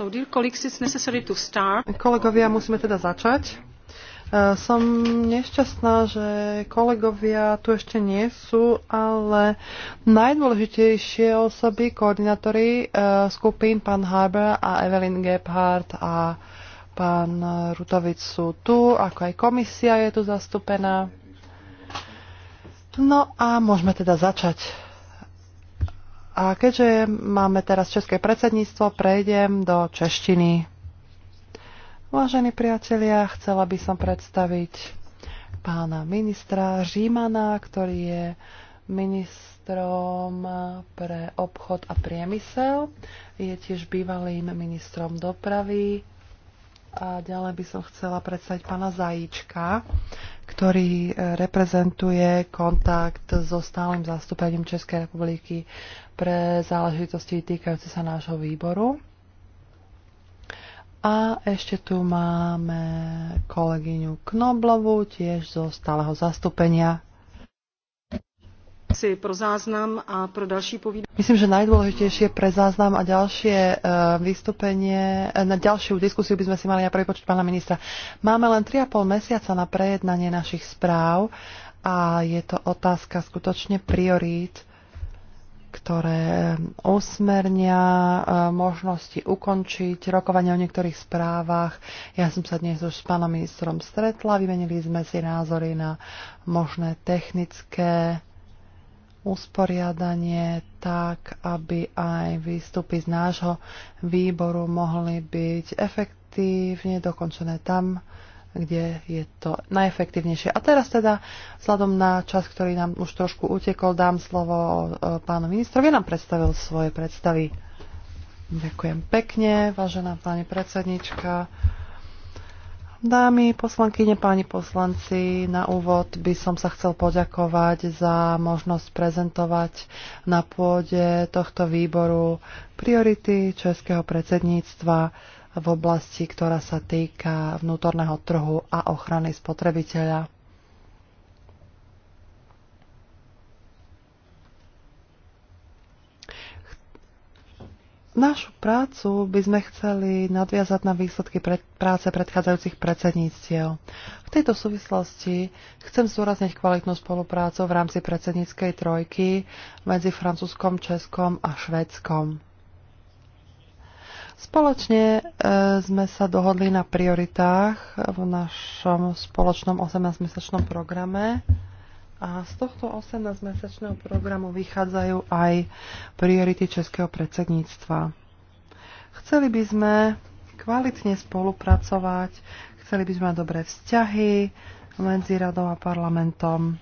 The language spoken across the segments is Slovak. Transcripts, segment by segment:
So, dear colleagues, it's necessary to start. Kolegovia, musíme teda začať. E, som nešťastná, že kolegovia tu ešte nie sú, ale najdôležitejšie osoby, koordinátori e, skupín, pán Haber a Evelyn Gebhardt a pán Rutovic sú tu, ako aj komisia je tu zastúpená. No a môžeme teda začať. A keďže máme teraz české predsedníctvo, prejdem do češtiny. Vážení priatelia, chcela by som predstaviť pána ministra Žímana, ktorý je ministrom pre obchod a priemysel. Je tiež bývalým ministrom dopravy a ďalej by som chcela predstaviť pána Zajíčka, ktorý e, reprezentuje kontakt so stálym zastúpením Českej republiky pre záležitosti týkajúce sa nášho výboru. A ešte tu máme kolegyňu Knoblovu, tiež zo stáleho zastúpenia Myslím, že najdôležitejšie pre záznam a ďalšie e, vystúpenie, e, na ďalšiu diskusiu by sme si mali na počet pána ministra. Máme len 3,5 mesiaca na prejednanie našich správ a je to otázka skutočne priorít, ktoré e, usmernia možnosti ukončiť rokovania o niektorých správach. Ja som sa dnes už s pánom ministrom stretla, vymenili sme si názory na možné technické usporiadanie tak, aby aj výstupy z nášho výboru mohli byť efektívne dokončené tam, kde je to najefektívnejšie. A teraz teda, vzhľadom na čas, ktorý nám už trošku utekol, dám slovo e, pánu ministrovi, nám predstavil svoje predstavy. Ďakujem pekne, vážená pani predsednička. Dámy, poslankyne, páni poslanci, na úvod by som sa chcel poďakovať za možnosť prezentovať na pôde tohto výboru priority českého predsedníctva v oblasti, ktorá sa týka vnútorného trhu a ochrany spotrebiteľa. Našu prácu by sme chceli nadviazať na výsledky pred, práce predchádzajúcich predsedníctiev. V tejto súvislosti chcem zúrazniť kvalitnú spoluprácu v rámci predsedníckej trojky medzi Francúzskom, Českom a Švédskom. Spoločne e, sme sa dohodli na prioritách v našom spoločnom 18-mesačnom programe. A z tohto 18-mesačného programu vychádzajú aj priority českého predsedníctva. Chceli by sme kvalitne spolupracovať, chceli by sme mať dobré vzťahy medzi radou a parlamentom.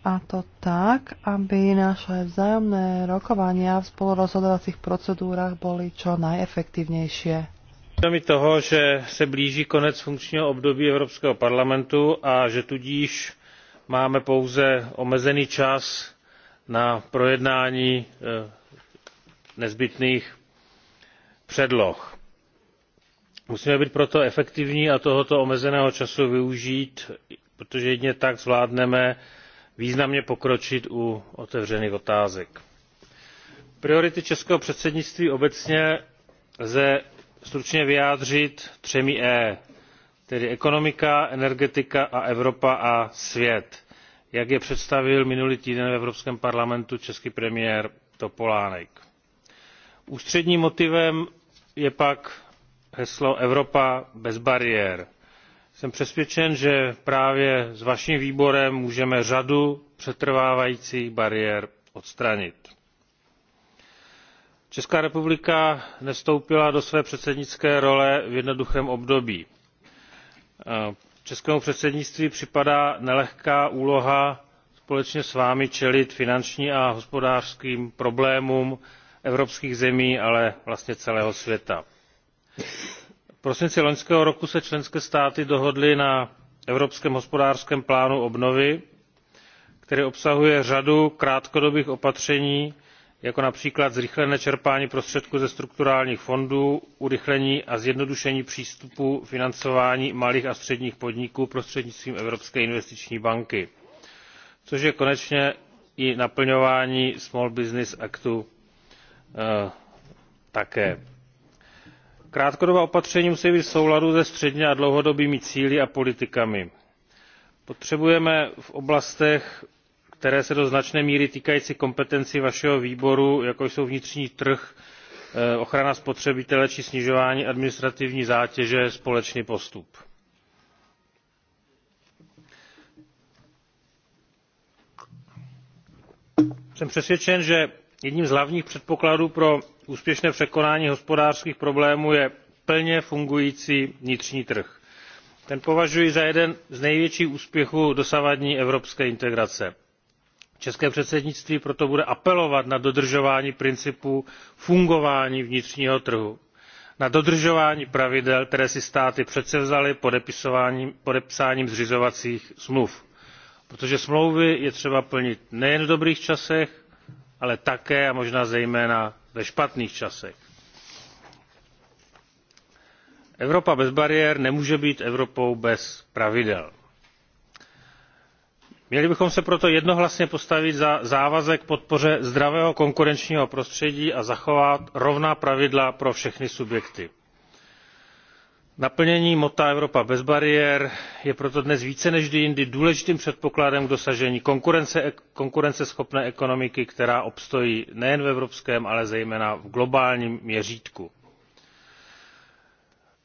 A to tak, aby naše vzájomné rokovania v spolurozhodovacích procedúrach boli čo najefektívnejšie vědomi toho že se blíží konec funkčního období evropského parlamentu a že tudíž máme pouze omezený čas na projednání eh, nezbytných předloh. musíme být proto efektivní a tohoto omezeného času využít protože jedině tak zvládneme významně pokročit u otevřených otázek. priority českého předsednictví obecně lze stručně vyjádřit třemi e tedy ekonomika energetika a evropa a svět jak je představil minulý týden v evropském parlamentu český premiér topolánek. ústředním motivem je pak heslo evropa bez bariér. jsem přesvědčen že právě s vaším výborem můžeme řadu přetrvávajících bariér odstranit česká republika nevstoupila do své předsednické role v jednoduchém období. Eh, českému předsednictví připadá nelehká úloha společně s vámi čelit finančním a hospodářským problémům evropských zemí ale vlastně celého světa. v prosinci loňského roku se členské státy dohodly na evropském hospodářském plánu obnovy který obsahuje řadu krátkodobých opatření jako například zrychlené čerpání prostředků ze strukturálních fondů urychlení a zjednodušení přístupu financování malých a středních podniků prostřednictvím evropské investiční banky což je konečně i naplňování small business actu eh, také. krátkodobá opatření musí být v souladu se středně a dlouhodobými cíli a politikami. potřebujeme v oblastech které se do značné míry týkají kompetencí vašeho výboru jako jsou vnitřní trh eh, ochrana spotřebitele či snižování administrativní zátěže společný postup. jsem přesvědčen že jedním z hlavních předpokladů pro úspěšné překonání hospodářských problémů je plně fungující vnitřní trh. ten považuji za jeden z největších úspěchů dosavadní evropské integrace české předsednictví proto bude apelovat na dodržování principů fungování vnitřního trhu na dodržování pravidel které si státy předsevzaly podepsáním zřizovacích smluv protože smlouvy je třeba plnit nejen v dobrých časech ale také a možná zejména ve špatných časech. evropa bez bariér nemůže být evropou bez pravidel měli bychom se proto jednohlasně postavit za závazek k podpoře zdravého konkurenčního prostředí a zachovat rovná pravidla pro všechny subjekty. naplnění motta evropa bez bariér je proto dnes více než kdy jindy důležitým předpokladem k dosažení konkurenceschopné ekonomiky která obstojí nejen v evropském ale zejména v globálním měřítku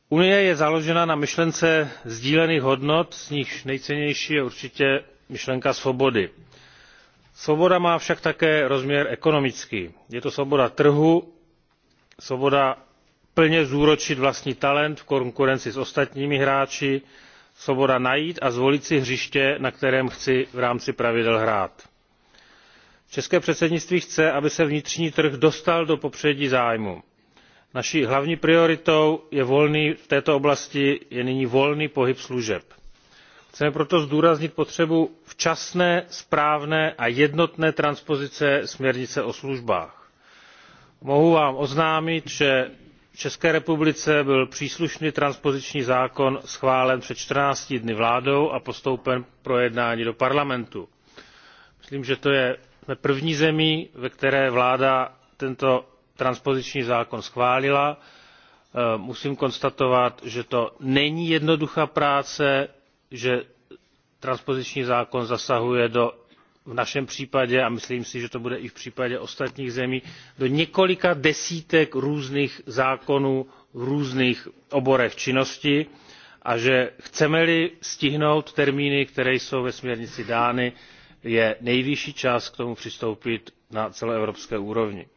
unie je založena na myšlence sdílených hodnot z nichž nejcennější je určitě myšlenka svobody. svoboda má však také rozměr ekonomický. je to svoboda trhu svoboda plně zúročit vlastní talent v konkurenci s ostatními hráči svoboda najít a zvolit si hřiště na kterém chci v rámci pravidel hrát. české předsednictví chce aby se vnitřní trh dostal do popředí zájmu. naší hlavní prioritou je volný, v této oblasti je nyní volný pohyb služeb chceme proto zdůraznit potřebu včasné správné a jednotné transpozice směrnice o službách. mohu vám oznámit že v české republice byl příslušný transpoziční zákon schválen před fourteen dny vládou a postoupen k projednání do parlamentu. myslím že jsme je první zemí ve které vláda tento transpoziční zákon schválila. E, musím konstatovat že to není jednoduchá práce že transpoziční zákon zasahuje do v našem případě a myslím si že to bude i v případě ostatních zemí do několika desítek různých zákonů v různých oborech činnosti a že chceme li stihnout termíny které jsou ve směrnici dány je nejvyšší čas k tomu přistoupit na celoevropské úrovni.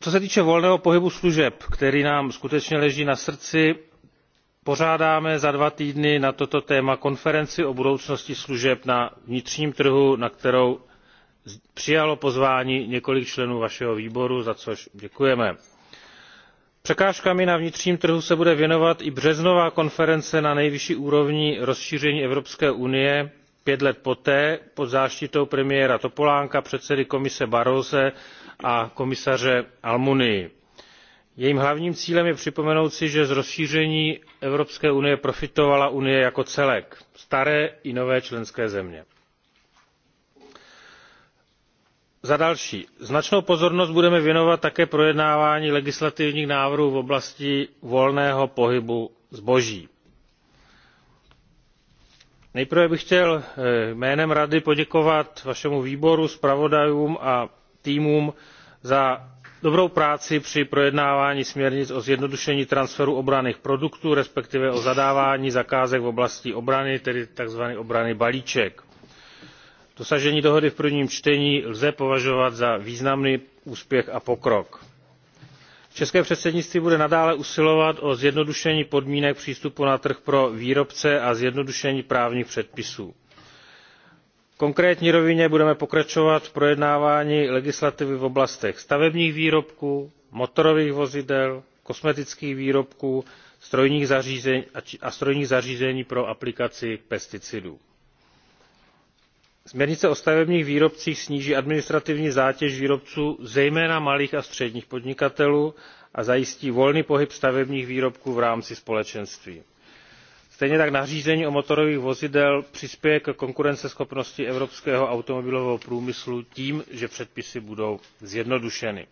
co se týče volného pohybu služeb který nám skutečně leží na srdci pořádáme za dva týdny na toto téma konferenci o budoucnosti služeb na vnitřním trhu na kterou přijalo pozvání několik členů vašeho výboru za což děkujeme. překážkám na vnitřním trhu se bude věnovat i březnová konference na nejvyšší úrovni rozšíření evropské unie pět let poté pod záštitou premiéra topolánka předsedy komise barrosa a komisaře almuniho jejím hlavním cílem je připomenout si že z rozšíření evropské unie profitovala unie jako celek staré i nové členské země. za další značnou pozornost budeme věnovat také projednávání legislativních návrhů v oblasti volného pohybu zboží. nejprve bych chtěl eh, jménem rady poděkovat vašemu výboru zpravodajům a týmům za dobrou práci při projednávání směrnic o zjednodušení transferu obranných produktů respektive o zadávání zakázek v oblasti obrany tedy tzv. obranný balíček. dosažení dohody v prvním čtení lze považovat za významný úspěch a pokrok. české předsednictví bude nadále usilovat o zjednodušení podmínek přístupu na trh pro výrobce a zjednodušení právních předpisů konkrétní rovině budeme pokračovat v projednávání legislativy v oblastech stavebních výrobků motorových vozidel kosmetických výrobků a strojních zařízení pro aplikaci pesticidů. směrnice o stavebních výrobcích sníží administrativní zátěž výrobců zejména malých a středních podnikatelů a zajistí volný pohyb stavebních výrobků v rámci společenství stejně tak nařízení o motorových vozidlech přispěje ke konkurenceschopnosti evropského automobilového průmyslu tím že předpisy budou zjednodušeny.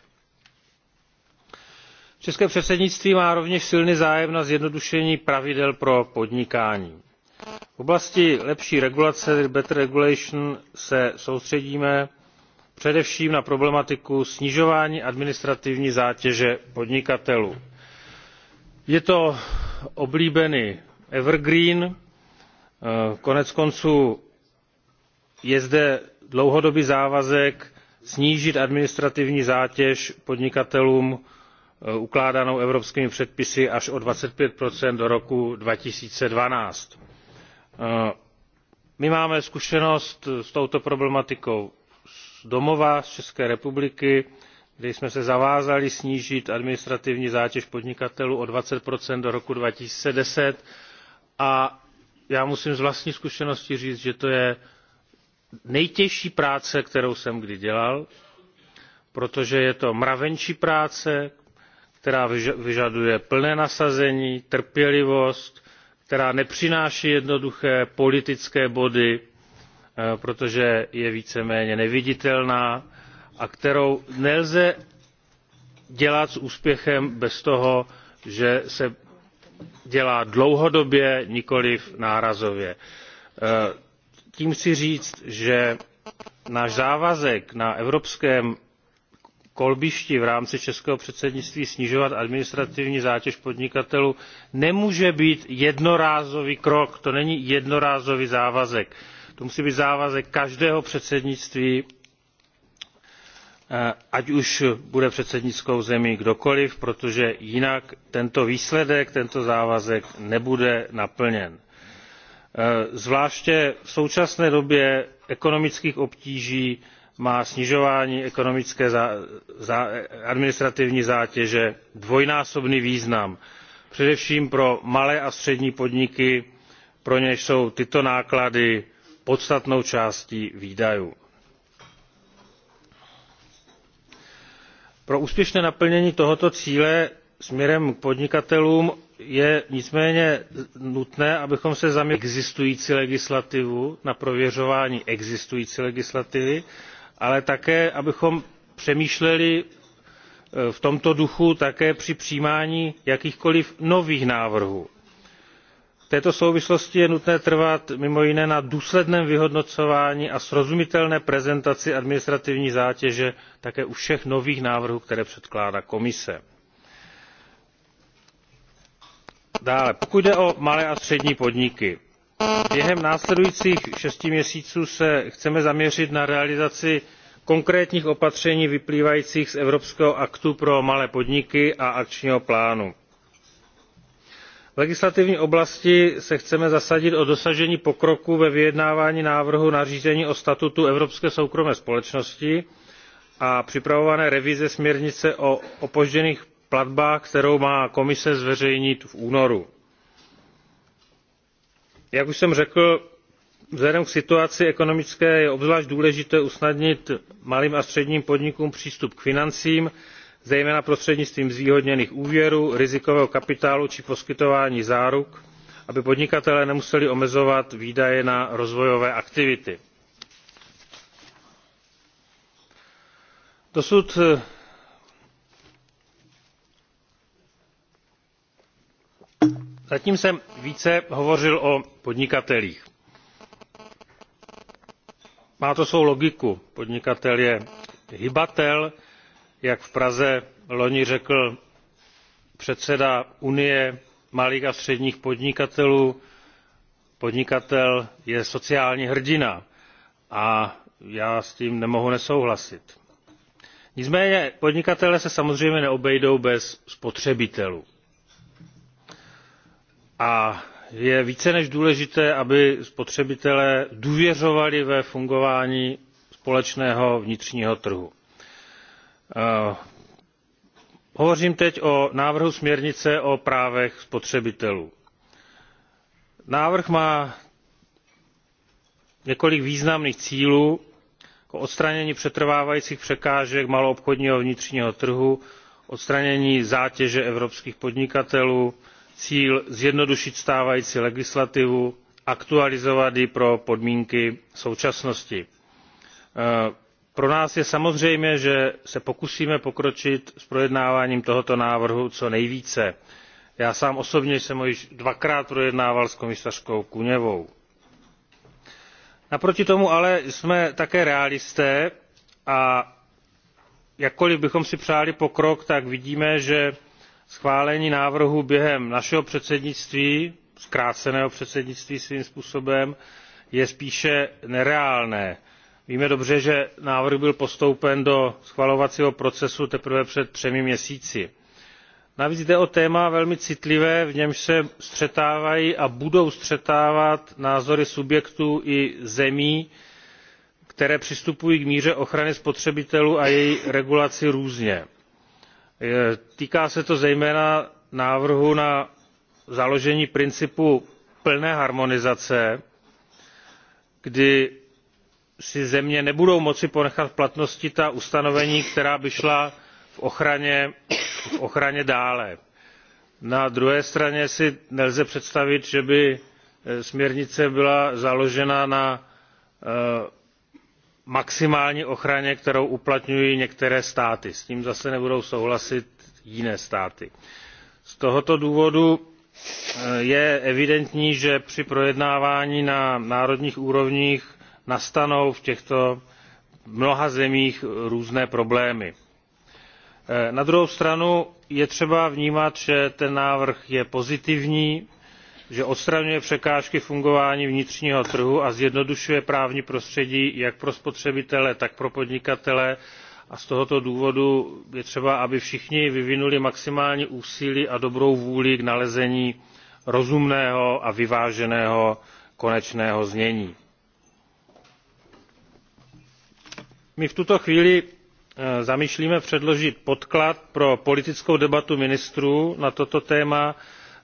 české předsednictví má rovněž silný zájem na zjednodušení pravidel pro podnikání. v oblasti lepší regulace better regulation se soustředíme především na problematiku snižování administrativní zátěže podnikatelů. je to oblíbený evergreen e, konec konců je zde dlouhodobý závazek snížit administrativní zátěž podnikatelům e, ukládanou evropskými předpisy až o twenty five do roku. two thousand and twelve my máme zkušenost s touto problematikou z domova z české republiky kde jsme se zavázali snížit administrativní zátěž podnikatelů o twenty do roku two thousand and ten a já musím z vlastní zkušenosti říct že to je nejtěžší práce kterou jsem kdy dělal protože je to mravenčí práce která vyžaduje plné nasazení trpělivost která nepřináší jednoduché politické body e, protože je víceméně neviditelná a kterou nelze dělat s úspěchem bez toho že se dělá dlouhodobě nikoliv nárazově. E, tím chci říct že náš závazek na evropském kolbišti v rámci českého předsednictví snižovat administrativní zátěž podnikatelů nemůže být jednorázový krok to není jednorázový závazek to musí být závazek každého předsednictví Eh, ať už bude předsednickou zemí kdokoliv protože jinak tento výsledek tento závazek nebude naplněn. Eh, zvláště v současné době ekonomických obtíží má snižování ekonomické administrativní zátěže dvojnásobný význam především pro malé a střední podniky pro něž jsou tyto náklady podstatnou částí výdajů pro úspěšné naplnění tohoto cíle směrem k podnikatelům je nicméně nutné abychom se zaměřili na existující legislativu na prověřování existující legislativy ale také abychom přemýšleli e, v tomto duchu také při přijímání jakýchkoliv nových návrhů v této souvislosti je nutné trvat mimo jiné na důsledném vyhodnocování a srozumitelné prezentaci administrativní zátěže také u všech nových návrhů které předkládá komise. dále pokud jde o malé a střední podniky během následujících šesti měsíců se chceme zaměřit na realizaci konkrétních opatření vyplývajících z evropského aktu pro malé podniky a akčního plánu v legislativní oblasti se chceme zasadit o dosažení pokroku ve vyjednávání návrhu nařízení o statutu evropské soukromé společnosti a připravované revize směrnice o opožděných platbách kterou má komise zveřejnit v únoru. jak už jsem řekl vzhledem k situaci ekonomické je obzvlášť důležité usnadnit malým a středním podnikům přístup k financím zejména prostřednictvím zvýhodněných úvěrů rizikového kapitálu či poskytování záruk aby podnikatelé nemuseli omezovat výdaje na rozvojové aktivity. dosud eh, zatím jsem více hovořil o podnikatelích. má to svou logiku podnikatel je hybatel jak v praze loni řekl předseda unie malých a středních podnikatelů podnikatel je sociální hrdina a já s tím nemohu nesouhlasit. nicméně podnikatelé se samozřejmě neobejdou bez spotřebitelů a je více než důležité aby spotřebitelé důvěřovali ve fungování společného vnitřního trhu Eh, hovořím teď o návrhu směrnice o právech spotřebitelů. návrh má několik významných cílů odstranění přetrvávajících překážek maloobchodního vnitřního trhu odstranění zátěže evropských podnikatelů cíl zjednodušit stávající legislativu aktualizovat ji pro podmínky současnosti. Eh, pro nás je samozřejmé že se pokusíme pokročit s projednáváním tohoto návrhu co nejvíce. já sám osobně jsem ho již dvakrát projednával s komisařkou kuněvou. naproti tomu ale jsme také realisté a jakkoliv bychom si přáli pokrok tak vidíme že schválení návrhu během našeho předsednictví zkráceného předsednictví svým způsobem je spíše nereálné víme dobře že návrh byl postoupen do schvalovacího procesu teprve před třemi měsíci. navíc jde o téma velmi citlivé v němž se střetávají a budou střetávat názory subjektů i zemí které přistupují k míře ochrany spotřebitelů a její regulaci různě. E, týká se to zejména návrhu na založení principu plné harmonizace kdy si země nebudou moci ponechat v platnosti ta ustanovení která by šla v ochraně, v ochraně dále. na druhé straně si nelze představit že by eh, směrnice byla založena na eh, maximální ochraně kterou uplatňují některé státy s tím zase nebudou souhlasit jiné státy. z tohoto důvodu eh, je evidentní že při projednávání na národních úrovních nastanou v těchto mnoha zemích různé problémy. E, na druhou stranu je třeba vnímat že ten návrh je pozitivní že odstraňuje překážky fungování vnitřního trhu a zjednodušuje právní prostředí jak pro spotřebitele tak pro podnikatele a z tohoto důvodu je třeba aby všichni vyvinuli maximální úsilí a dobrou vůli k nalezení rozumného a vyváženého konečného znění my v tuto chvíli e, zamýšlíme předložit podklad pro politickou debatu ministrů na toto téma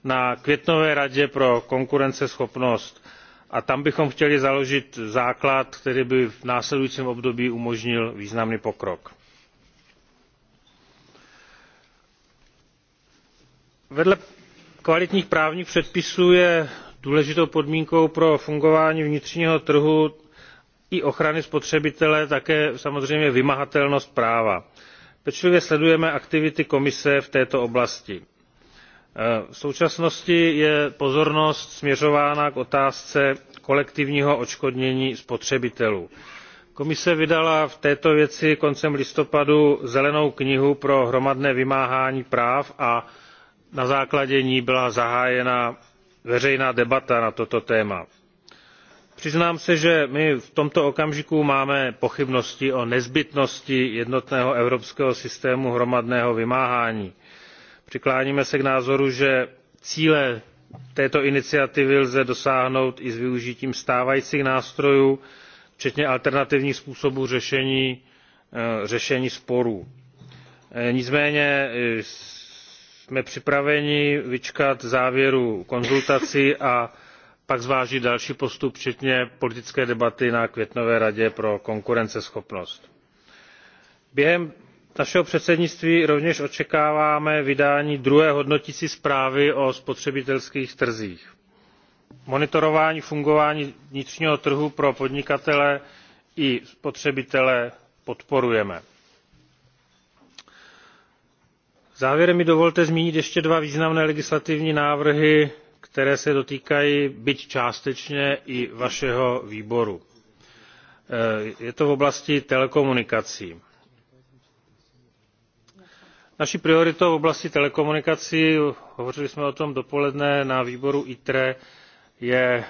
na květnové radě pro konkurenceschopnost a tam bychom chtěli založit základ který by v následujícím období umožnil významný pokrok. vedle kvalitních právních předpisů je důležitou podmínkou pro fungování vnitřního trhu i ochrany spotřebitele také samozřejmě vymahatelnost práva. pečlivě sledujeme aktivity komise v této oblasti. E, v současnosti je pozornost směřována k otázce kolektivního odškodnění spotřebitelů. komise vydala v této věci koncem listopadu zelenou knihu pro hromadné vymáhání práv a na základě ní byla zahájena veřejná debata na toto téma přiznám se že my v tomto okamžiku máme pochybnosti o nezbytnosti jednotného evropského systému hromadného vymáhání. přikláníme se k názoru že cíle této iniciativy lze dosáhnout i s využitím stávajících nástrojů včetně alternativních způsobů řešení, eh, sporů. Eh, nicméně eh, jsme připraveni vyčkat závěrů konzultací a pak zváží další postup včetně politické debaty na květnové radě pro konkurenceschopnost. během našeho předsednictví rovněž očekáváme vydání druhé hodnotící zprávy o spotřebitelských trzích. monitorování fungování vnitřního trhu pro podnikatele i spotřebitele podporujeme. závěrem mi dovolte zmínit ještě dva významné legislativní návrhy které se dotýkají byť částečně i vašeho výboru. Eh, je to v oblasti telekomunikací. naší prioritou v oblasti telekomunikací hovořili jsme o tom dopoledne na výboru itre je eh,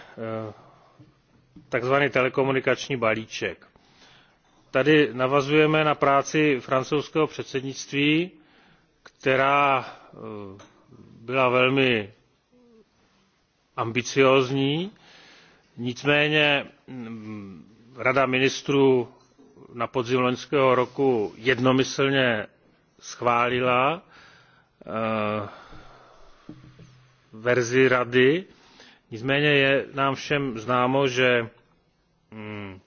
tzv. telekomunikační balíček. tady navazujeme na práci francouzského předsednictví která eh, byla velmi ambiciózní nicméně mm, rada ministrů na podzim loňského roku jednomyslně schválila eh, verzi rady nicméně je nám všem známo že mm,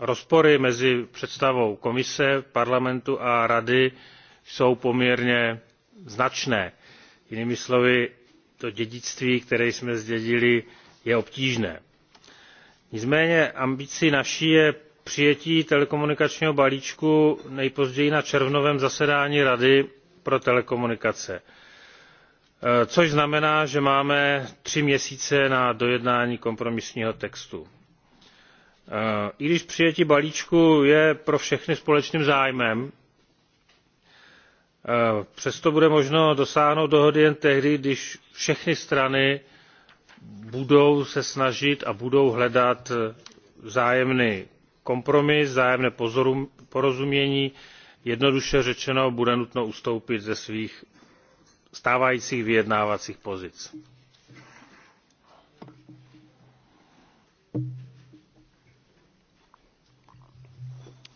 rozpory mezi představou komise parlamentu a rady jsou poměrně značné. jinými slovy to dědictví které jsme zdědili je obtížné. nicméně ambicí naší je přijetí telekomunikačního balíčku nejpozději na červnovém zasedání rady pro telekomunikace e, což znamená že máme tři měsíce na dojednání kompromisního textu. E, i když přijetí balíčku je pro všechny společným zájmem Eh, přesto bude možno dosáhnout dohody jen tehdy když všechny strany budou se snažit a budou hledat eh, vzájemný kompromis vzájemné porozumění jednoduše řečeno bude nutno ustoupit ze svých stávajících vyjednávacích pozic.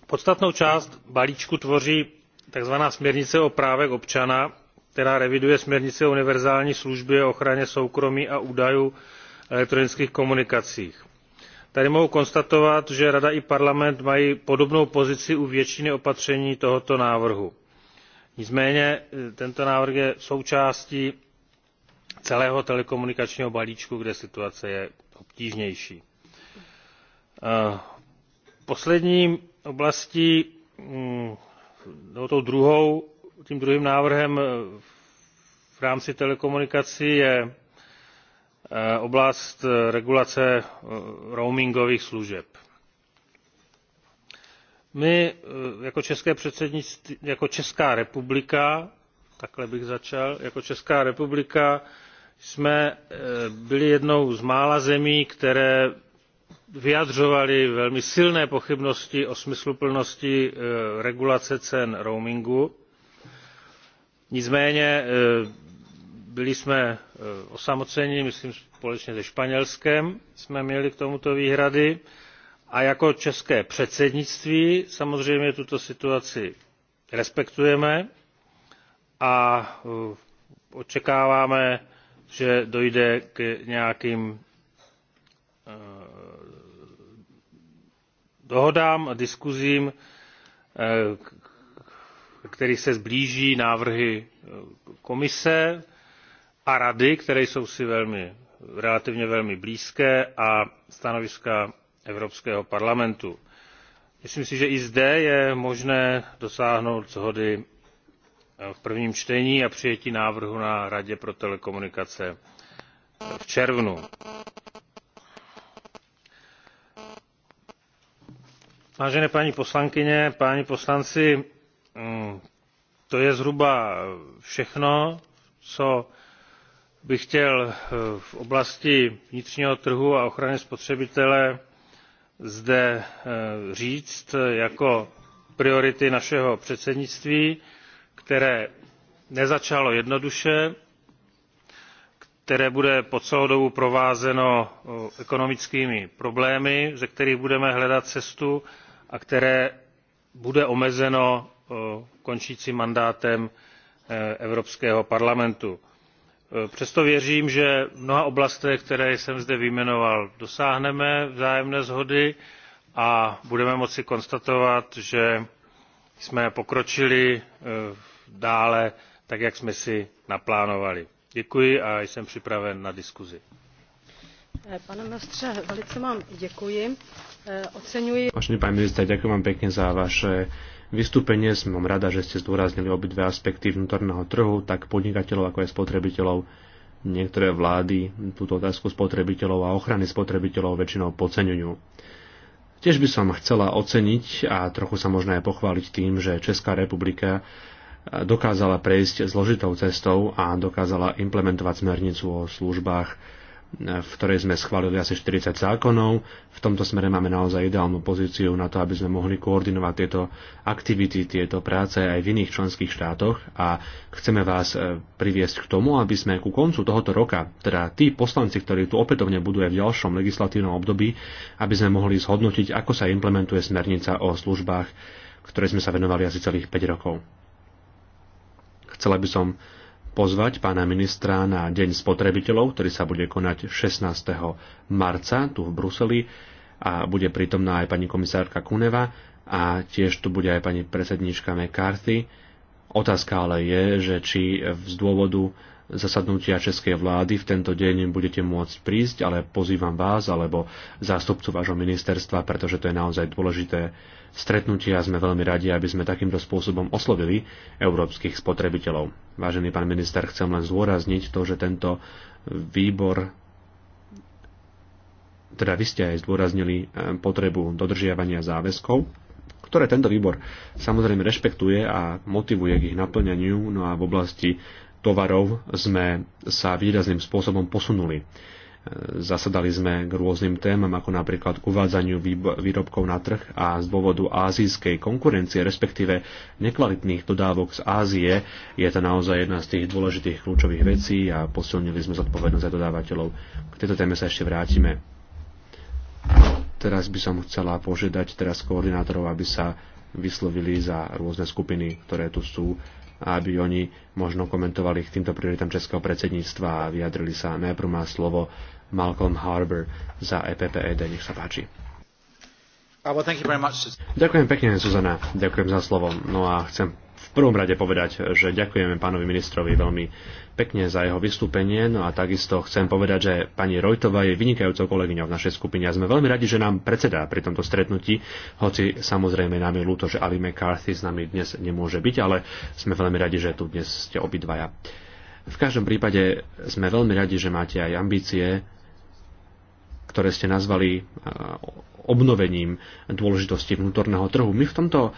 podstatnou část balíčku tvoří tzv. směrnice o právech občana která reviduje směrnici o univerzální službě o ochraně soukromí a údajů v elektronických komunikacích. tady mohu konstatovat že rada i parlament mají podobnou pozici u většiny opatření tohoto návrhu. nicméně eh, tento návrh je součástí celého telekomunikačního balíčku kde situace je obtížnější. Eh, poslední oblastí mm, No, tou druhou, tím druhým návrhem eh, v rámci telekomunikací je eh, oblast eh, regulace roamingových služeb. my jako české předsednictví jako česká republika takhle bych začal jako česká republika jsme byli jednou z mála zemí které vyjadřovali velmi silné pochybnosti o smysluplnosti e, regulace cen roamingu nicméně e, byli jsme e, osamoceni myslím společně se španělskem jsme měli k tomuto výhrady a jako české předsednictví samozřejmě tuto situaci respektujeme a očekáváme že dojde k nějakým dohodám a diskuzím ve eh, kterých se sblíží návrhy eh, komise a rady které jsou si velmi, relativně velmi blízké a stanoviska evropského parlamentu. myslím si že i zde je možné dosáhnout shody eh, v prvním čtení a přijetí návrhu na radě pro telekomunikace v červnu vážené pani poslankyne páni poslanci mm, to je zhruba všechno co bych chtěl eh, v oblasti vnitřního trhu a ochrany spotřebitele zde eh, říct jako priority našeho předsednictví které nezačalo jednoduše které bude po celou dobu provázeno eh, ekonomickými problémy ze kterých budeme hledat cestu a které bude omezeno e, končícím mandátem e, evropského parlamentu. E, přesto věřím že v mnoha oblastech které jsem zde vyjmenoval dosáhneme vzájemné shody a budeme moci konstatovat že jsme pokročili dále tak jak jsme si naplánovali. děkuji a jsem připraven na diskusi. E, pane ministře, velice vám děkuji. E, oceňuji... Vážený pán minister, ďakujem vám pekne za vaše vystúpenie. Som rada, že ste zdôraznili obidve aspekty vnútorného trhu, tak podnikateľov ako aj spotrebiteľov. Niektoré vlády túto otázku spotrebiteľov a ochrany spotrebiteľov väčšinou podceňujú. Tiež by som chcela oceniť a trochu sa možno aj pochváliť tým, že Česká republika dokázala prejsť zložitou cestou a dokázala implementovať smernicu o službách v ktorej sme schválili asi 40 zákonov. V tomto smere máme naozaj ideálnu pozíciu na to, aby sme mohli koordinovať tieto aktivity, tieto práce aj v iných členských štátoch a chceme vás e, priviesť k tomu, aby sme ku koncu tohoto roka, teda tí poslanci, ktorí tu opätovne budú aj v ďalšom legislatívnom období, aby sme mohli zhodnotiť, ako sa implementuje smernica o službách, ktoré sme sa venovali asi celých 5 rokov. Chcela by som pozvať pána ministra na Deň spotrebiteľov, ktorý sa bude konať 16. marca tu v Bruseli a bude prítomná aj pani komisárka Kuneva a tiež tu bude aj pani predsedníčka McCarthy. Otázka ale je, že či z dôvodu zasadnutia českej vlády. V tento deň budete môcť prísť, ale pozývam vás alebo zástupcu vášho ministerstva, pretože to je naozaj dôležité stretnutie a sme veľmi radi, aby sme takýmto spôsobom oslovili európskych spotrebiteľov. Vážený pán minister, chcem len zdôrazniť to, že tento výbor teda vy ste aj zdôraznili eh, potrebu dodržiavania záväzkov, ktoré tento výbor samozrejme rešpektuje a motivuje k ich naplňaniu, no a v oblasti tovarov sme sa výrazným spôsobom posunuli. E, zasadali sme k rôznym témam, ako napríklad uvádzaniu výrobkov na trh a z dôvodu ázijskej konkurencie, respektíve nekvalitných dodávok z Ázie, je to naozaj jedna z tých dôležitých kľúčových vecí a posilnili sme zodpovednosť za dodávateľov. K tejto téme sa ešte vrátime. Teraz by som chcela požiadať teraz koordinátorov, aby sa vyslovili za rôzne skupiny, ktoré tu sú aby oni možno komentovali k týmto prioritám Českého predsedníctva a vyjadrili sa. Najprv má slovo Malcolm Harbour za EPPED. Nech sa páči. Uh, Ďakujem pekne, Suzana. Ďakujem za slovo. No a chcem prvom rade povedať, že ďakujeme pánovi ministrovi veľmi pekne za jeho vystúpenie. No a takisto chcem povedať, že pani Rojtová je vynikajúcou kolegyňou v našej skupine a sme veľmi radi, že nám predseda pri tomto stretnutí, hoci samozrejme nám je ľúto, že Ali McCarthy s nami dnes nemôže byť, ale sme veľmi radi, že tu dnes ste obidvaja. V každom prípade sme veľmi radi, že máte aj ambície ktoré ste nazvali e, obnovením dôležitosti vnútorného trhu. My v tomto e,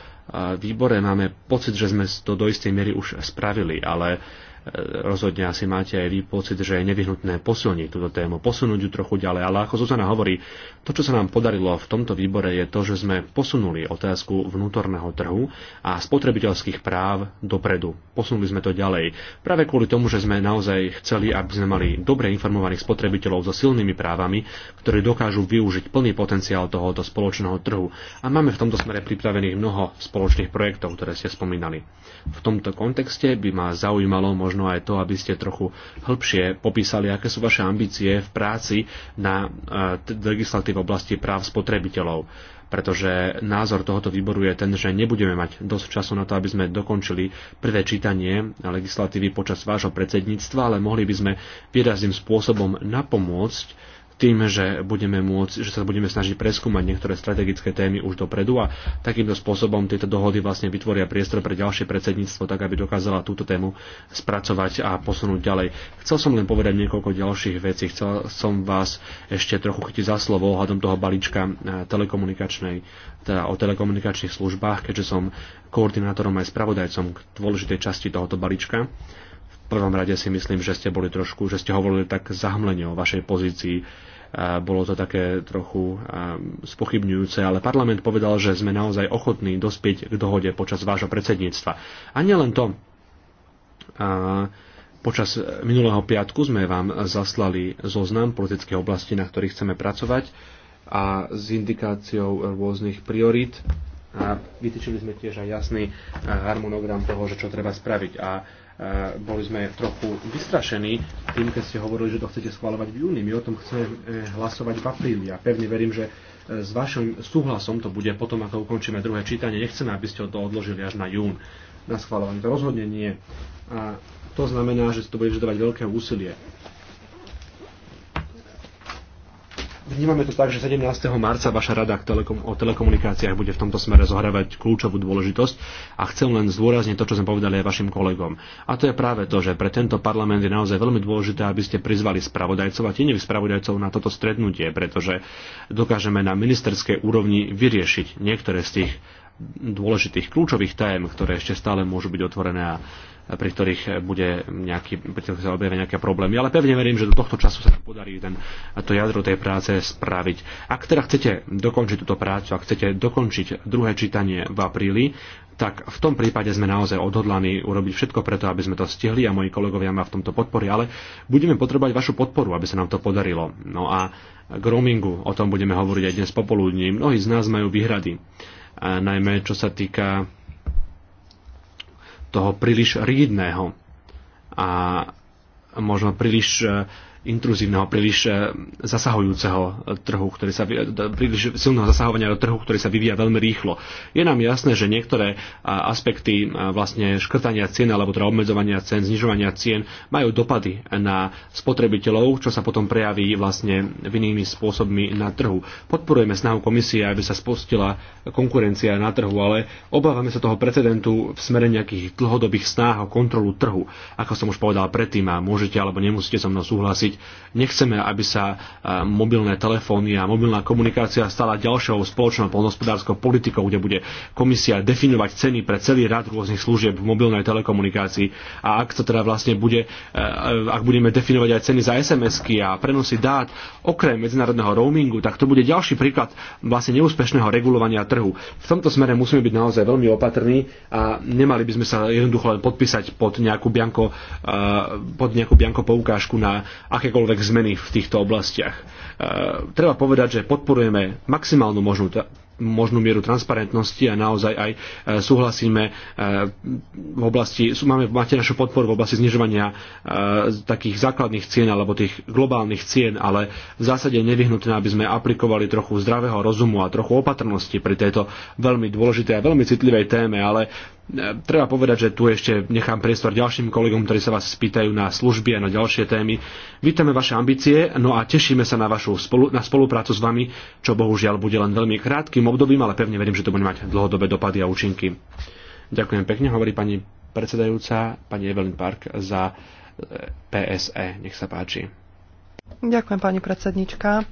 výbore máme pocit, že sme to do istej miery už spravili, ale E, rozhodne asi máte aj vy pocit, že je nevyhnutné posilniť túto tému, posunúť ju trochu ďalej. Ale ako Zuzana hovorí, to, čo sa nám podarilo v tomto výbore, je to, že sme posunuli otázku vnútorného trhu a spotrebiteľských práv dopredu. Posunuli sme to ďalej. Práve kvôli tomu, že sme naozaj chceli, aby sme mali dobre informovaných spotrebiteľov so silnými právami, ktorí dokážu využiť plný potenciál tohoto spoločného trhu. A máme v tomto smere pripravených mnoho spoločných projektov, ktoré ste spomínali. V tomto kontexte by ma zaujímalo, možno aj to, aby ste trochu hĺbšie popísali, aké sú vaše ambície v práci na eh, legislatív v oblasti práv spotrebiteľov pretože názor tohoto výboru je ten, že nebudeme mať dosť času na to, aby sme dokončili prvé čítanie legislatívy počas vášho predsedníctva, ale mohli by sme výrazným spôsobom napomôcť tým, že, budeme môcť, že sa budeme snažiť preskúmať niektoré strategické témy už dopredu a takýmto spôsobom tieto dohody vlastne vytvoria priestor pre ďalšie predsedníctvo, tak aby dokázala túto tému spracovať a posunúť ďalej. Chcel som len povedať niekoľko ďalších vecí. Chcel som vás ešte trochu chytiť za slovo ohľadom toho balíčka eh, telekomunikačnej, teda o telekomunikačných službách, keďže som koordinátorom aj spravodajcom k dôležitej časti tohoto balíčka prvom rade si myslím, že ste boli trošku, že ste hovorili tak zahmlenie o vašej pozícii bolo to také trochu spochybňujúce, ale parlament povedal, že sme naozaj ochotní dospieť k dohode počas vášho predsedníctva. A nielen to. Počas minulého piatku sme vám zaslali zoznam politických oblastí, na ktorých chceme pracovať a s indikáciou rôznych priorít. A vytýčili sme tiež aj jasný harmonogram toho, že čo treba spraviť. A Eh, boli sme trochu vystrašení tým, keď ste hovorili, že to chcete schváľovať v júni. My o tom chceme eh, hlasovať v apríli a pevne verím, že eh, s vašim súhlasom to bude potom, ako ukončíme druhé čítanie. Nechceme, aby ste to odložili až na jún na schváľovanie. To rozhodne nie. A to znamená, že to bude dávať veľké úsilie. Vnímame to tak, že 17. marca vaša rada telekom- o telekomunikáciách bude v tomto smere zohrávať kľúčovú dôležitosť a chcem len zdôrazniť to, čo sme povedali aj vašim kolegom. A to je práve to, že pre tento parlament je naozaj veľmi dôležité, aby ste prizvali spravodajcov a tieňových spravodajcov na toto stretnutie, pretože dokážeme na ministerskej úrovni vyriešiť niektoré z tých dôležitých kľúčových tém, ktoré ešte stále môžu byť otvorené a pri ktorých bude nejaký, pri ktorých sa objavia nejaké problémy. Ale pevne verím, že do tohto času sa nám podarí ten, to jadro tej práce spraviť. Ak teda chcete dokončiť túto prácu, ak chcete dokončiť druhé čítanie v apríli, tak v tom prípade sme naozaj odhodlaní urobiť všetko preto, aby sme to stihli a moji kolegovia ma v tomto podpori, ale budeme potrebovať vašu podporu, aby sa nám to podarilo. No a k roamingu, o tom budeme hovoriť aj dnes popoludní. Mnohí z nás majú výhrady, najmä čo sa týka toho príliš rídného a možno príliš eh, intruzívneho, príliš eh, zasahujúceho eh, trhu, ktorý sa, príliš silného zasahovania do trhu, ktorý sa vyvíja veľmi rýchlo. Je nám jasné, že niektoré eh, aspekty vlastne škrtania cien alebo teda obmedzovania cien, znižovania cien majú dopady na spotrebiteľov, čo sa potom prejaví vlastne v inými spôsobmi na trhu. Podporujeme snahu komisie, aby sa spustila konkurencia na trhu, ale obávame sa toho precedentu v smere nejakých dlhodobých snách o kontrolu trhu. Ako som už povedal predtým, a môžete alebo nemusíte so mnou súhlasiť, riešiť. Nechceme, aby sa mobilné telefóny a mobilná komunikácia stala ďalšou spoločnou polnospodárskou politikou, kde bude komisia definovať ceny pre celý rad rôznych služieb v mobilnej telekomunikácii. A ak to teda vlastne bude, e, e, ak budeme definovať aj ceny za SMS-ky a prenosy dát okrem medzinárodného roamingu, tak to bude ďalší príklad vlastne neúspešného regulovania trhu. V tomto smere musíme byť naozaj veľmi opatrní a nemali by sme sa jednoducho len podpísať pod nejakú bianko, e, pod nejakú bianko poukážku na akékoľvek zmeny v týchto oblastiach. E, treba povedať, že podporujeme maximálnu možnú možnú mieru transparentnosti a naozaj aj e, súhlasíme e, v oblasti, máme, máte našu podporu v oblasti znižovania takých základných cien alebo tých globálnych cien, ale v zásade je nevyhnutné, aby sme aplikovali trochu zdravého rozumu a trochu opatrnosti pri tejto veľmi dôležitej a veľmi citlivej téme, ale treba povedať, že tu ešte nechám priestor ďalším kolegom, ktorí sa vás spýtajú na služby a na ďalšie témy. Vítame vaše ambície, no a tešíme sa na vašu spolu, na spoluprácu s vami, čo bohužiaľ bude len veľmi krátkým obdobím, ale pevne verím, že to bude mať dlhodobé dopady a účinky. Ďakujem pekne, hovorí pani predsedajúca, pani Evelyn Park za PSE. E. Nech sa páči. Ďakujem, pani predsednička.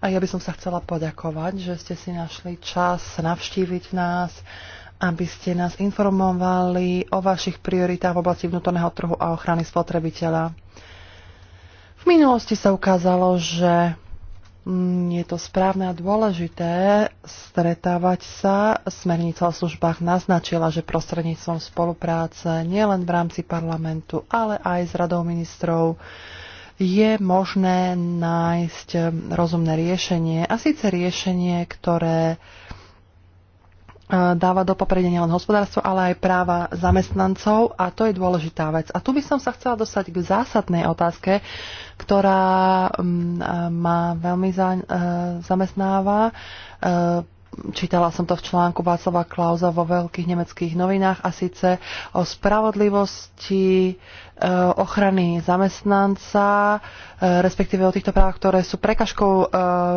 A ja by som sa chcela poďakovať, že ste si našli čas navštíviť nás aby ste nás informovali o vašich prioritách v oblasti vnútorného trhu a ochrany spotrebiteľa. V minulosti sa ukázalo, že mm, je to správne a dôležité stretávať sa. Smernica o službách naznačila, že prostredníctvom spolupráce nielen v rámci parlamentu, ale aj s radou ministrov je možné nájsť mm, rozumné riešenie. A síce riešenie, ktoré dáva do popredenia nielen hospodárstvo, ale aj práva zamestnancov a to je dôležitá vec. A tu by som sa chcela dostať k zásadnej otázke, ktorá mm, ma veľmi e, zamestnáva. E, čítala som to v článku Václava Klauza vo veľkých nemeckých novinách a síce o spravodlivosti e, ochrany zamestnanca, e, respektíve o týchto právach, ktoré sú prekažkou e,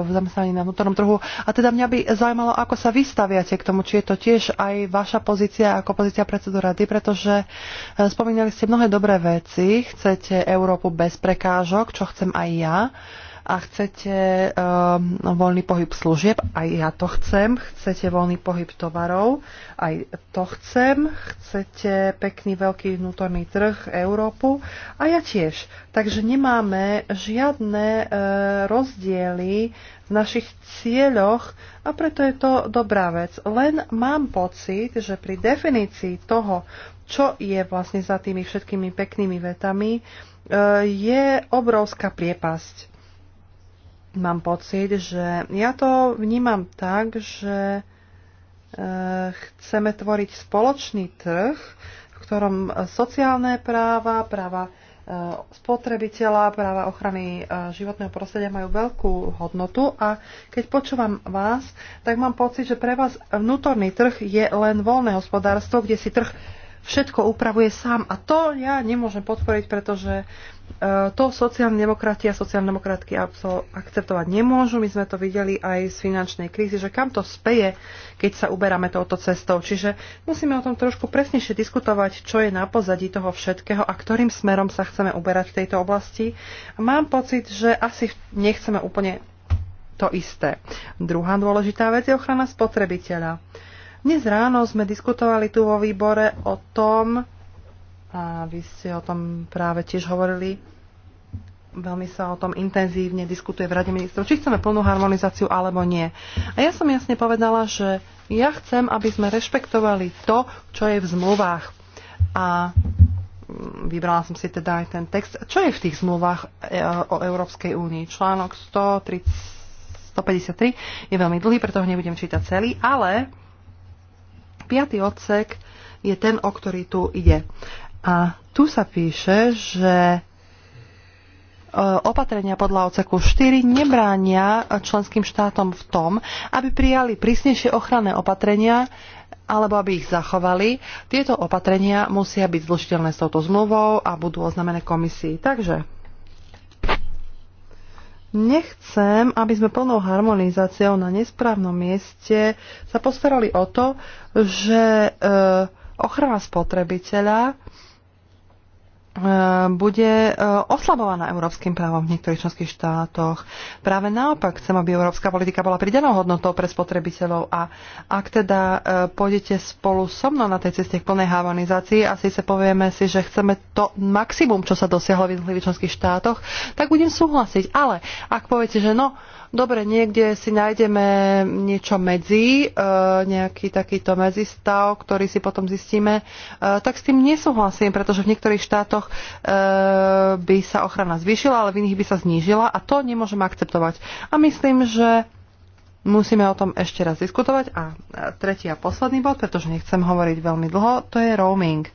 v zamestnaní na vnútornom trhu. A teda mňa by zaujímalo, ako sa vystaviate k tomu, či je to tiež aj vaša pozícia ako pozícia predsedu rady, pretože spomínali ste mnohé dobré veci, chcete Európu bez prekážok, čo chcem aj ja a chcete um, voľný pohyb služieb, aj ja to chcem, chcete voľný pohyb tovarov, aj to chcem, chcete pekný veľký vnútorný trh, Európu a ja tiež. Takže nemáme žiadne uh, rozdiely v našich cieľoch a preto je to dobrá vec. Len mám pocit, že pri definícii toho, čo je vlastne za tými všetkými peknými vetami, e, je obrovská priepasť mám pocit, že ja to vnímam tak, že e, chceme tvoriť spoločný trh, v ktorom sociálne práva, práva e, spotrebiteľa, práva ochrany e, životného prostredia majú veľkú hodnotu a keď počúvam vás, tak mám pocit, že pre vás vnútorný trh je len voľné hospodárstvo, kde si trh všetko upravuje sám. A to ja nemôžem podporiť, pretože e, to sociálni demokrati a sociálne demokratky akceptovať nemôžu. My sme to videli aj z finančnej krízy, že kam to speje, keď sa uberáme touto cestou. Čiže musíme o tom trošku presnejšie diskutovať, čo je na pozadí toho všetkého a ktorým smerom sa chceme uberať v tejto oblasti. A mám pocit, že asi nechceme úplne to isté. Druhá dôležitá vec je ochrana spotrebiteľa. Dnes ráno sme diskutovali tu vo výbore o tom, a vy ste o tom práve tiež hovorili, veľmi sa o tom intenzívne diskutuje v Rade ministrov, či chceme plnú harmonizáciu alebo nie. A ja som jasne povedala, že ja chcem, aby sme rešpektovali to, čo je v zmluvách. A mm, vybrala som si teda aj ten text. Čo je v tých zmluvách e, o Európskej únii? Článok 130, 153 je veľmi dlhý, preto ho nebudem čítať celý, ale Piatý odsek je ten, o ktorý tu ide. A tu sa píše, že e, opatrenia podľa oceku 4 nebránia členským štátom v tom, aby prijali prísnejšie ochranné opatrenia alebo aby ich zachovali. Tieto opatrenia musia byť zložiteľné s touto zmluvou a budú oznamené komisii. Takže Nechcem, aby sme plnou harmonizáciou na nesprávnom mieste sa postarali o to, že e, ochrana spotrebiteľa E, bude e, oslabovaná európskym právom v niektorých členských štátoch. Práve naopak chcem, aby európska politika bola pridanou hodnotou pre spotrebiteľov a ak teda e, pôjdete spolu so mnou na tej ceste k plnej harmonizácii a si sa povieme si, že chceme to maximum, čo sa dosiahlo v jednotlivých členských štátoch, tak budem súhlasiť. Ale ak poviete, že no, dobre, niekde si nájdeme niečo medzi, nejaký takýto medzistav, ktorý si potom zistíme, tak s tým nesúhlasím, pretože v niektorých štátoch prípadoch e, by sa ochrana zvýšila, ale v iných by sa znížila a to nemôžeme akceptovať. A myslím, že musíme o tom ešte raz diskutovať. A e, tretí a posledný bod, pretože nechcem hovoriť veľmi dlho, to je roaming. E,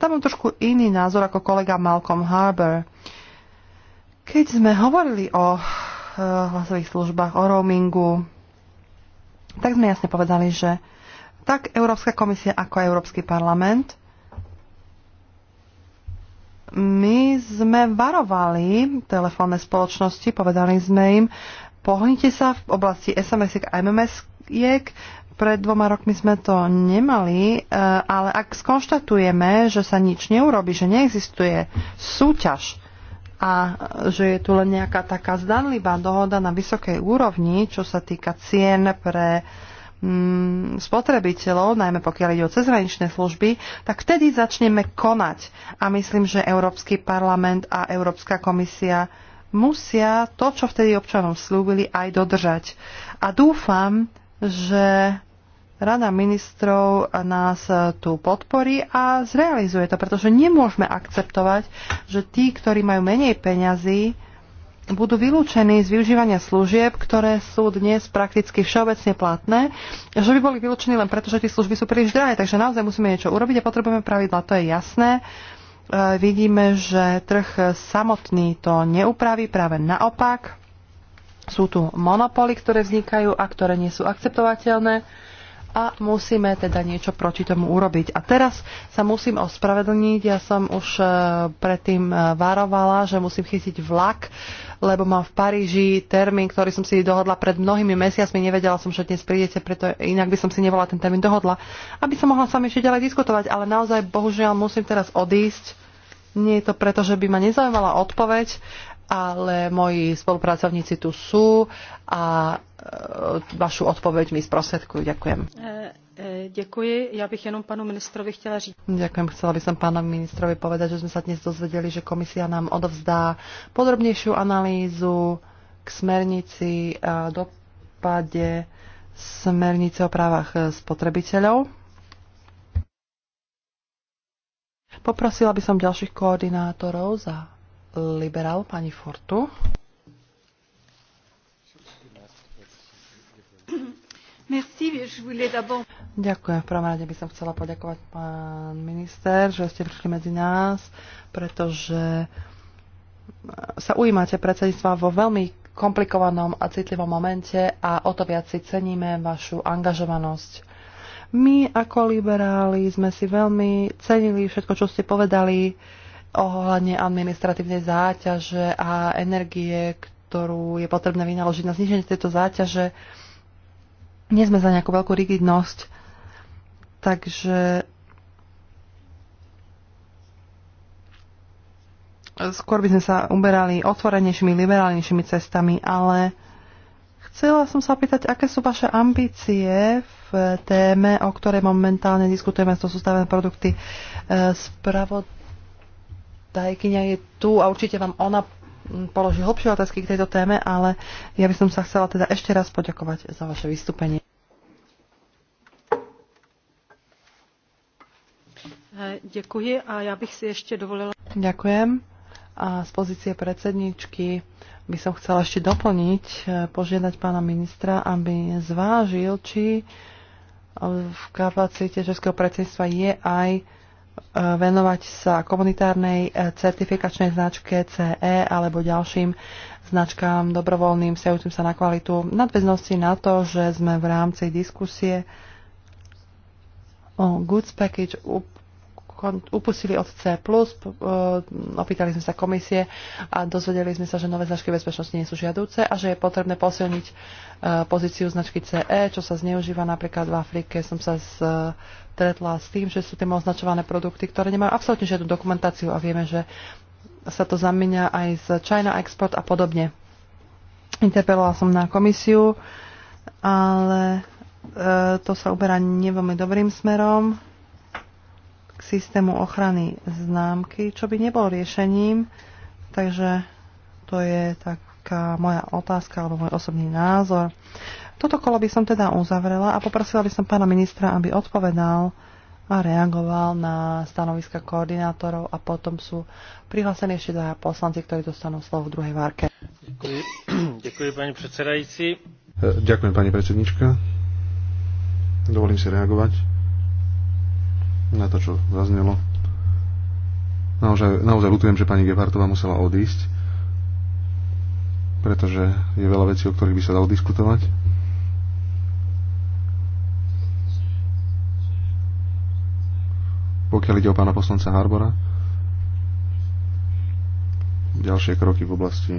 tam mám trošku iný názor ako kolega Malcolm Harbour. Keď sme hovorili o e, hlasových službách, o roamingu, tak sme jasne povedali, že tak Európska komisia ako Európsky parlament my sme varovali telefónne spoločnosti, povedali sme im, pohnite sa v oblasti sms a MMS-iek, pred dvoma rokmi sme to nemali, e, ale ak skonštatujeme, že sa nič neurobi, že neexistuje súťaž a že je tu len nejaká taká zdanlivá dohoda na vysokej úrovni, čo sa týka cien pre uh, Mm, spotrebiteľov, najmä pokiaľ ide o cezhraničné služby, tak vtedy začneme konať. A myslím, že Európsky parlament a Európska komisia musia to, čo vtedy občanom slúbili, aj dodržať. A dúfam, že Rada ministrov nás tu podporí a zrealizuje to, pretože nemôžeme akceptovať, že tí, ktorí majú menej peňazí, budú vylúčení z využívania služieb, ktoré sú dnes prakticky všeobecne platné, že by boli vylúčení len preto, že tie služby sú príliš drahé. Takže naozaj musíme niečo urobiť a potrebujeme pravidla, to je jasné. E, vidíme, že trh samotný to neupraví, práve naopak. Sú tu monopoly, ktoré vznikajú a ktoré nie sú akceptovateľné a musíme teda niečo proti tomu urobiť. A teraz sa musím ospravedlniť. Ja som už e, predtým e, varovala, že musím chytiť vlak, lebo mám v Paríži termín, ktorý som si dohodla pred mnohými mesiacmi. Nevedela som, že dnes prídete, preto inak by som si nevolala ten termín dohodla, aby som mohla sami ešte ďalej diskutovať. Ale naozaj, bohužiaľ, musím teraz odísť. Nie je to preto, že by ma nezaujímala odpoveď, ale moji spolupracovníci tu sú a e, vašu odpoveď mi sprostredkujú. Ďakujem. Ďakujem. E, e, ja bych jenom panu ministrovi chtěla říct. Ďakujem. Chcela by som pánu ministrovi povedať, že sme sa dnes dozvedeli, že komisia nám odovzdá podrobnejšiu analýzu k smernici a dopade smernice o právach spotrebiteľov. Poprosila by som ďalších koordinátorov za liberál, pani Fortu. Ďakujem. V prvom rade by som chcela poďakovať pán minister, že ste prišli medzi nás, pretože sa ujímate predsedníctva vo veľmi komplikovanom a citlivom momente a o to viac si ceníme vašu angažovanosť. My ako liberáli sme si veľmi cenili všetko, čo ste povedali ohľadne administratívnej záťaže a energie, ktorú je potrebné vynaložiť na zniženie tejto záťaže. Nie sme za nejakú veľkú rigidnosť, takže skôr by sme sa uberali otvorenejšími, liberálnejšími cestami, ale chcela som sa pýtať, aké sú vaše ambície v téme, o ktorej momentálne diskutujeme, to sú stavené produkty. E, Spravod spravodajkyňa je tu a určite vám ona položí hlbšie otázky k tejto téme, ale ja by som sa chcela teda ešte raz poďakovať za vaše vystúpenie. Eh, ďakujem a ja bych si ešte dovolila... Ďakujem. A z pozície predsedničky by som chcela ešte doplniť, eh, požiadať pána ministra, aby zvážil, či v kapacite Českého predsedníctva je aj E, venovať sa komunitárnej e, certifikačnej značke CE alebo ďalším značkám dobrovoľným, sejúcim sa na kvalitu, nadväznosti na to, že sme v rámci diskusie o Goods Package upustili od C+, opýtali sme sa komisie a dozvedeli sme sa, že nové značky bezpečnosti nie sú žiadúce a že je potrebné posilniť e, pozíciu značky CE, čo sa zneužíva napríklad v Afrike. Som sa stretla s tým, že sú tým označované produkty, ktoré nemajú absolútne žiadnu dokumentáciu a vieme, že sa to zamieňa aj z China Export a podobne. Interpelovala som na komisiu, ale e, to sa uberá neveľmi dobrým smerom k systému ochrany známky, čo by nebol riešením. Takže to je taká moja otázka alebo môj osobný názor. Toto kolo by som teda uzavrela a poprosila by som pána ministra, aby odpovedal a reagoval na stanoviska koordinátorov a potom sú prihlásení ešte dva poslanci, ktorí dostanú slovo v druhej várke. Ďakujem, Ďakujem pani predsedajúci. Ďakujem, pani predsednička. Dovolím si reagovať na to, čo zaznelo. Naozaj, naozaj ľutujem, že pani Gebhartová musela odísť, pretože je veľa vecí, o ktorých by sa dalo diskutovať. Pokiaľ ide o pána poslanca Harbora, ďalšie kroky v oblasti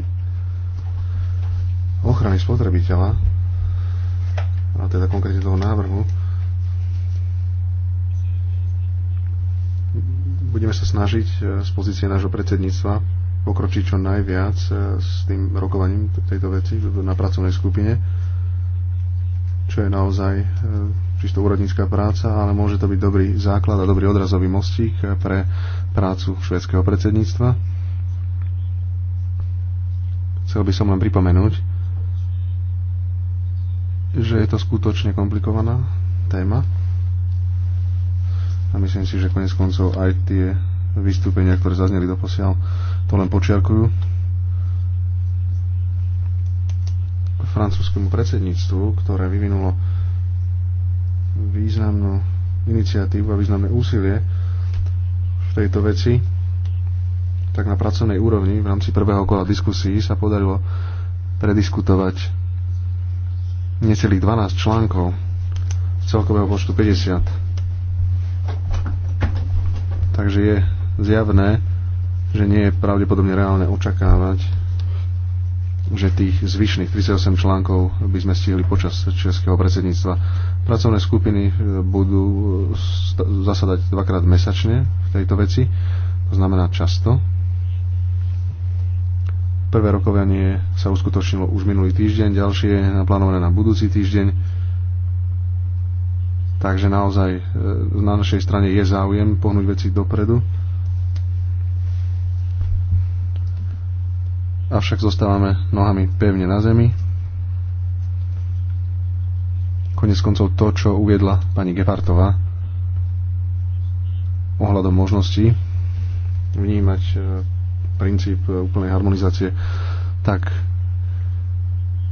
ochrany spotrebiteľa, a teda konkrétne toho návrhu, budeme sa snažiť e, z pozície nášho predsedníctva pokročiť čo najviac e, s tým rokovaním tejto veci na pracovnej skupine, čo je naozaj e, čisto úradnícká práca, ale môže to byť dobrý základ a dobrý odrazový mostík pre prácu švedského predsedníctva. Chcel by som len pripomenúť, že je to skutočne komplikovaná téma, a myslím si, že konec koncov aj tie vystúpenia, ktoré zazneli doposiaľ, to len počiarkujú. Francúzskému predsedníctvu, ktoré vyvinulo významnú iniciatívu a významné úsilie v tejto veci, tak na pracovnej úrovni v rámci prvého kola diskusí sa podarilo prediskutovať necelých 12 článkov z celkového počtu 50 Takže je zjavné, že nie je pravdepodobne reálne očakávať, že tých zvyšných 38 článkov by sme stihli počas českého predsedníctva. Pracovné skupiny e, budú e, zasadať dvakrát mesačne v tejto veci, to znamená často. Prvé rokovanie sa uskutočnilo už minulý týždeň, ďalšie je naplánované na budúci týždeň Takže naozaj e, na našej strane je záujem pohnúť veci dopredu. Avšak zostávame nohami pevne na zemi. Konec koncov to, čo uviedla pani Gepartová ohľadom možností vnímať e, princíp e, úplnej harmonizácie tak,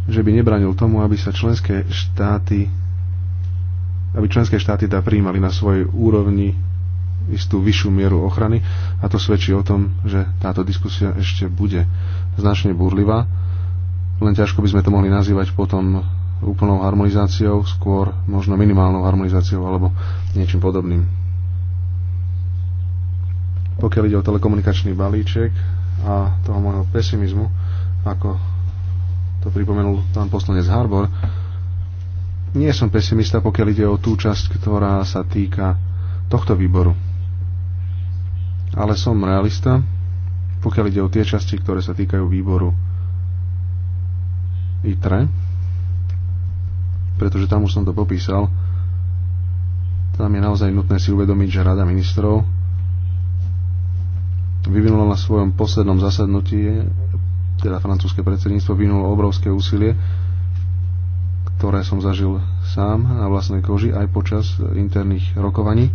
že by nebranil tomu, aby sa členské štáty aby členské štáty tá teda prijímali na svojej úrovni istú vyššiu mieru ochrany a to svedčí o tom, že táto diskusia ešte bude značne burlivá. Len ťažko by sme to mohli nazývať potom úplnou harmonizáciou, skôr možno minimálnou harmonizáciou alebo niečím podobným. Pokiaľ ide o telekomunikačný balíček a toho môjho pesimizmu, ako to pripomenul pán poslanec Harbor, nie som pesimista, pokiaľ ide o tú časť, ktorá sa týka tohto výboru. Ale som realista, pokiaľ ide o tie časti, ktoré sa týkajú výboru ITRE, pretože tam už som to popísal, tam je naozaj nutné si uvedomiť, že Rada ministrov vyvinula na svojom poslednom zasadnutí, teda francúzske predsedníctvo vyvinulo obrovské úsilie, ktoré som zažil sám na vlastnej koži aj počas interných rokovaní.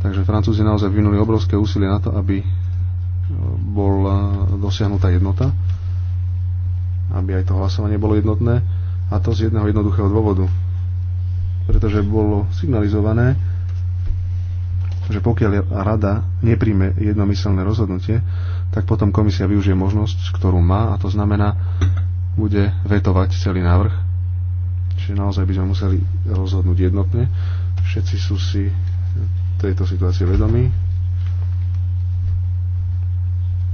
Takže Francúzi naozaj vyvinuli obrovské úsilie na to, aby e, bola dosiahnutá jednota, aby aj to hlasovanie bolo jednotné a to z jedného jednoduchého dôvodu. Pretože bolo signalizované, že pokiaľ rada nepríjme jednomyselné rozhodnutie, tak potom komisia využije možnosť, ktorú má a to znamená, bude vetovať celý návrh Čiže naozaj by sme museli rozhodnúť jednotne. Všetci sú si tejto situácie vedomí.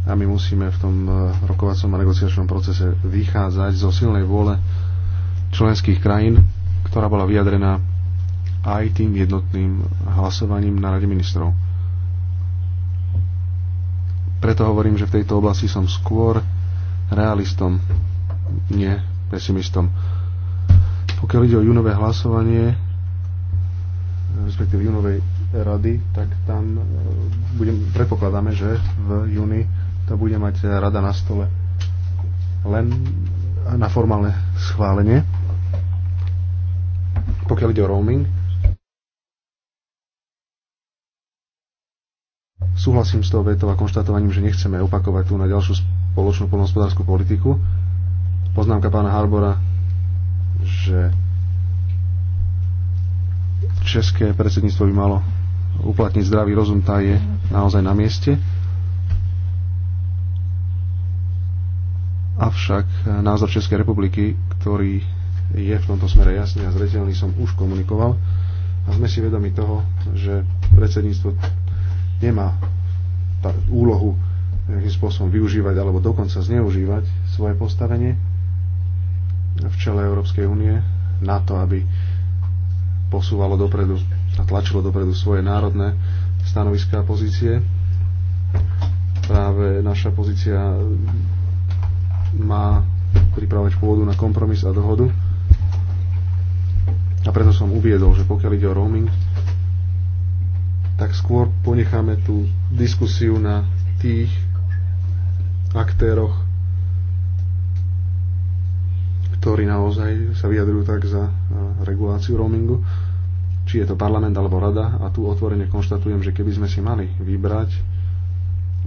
A my musíme v tom eh, rokovacom a negociačnom procese vychádzať zo silnej vôle členských krajín, ktorá bola vyjadrená aj tým jednotným hlasovaním na Rade ministrov. Preto hovorím, že v tejto oblasti som skôr realistom, nie pesimistom pokiaľ ide o junové hlasovanie, e, respektíve junovej rady, tak tam e, budem, predpokladáme, že v júni to bude mať rada na stole len na formálne schválenie. Pokiaľ ide o roaming, súhlasím s tou vetou a konštatovaním, že nechceme opakovať tú na ďalšiu spoločnú polnohospodárskú politiku. Poznámka pána Harbora že české predsedníctvo by malo uplatniť zdravý rozum, tá je naozaj na mieste. Avšak názor Českej republiky, ktorý je v tomto smere jasný a zretelný, som už komunikoval a sme si vedomi toho, že predsedníctvo nemá tá úlohu nejakým spôsobom využívať alebo dokonca zneužívať svoje postavenie v čele Európskej únie na to, aby posúvalo dopredu a tlačilo dopredu svoje národné stanoviská a pozície. Práve naša pozícia má pripravať pôdu na kompromis a dohodu. A preto som uviedol, že pokiaľ ide o roaming, tak skôr ponecháme tú diskusiu na tých aktéroch, ktorí naozaj sa vyjadrujú tak za e, reguláciu roamingu, či je to parlament alebo rada. A tu otvorene konštatujem, že keby sme si mali vybrať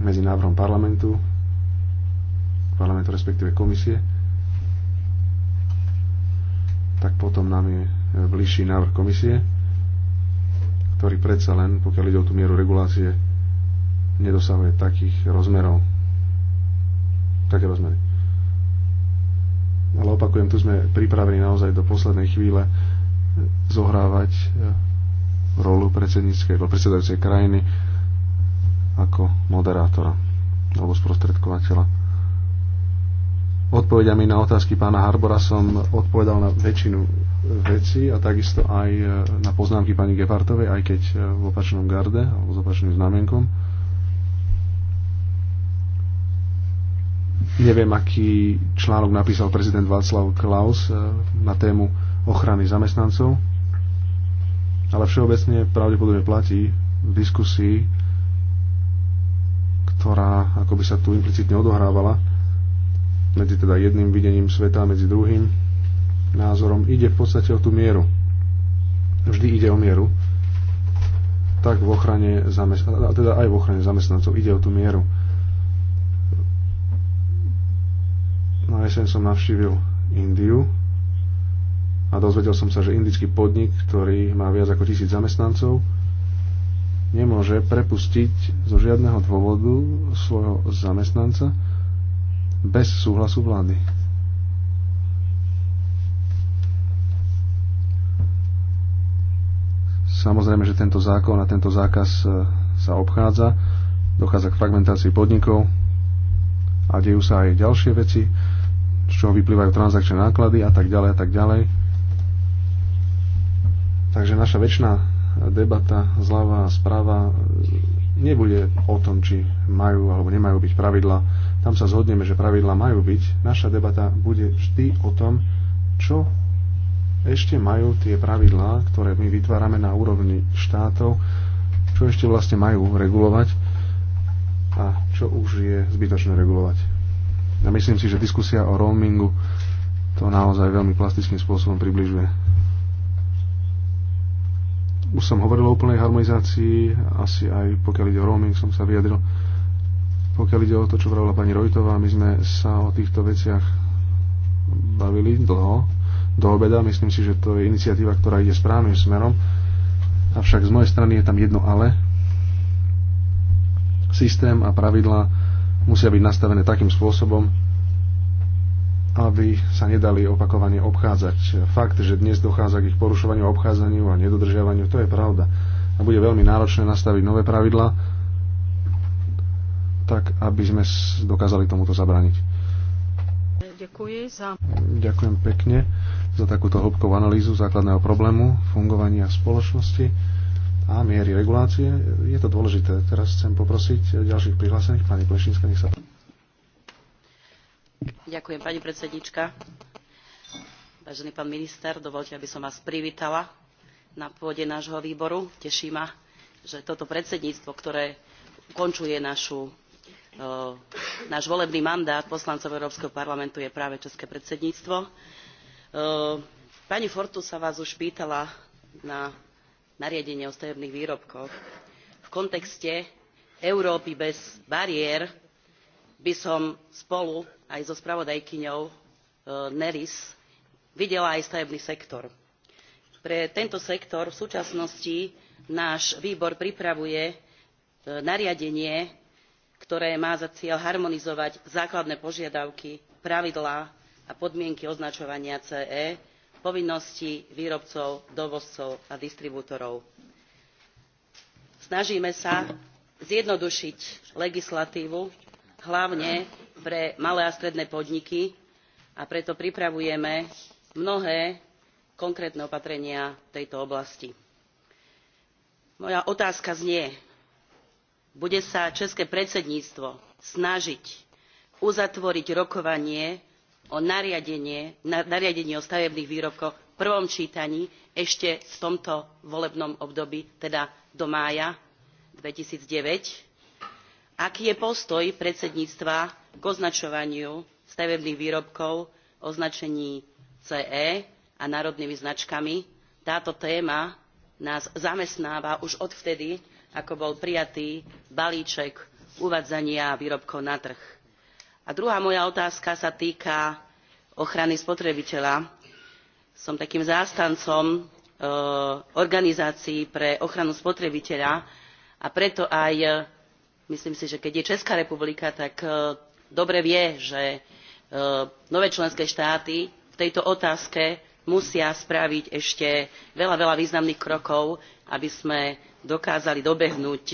medzi návrhom parlamentu, parlamentu respektíve komisie, tak potom nám je e, bližší návrh komisie, ktorý predsa len, pokiaľ ide o tú mieru regulácie, nedosahuje takých rozmerov. Také rozmery. Ale opakujem, tu sme pripravení naozaj do poslednej chvíle zohrávať e, rolu predsedníckej, alebo predsedajúcej krajiny ako moderátora alebo sprostredkovateľa. Odpovediami na otázky pána Harbora som odpovedal na väčšinu e, veci a takisto aj e, na poznámky pani Gepartovej, aj keď v opačnom garde alebo s opačným znamenkom. Neviem, aký článok napísal prezident Václav Klaus eh, na tému ochrany zamestnancov, ale všeobecne pravdepodobne platí v diskusii, ktorá ako by sa tu implicitne odohrávala medzi teda jedným videním sveta a medzi druhým názorom, ide v podstate o tú mieru. Vždy ide o mieru. Tak v ochrane zamestnancov, teda aj v ochrane zamestnancov ide o tú mieru Na no jeseň som navštívil Indiu a dozvedel som sa, že indický podnik, ktorý má viac ako tisíc zamestnancov, nemôže prepustiť zo žiadneho dôvodu svojho zamestnanca bez súhlasu vlády. Samozrejme, že tento zákon a tento zákaz e, sa obchádza, dochádza k fragmentácii podnikov a dejú sa aj ďalšie veci z čoho vyplývajú transakčné náklady a tak ďalej a tak ďalej. Takže naša väčšiná debata zľava a správa e, nebude o tom, či majú alebo nemajú byť pravidla. Tam sa zhodneme, že pravidla majú byť. Naša debata bude vždy o tom, čo ešte majú tie pravidlá, ktoré my vytvárame na úrovni štátov, čo ešte vlastne majú regulovať a čo už je zbytočné regulovať. Ja myslím si, že diskusia o roamingu to naozaj veľmi plastickým spôsobom približuje. Už som hovoril o úplnej harmonizácii, asi aj pokiaľ ide o roaming som sa vyjadril. Pokiaľ ide o to, čo hovorila pani Rojtová, my sme sa o týchto veciach bavili dlho, do obeda. Myslím si, že to je iniciatíva, ktorá ide správnym smerom. Avšak z mojej strany je tam jedno ale. Systém a pravidla musia byť nastavené takým spôsobom, aby sa nedali opakovane obchádzať. Fakt, že dnes dochádza k ich porušovaniu, obchádzaniu a nedodržiavaniu, to je pravda. A bude veľmi náročné nastaviť nové pravidla, tak aby sme dokázali tomuto zabrániť. Ďakujem, za... Ďakujem pekne za takúto hĺbkovú analýzu základného problému fungovania spoločnosti a miery regulácie. Je to dôležité. Teraz chcem poprosiť ďalších prihlásených. Pani Plešinská, nech sa Ďakujem, pani predsednička. Vážený pán minister, dovolte, aby som vás privítala na pôde nášho výboru. Teší ma, že toto predsedníctvo, ktoré ukončuje našu, e, náš volebný mandát poslancov Európskeho parlamentu, je práve České predsedníctvo. E, pani Fortu sa vás už pýtala na nariadenie o stavebných výrobkoch v kontexte európy bez bariér by som spolu aj so spravodajkyňou e, Neris, videla aj stavebný sektor. pre tento sektor v súčasnosti náš výbor pripravuje e, nariadenie ktoré má za cieľ harmonizovať základné požiadavky pravidlá a podmienky označovania ce povinností výrobcov dovozcov a distribútorov. snažíme sa zjednodušiť legislatívu hlavne pre malé a stredné podniky a preto pripravujeme mnohé konkrétne opatrenia v tejto oblasti. moja otázka znie bude sa české predsedníctvo snažiť uzatvoriť rokovanie o nariadenie, o stavebných výrobkoch v prvom čítaní ešte v tomto volebnom období, teda do mája 2009. Aký je postoj predsedníctva k označovaniu stavebných výrobkov označení CE a národnými značkami? Táto téma nás zamestnáva už odvtedy, ako bol prijatý balíček uvádzania výrobkov na trh a druhá moja otázka sa týka ochrany spotrebiteľa. Som takým zástancom e, organizácií pre ochranu spotrebiteľa a preto aj e, myslím si, že keď je Česká republika, tak e, dobre vie, že nové členské štáty v tejto otázke musia spraviť ešte veľa, veľa významných krokov, aby sme dokázali dobehnúť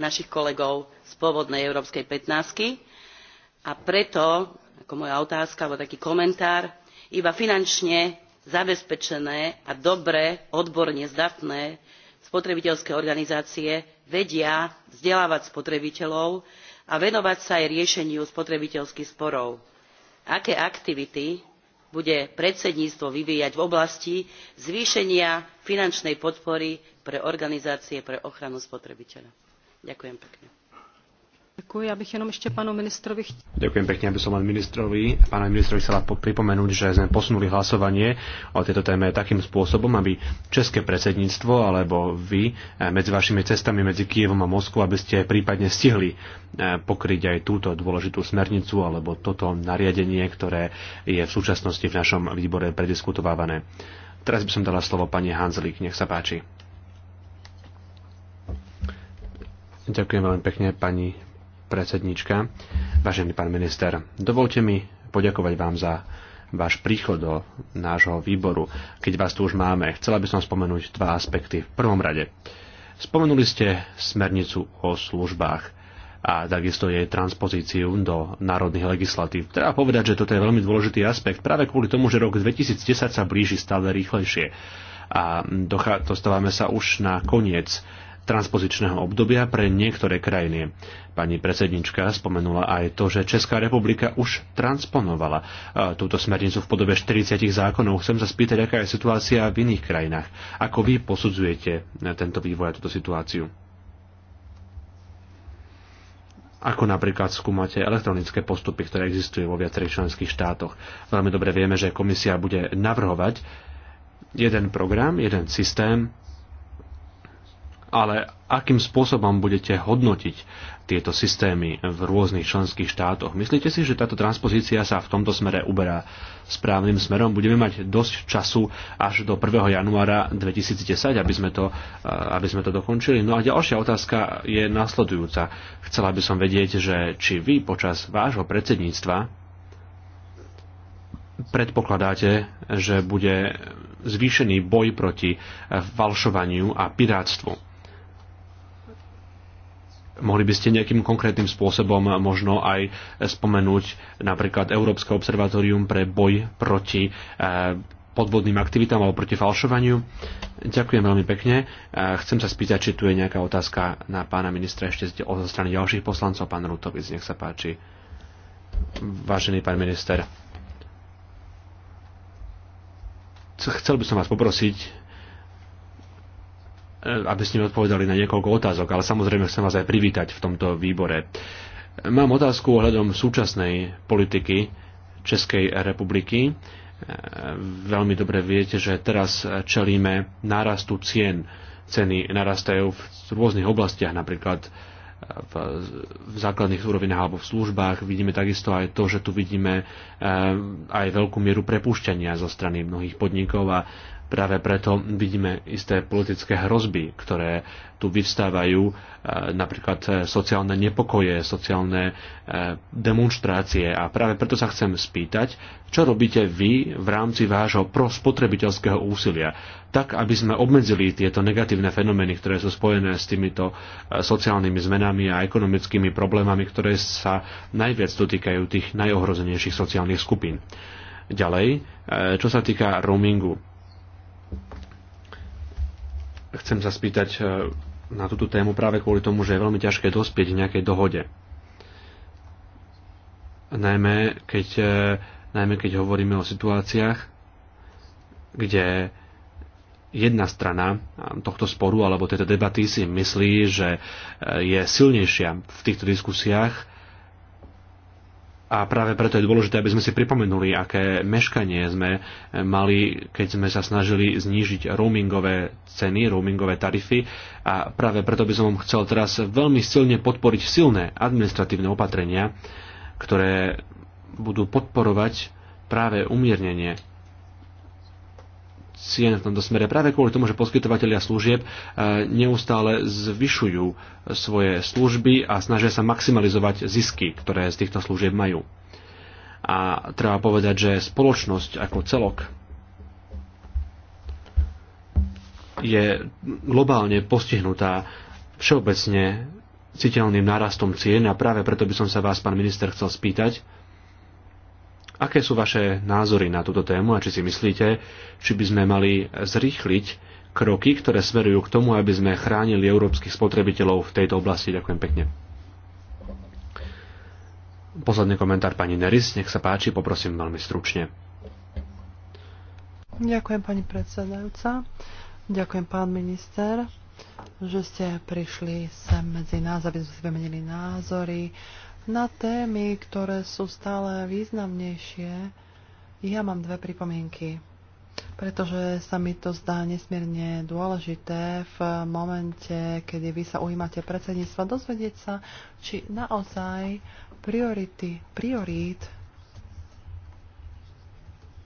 našich kolegov z pôvodnej európskej pätnástky a preto ako moja otázka alebo taký komentár iba finančne zabezpečené a dobre odborne zdatné spotrebiteľské organizácie vedia vzdelávať spotrebiteľov a venovať sa aj riešeniu spotrebiteľských sporov. aké aktivity bude predsedníctvo vyvíjať v oblasti zvýšenia finančnej podpory pre organizácie pre ochranu spotrebiteľa? ďakujem pekne. Ďakujem, ja bych jenom ešte panu ministrovi... Ďakujem pekne, aby som len ministrovi, pána ministrovi chcela pripomenúť, že sme posunuli hlasovanie o tejto téme takým spôsobom, aby české predsedníctvo alebo vy eh, medzi vašimi cestami medzi Kievom a Moskvou, aby ste prípadne stihli eh, pokryť aj túto dôležitú smernicu alebo toto nariadenie, ktoré je v súčasnosti v našom výbore prediskutovávané. Teraz by som dala slovo pani Hanzlik, nech sa páči. Ďakujem veľmi pekne, pani predsednička, vážený pán minister, dovolte mi poďakovať vám za váš príchod do nášho výboru. Keď vás tu už máme, chcela by som spomenúť dva aspekty. V prvom rade, spomenuli ste smernicu o službách a takisto jej transpozíciu do národných legislatív. Treba povedať, že toto je veľmi dôležitý aspekt práve kvôli tomu, že rok 2010 sa blíži stále rýchlejšie a dostávame sa už na koniec transpozičného obdobia pre niektoré krajiny. Pani predsednička spomenula aj to, že Česká republika už transponovala e, túto smernicu v podobe 40 zákonov. Chcem sa spýtať, aká je situácia v iných krajinách. Ako vy posudzujete e, tento vývoj a túto situáciu? ako napríklad skúmate elektronické postupy, ktoré existujú vo viacerých členských štátoch. Veľmi dobre vieme, že komisia bude navrhovať jeden program, jeden systém ale akým spôsobom budete hodnotiť tieto systémy v rôznych členských štátoch. Myslíte si, že táto transpozícia sa v tomto smere uberá správnym smerom? Budeme mať dosť času až do 1. januára 2010, aby sme to, eh, aby sme to dokončili. No a ďalšia otázka je nasledujúca. Chcela by som vedieť, že či vy počas vášho predsedníctva predpokladáte, že bude zvýšený boj proti falšovaniu a pirátstvu Mohli by ste nejakým konkrétnym spôsobom možno aj spomenúť napríklad Európske observatórium pre boj proti eh, podvodným aktivitám alebo proti falšovaniu. Ďakujem veľmi pekne. Eh, chcem sa spýtať, či tu je nejaká otázka na pána ministra ešte zo strany ďalších poslancov. Pán Rutovic, nech sa páči. Vážený pán minister, chcel by som vás poprosiť, Eh, aby ste mi odpovedali na niekoľko otázok, ale samozrejme chcem vás aj privítať v tomto výbore. Mám otázku ohľadom súčasnej politiky Českej republiky. Eh, veľmi dobre viete, že teraz čelíme nárastu cien. Ceny narastajú v rôznych oblastiach, napríklad eh, v, v základných úrovinách alebo v službách. Vidíme takisto aj to, že tu vidíme aj veľkú mieru prepúšťania zo strany mnohých podnikov a Práve preto vidíme isté politické hrozby, ktoré tu vyvstávajú, e, napríklad e, sociálne nepokoje, sociálne e, demonstrácie. A práve preto sa chcem spýtať, čo robíte vy v rámci vášho prospotrebiteľského úsilia, tak aby sme obmedzili tieto negatívne fenomény, ktoré sú spojené s týmito sociálnymi zmenami a ekonomickými problémami, ktoré sa najviac dotýkajú tých najohrozenejších sociálnych skupín. Ďalej, čo sa týka roamingu, chcem sa spýtať e, na túto tému práve kvôli tomu, že je veľmi ťažké dospieť nejakej dohode. Najmä keď, e, najmä keď hovoríme o situáciách, kde jedna strana tohto sporu alebo tejto debaty si myslí, že e, je silnejšia v týchto diskusiách a práve preto je dôležité, aby sme si pripomenuli, aké meškanie sme mali, keď sme sa snažili znížiť roamingové ceny, roamingové tarify. A práve preto by som vám chcel teraz veľmi silne podporiť silné administratívne opatrenia, ktoré budú podporovať práve umiernenie cien v tomto smere práve kvôli tomu, že poskytovateľia služieb e, neustále zvyšujú svoje služby a snažia sa maximalizovať zisky, ktoré z týchto služieb majú. A treba povedať, že spoločnosť ako celok je globálne postihnutá všeobecne citeľným nárastom cien a práve preto by som sa vás, pán minister, chcel spýtať, Aké sú vaše názory na túto tému a či si myslíte, či by sme mali zrýchliť kroky, ktoré smerujú k tomu, aby sme chránili európskych spotrebiteľov v tejto oblasti? Ďakujem pekne. Posledný komentár pani Neris, nech sa páči, poprosím veľmi stručne. Ďakujem pani predsedajúca, ďakujem pán minister, že ste prišli sem medzi nás, aby sme si vymenili názory na témy, ktoré sú stále významnejšie, ja mám dve pripomienky. Pretože sa mi to zdá nesmierne dôležité v momente, kedy vy sa ujímate predsedníctva, dozvedieť sa, či naozaj priority, priorít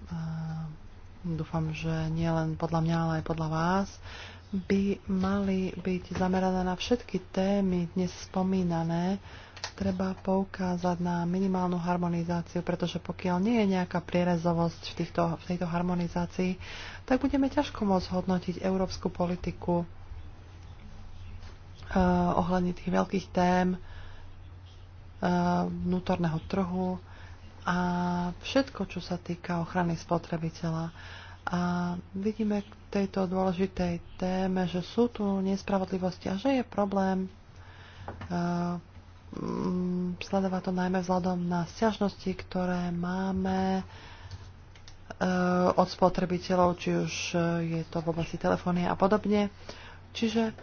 eh, dúfam, že nie len podľa mňa, ale aj podľa vás, by mali byť zamerané na všetky témy dnes spomínané, treba poukázať na minimálnu harmonizáciu, pretože pokiaľ nie je nejaká prierezovosť v, týchto, v tejto harmonizácii, tak budeme ťažko môcť hodnotiť európsku politiku uh, ohľadne tých veľkých tém uh, vnútorného trhu a všetko, čo sa týka ochrany spotrebiteľa. A vidíme k tejto dôležitej téme, že sú tu nespravodlivosti a že je problém uh, Mm, sledovať to najmä vzhľadom na sťažnosti, ktoré máme eh, od spotrebiteľov, či už eh, je to v oblasti telefónie a podobne. Čiže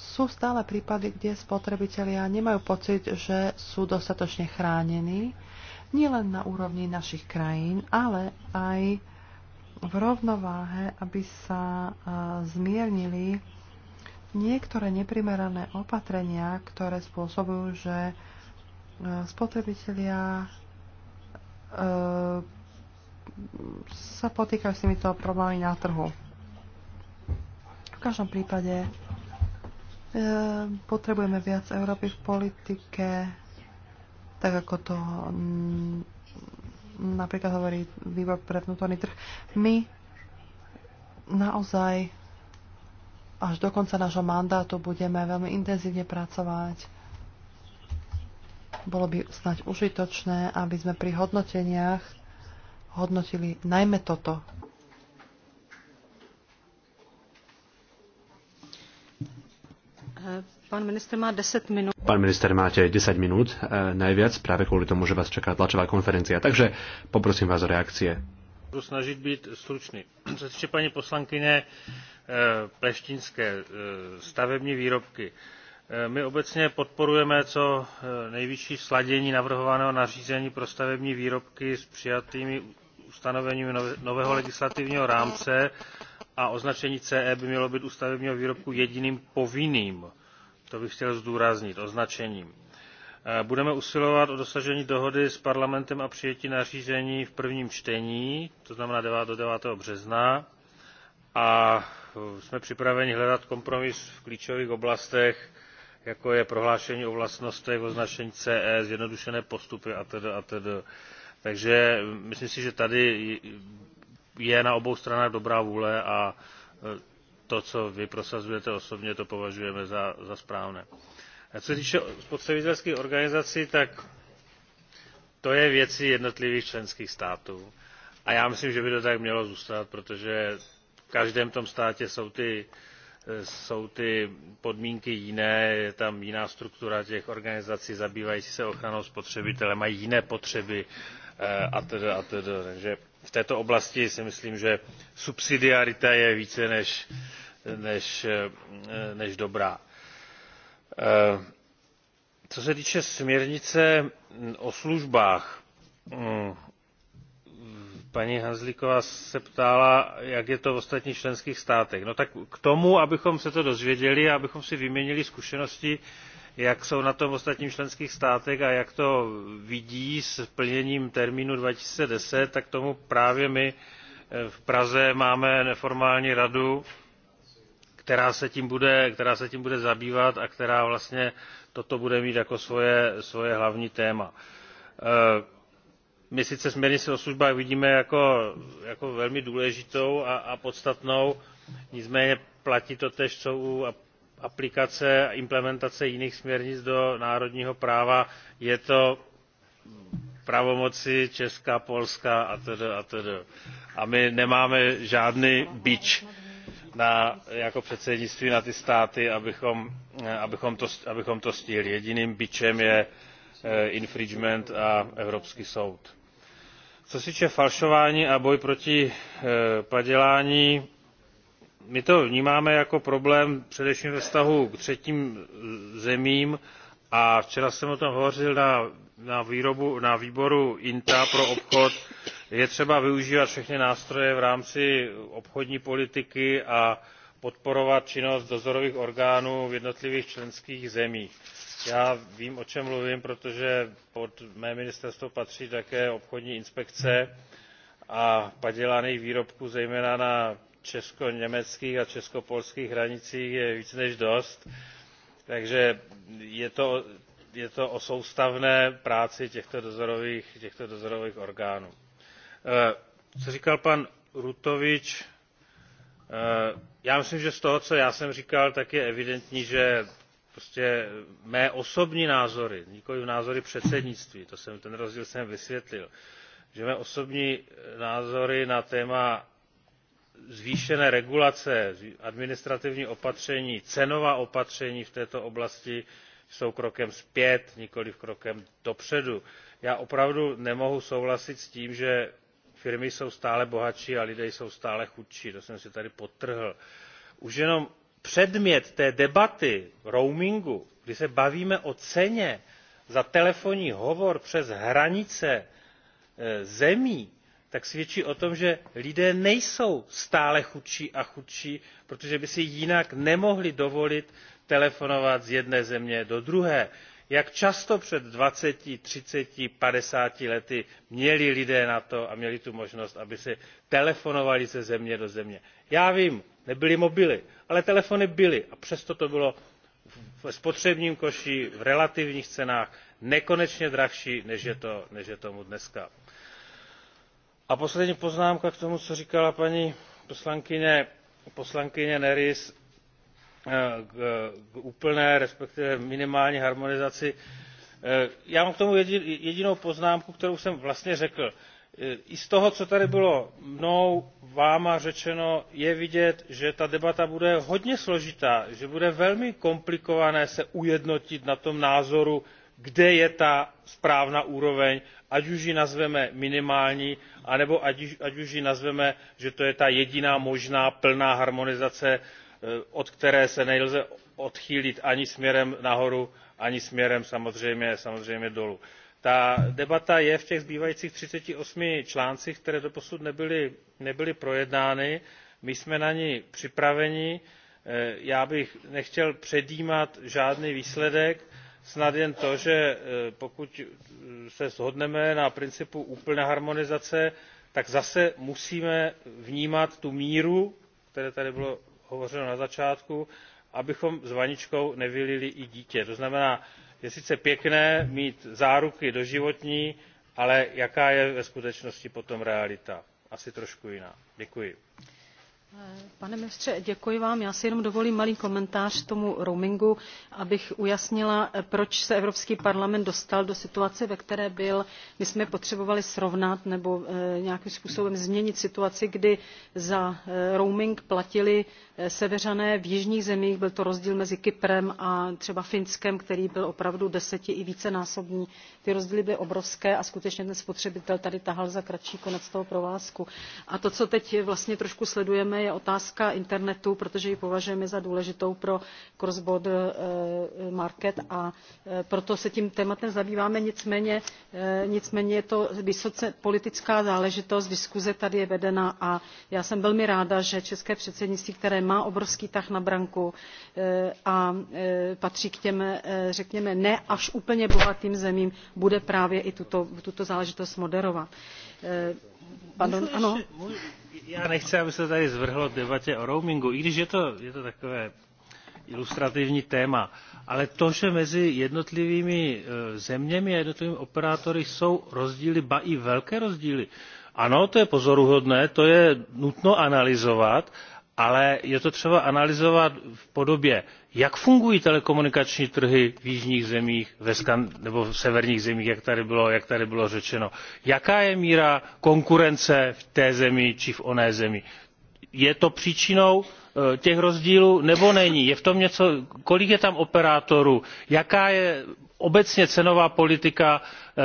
sú stále prípady, kde spotrebitelia nemajú pocit, že sú dostatočne chránení, nielen na úrovni našich krajín, ale aj v rovnováhe, aby sa eh, zmiernili niektoré neprimerané opatrenia, ktoré spôsobujú, že e, spotrebitelia e, sa potýkajú s týmito problémami na trhu. V každom prípade e, potrebujeme viac Európy v politike, tak ako to napríklad hovorí výbor pre vnútorný trh. My naozaj až do konca nášho mandátu budeme veľmi intenzívne pracovať. Bolo by snať užitočné, aby sme pri hodnoteniach hodnotili najmä toto. Pán minister má 10 minút. Pán minister, máte 10 minút e, najviac, práve kvôli tomu, že vás čaká tlačová konferencia. Takže poprosím vás o reakcie. Snažiť byť stručný. Co sa týče pani poslankyne, Eh, pleštinské eh, stavební výrobky. Eh, my obecně podporujeme co nejvyšší sladění navrhovaného nařízení pro stavební výrobky s přijatými ustanoveními nového legislativního rámce a označení ce by mělo být u stavebního výrobku jediným povinným to bych chtěl zdůraznit označením. budeme usilovat o dosažení dohody s parlamentem a přijetí nařízení v prvním čtení to znamená 9 do. 9. března a sme pripravení hľadať kompromis v klíčových oblastech jako je prohlášení o vlastnostech označení ce zjednodušené postupy atd. atd. takže myslím si že tady je na obou stranách dobrá vůle a e, to co vy prosazujete osobně to považujeme za, za správné. A co se týče spotřebitelských organizací tak to je věcí jednotlivých členských států a já myslím že by to tak mělo zůstat protože v každém tom státě jsou ty, eh, jsou ty podmínky jiné je tam jiná struktura těch organizací zabývajících se ochranou spotřebitele mají jiné potřeby eh, atd. atd. takže v této oblasti si myslím že subsidiarita je více než, než, eh, než dobrá. co se týče směrnice o službách mm, paní hanzlíková se ptala jak je to v ostatních členských státech. no tak k tomu abychom se to dozvěděli a abychom si vyměnili zkušenosti jak jsou na tom v ostatních členských státech a jak to vidí s plněním termínu two thousand and ten tak tomu právě my eh, v praze máme neformální radu která se tím bude, která se tím bude zabývat a která vlastně toto bude mít jako svoje, svoje hlavní téma. Eh, my sice směrnici o službách vidíme jako, jako velmi důležitou a, a podstatnou nicméně platí totéž co u aplikace a implementace jiných směrnic do národního práva je to v pravomoci česka polska atd. atd. a my nemáme žádný bič na, jako předsednictví na ty státy abychom, eh, abychom, to, abychom to stihli. jediným bičem je Eh, infringement a Evropský soud. Co se týče falšování a boj proti eh, padělání, my to vnímáme jako problém především ve vztahu k třetím zemím a včera jsem o tom hovořil na, na, výrobu, na výboru inta pro obchod je třeba využívat všechny nástroje v rámci obchodní politiky a podporovat činnost dozorových orgánů v jednotlivých členských zemích já vím o čem mluvím protože pod mé ministerstvo patří také obchodní inspekce a padělaných výrobků zejména na česko německých a česko polských hranicích je víc než dost takže je to, je to o soustavné práci těchto dozorových, těchto dozorových orgánů. Eh, co říkal pan rutovič eh, já myslím že z toho co já jsem říkal tak je evidentní že prostě mé osobní názory nikoliv názory předsednictví to jsem, ten rozdíl jsem vysvětlil že mé osobní eh, názory na téma zvýšené regulace administrativní opatření cenová opatření v této oblasti jsou krokem zpět nikoliv krokem dopředu. já opravdu nemohu souhlasit s tím že firmy jsou stále bohatší a lidé jsou stále chudší to jsem si tady podtrhl. už jenom předmět té debaty roamingu kdy se bavíme o ceně za telefonní hovor přes hranice e, zemí tak svědčí o tom že lidé nejsou stále chudší a chudší protože by si jinak nemohli dovolit telefonovat z jedné země do druhé. jak často před dvaceti třiceti padesáti lety měli lidé na to a měli tu možnost aby si telefonovali ze země do země? já vím nebyly mobily ale telefony byly a přesto to bylo ve spotřebním koši v relativních cenách nekonečně dražší než je, tomu dnes. a poslední poznámka k tomu co říkala paní poslankyně, poslankyně nerys eh, k úplné respektive minimální harmonizaci. Eh, já mám k tomu jedinou poznámku kterou jsem vlastně řekl E, i z toho co tady bylo mnou vámi řečeno je vidět že ta debata bude hodně složitá že bude velmi komplikované se ujednotit na tom názoru kde je ta správná úroveň ať už ji nazveme minimální anebo ať, už ji nazveme že to je ta jediná možná plná harmonizace e, od které se nelze odchýlit ani směrem nahoru ani směrem samozřejmě dolů ta debata je v těch zbývajících třiceti osmi článcích které doposud nebyly, nebyly projednány my jsme na ni připraveni e, já bych nechtěl předjímat žádný výsledek snad jen to že e, pokud e, se shodneme na principu úplné harmonizace tak zase musíme vnímat tu míru o které tady bylo hovořeno na začátku abychom s vaničkou nevylili i dítě. to znamená je sice pěkné mít záruky doživotní ale jaká je ve skutečnosti potom realita? asi trošku jiná. děkuji pane ministře děkuji vám já si jenom dovolím malý komentář k tomu roamingu abych ujasnila proč se evropský parlament dostal do situace ve které byl. my jsme potřebovali srovnat nebo eh, nějakým způsobem změnit situaci kdy za eh, roaming platili eh, seveřané v jižních zemích byl to rozdíl mezi kyprem a třeba finskem který byl opravdu deseti i vícenásobný. ty rozdíly byly obrovské a skutečně ten spotřebitel tady tahal za kratší konec toho provázku. a to co teď vlastně trošku sledujeme je otázka internetu protože ji považujeme za důležitou pro cross border eh, market a eh, proto se tím tématem zabýváme nicméně, eh, je to vysoce politická záležitost diskuse tady je vedena a já jsem velmi ráda že české předsednictví které má obrovský tah na branku a patří k těm řekněme ne až úplně bohatým zemím bude právě i tuto, záležitost moderovat já nechci aby se tady zvrhlo v debatě o roamingu i když je to, je to takové ilustrativní téma ale to že mezi jednotlivými e, zeměmi a jednotlivými operátory jsou rozdíly ba i velké rozdíly ano to je pozoruhodné to je nutno analyzovat ale je to třeba analyzovat v podobě jak fungují telekomunikační trhy v jižních zemích nebo v severních zemích jak tady, bylo, řečeno jaká je míra konkurence v té zemi či v oné zemi je to příčinou eh, těch rozdílů nebo není je v tom něco kolik je tam operátorů jaká je obecně cenová politika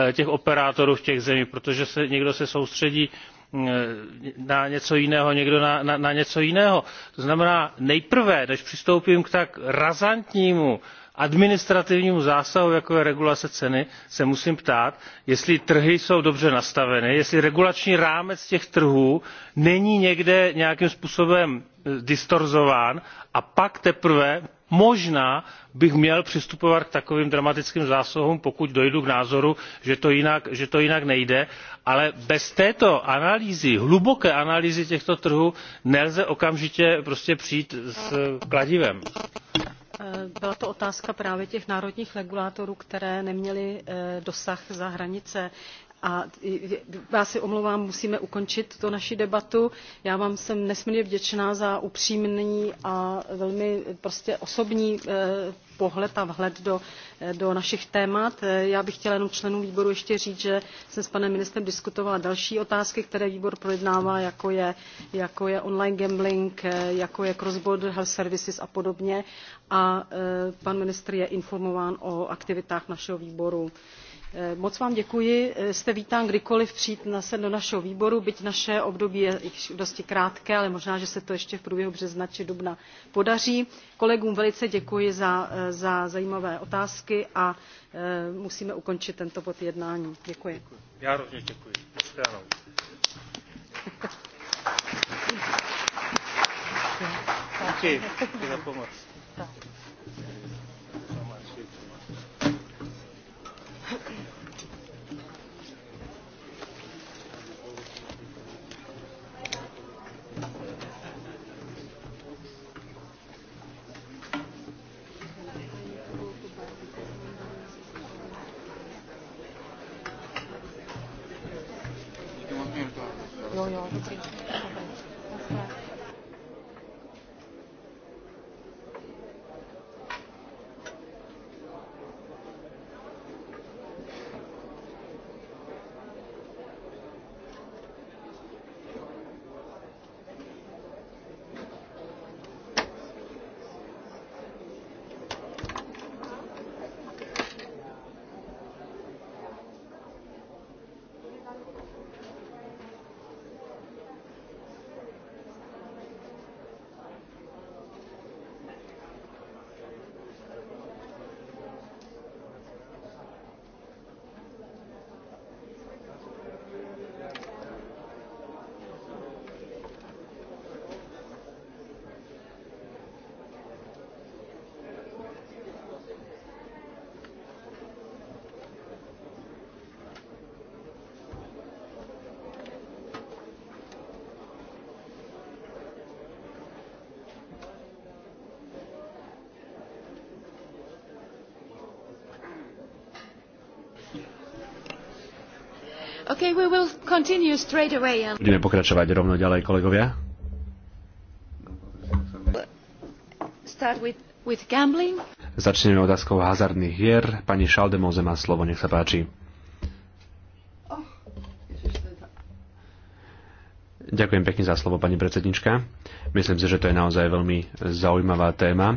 eh, těch operátorů v těch zemích protože se, někdo se soustředí E, na něco jiného někdo na, něco jiného. to znamená nejprve než přistoupím k tak razantnímu administrativnímu zásahu jako je regulace ceny se musím ptát jestli trhy jsou dobře nastaveny jestli regulační rámec těch trhů není někde nějakým způsobem e, distorzován a pak teprve možná bych měl přistupovat k takovým dramatickým zásahům pokud dojdu k názoru že to jinak, že to jinak nejde ale bez této analýzy hluboké analýzy těchto trhů nelze okamžitě prostě přijít s e, kladivem. E, byla to otázka právě těch národních regulátorů, které neměly e, dosah za hranice a já si omlouvám musíme ukončit tu naši debatu. já vám jsem nesmírně vděčná za upřímný a velmi prostě osobní e, pohled a vhled do, eh, do našich témat. Eh, já bych chtěla jenom členům výboru ještě říct, že jsem s panem ministrem diskutovala další otázky, které výbor projednává, jako je, jako je online gambling, eh, jako je cross-border health services a podobně. A pan ministr je informován o aktivitách našeho výboru. Eh, moc vám děkuji eh, jste vítán kdykoliv přijít sem do našeho výboru byť naše období je již dosti krátké ale možná že se to ještě v průběhu března či dubna podaří. kolegům velice děkuji za, eh, za zajímavé otázky a musíme ukončit tento bod jednání. děkuji. já rovněž děkuji. Děkuji za pomoc. Okay, we will continue straight away. Budeme pokračovať rovno ďalej, kolegovia. Start with, with gambling. Začneme otázkou hazardných hier. Pani Šaldemoze má slovo, nech sa páči. Ďakujem pekne za slovo, pani predsednička. Myslím si, že to je naozaj veľmi zaujímavá téma.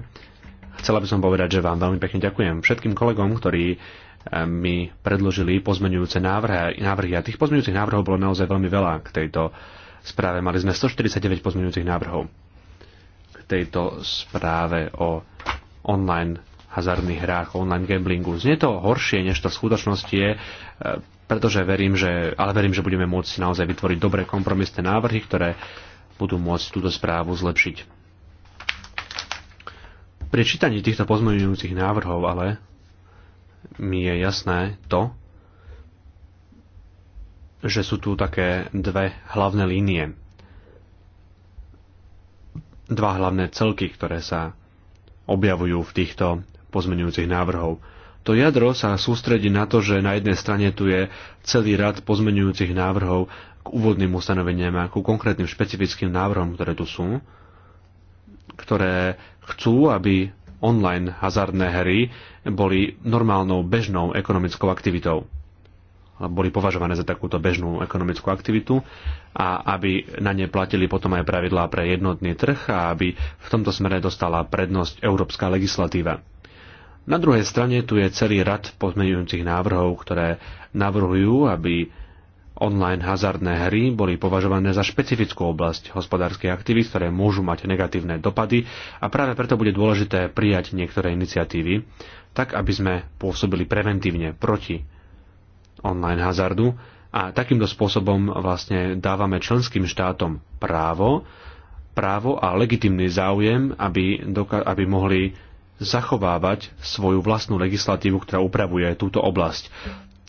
Chcela by som povedať, že vám veľmi pekne ďakujem všetkým kolegom, ktorí mi predložili pozmenujúce návrhy, návrhy. A tých pozmenujúcich návrhov bolo naozaj veľmi veľa k tejto správe. Mali sme 149 pozmenujúcich návrhov k tejto správe o online hazardných hrách, online gamblingu. Znie to horšie, než to v skutočnosti je, e, pretože verím, že, ale verím, že budeme môcť naozaj vytvoriť dobré kompromisné návrhy, ktoré budú môcť túto správu zlepšiť. Pri čítaní týchto pozmeňujúcich návrhov ale mi je jasné to, že sú tu také dve hlavné línie. Dva hlavné celky, ktoré sa objavujú v týchto pozmenujúcich návrhov. To jadro sa sústredí na to, že na jednej strane tu je celý rad pozmenujúcich návrhov k úvodným ustanoveniam a ku konkrétnym špecifickým návrhom, ktoré tu sú, ktoré chcú, aby online hazardné hry boli normálnou bežnou ekonomickou aktivitou boli považované za takúto bežnú ekonomickú aktivitu a aby na ne platili potom aj pravidlá pre jednotný trh a aby v tomto smere dostala prednosť európska legislatíva. Na druhej strane tu je celý rad pozmeňujúcich návrhov, ktoré navrhujú, aby online hazardné hry boli považované za špecifickú oblasť hospodárskej aktivít, ktoré môžu mať negatívne dopady a práve preto bude dôležité prijať niektoré iniciatívy, tak aby sme pôsobili preventívne proti online hazardu a takýmto spôsobom vlastne dávame členským štátom právo, právo a legitimný záujem, aby, aby mohli zachovávať svoju vlastnú legislatívu, ktorá upravuje túto oblasť.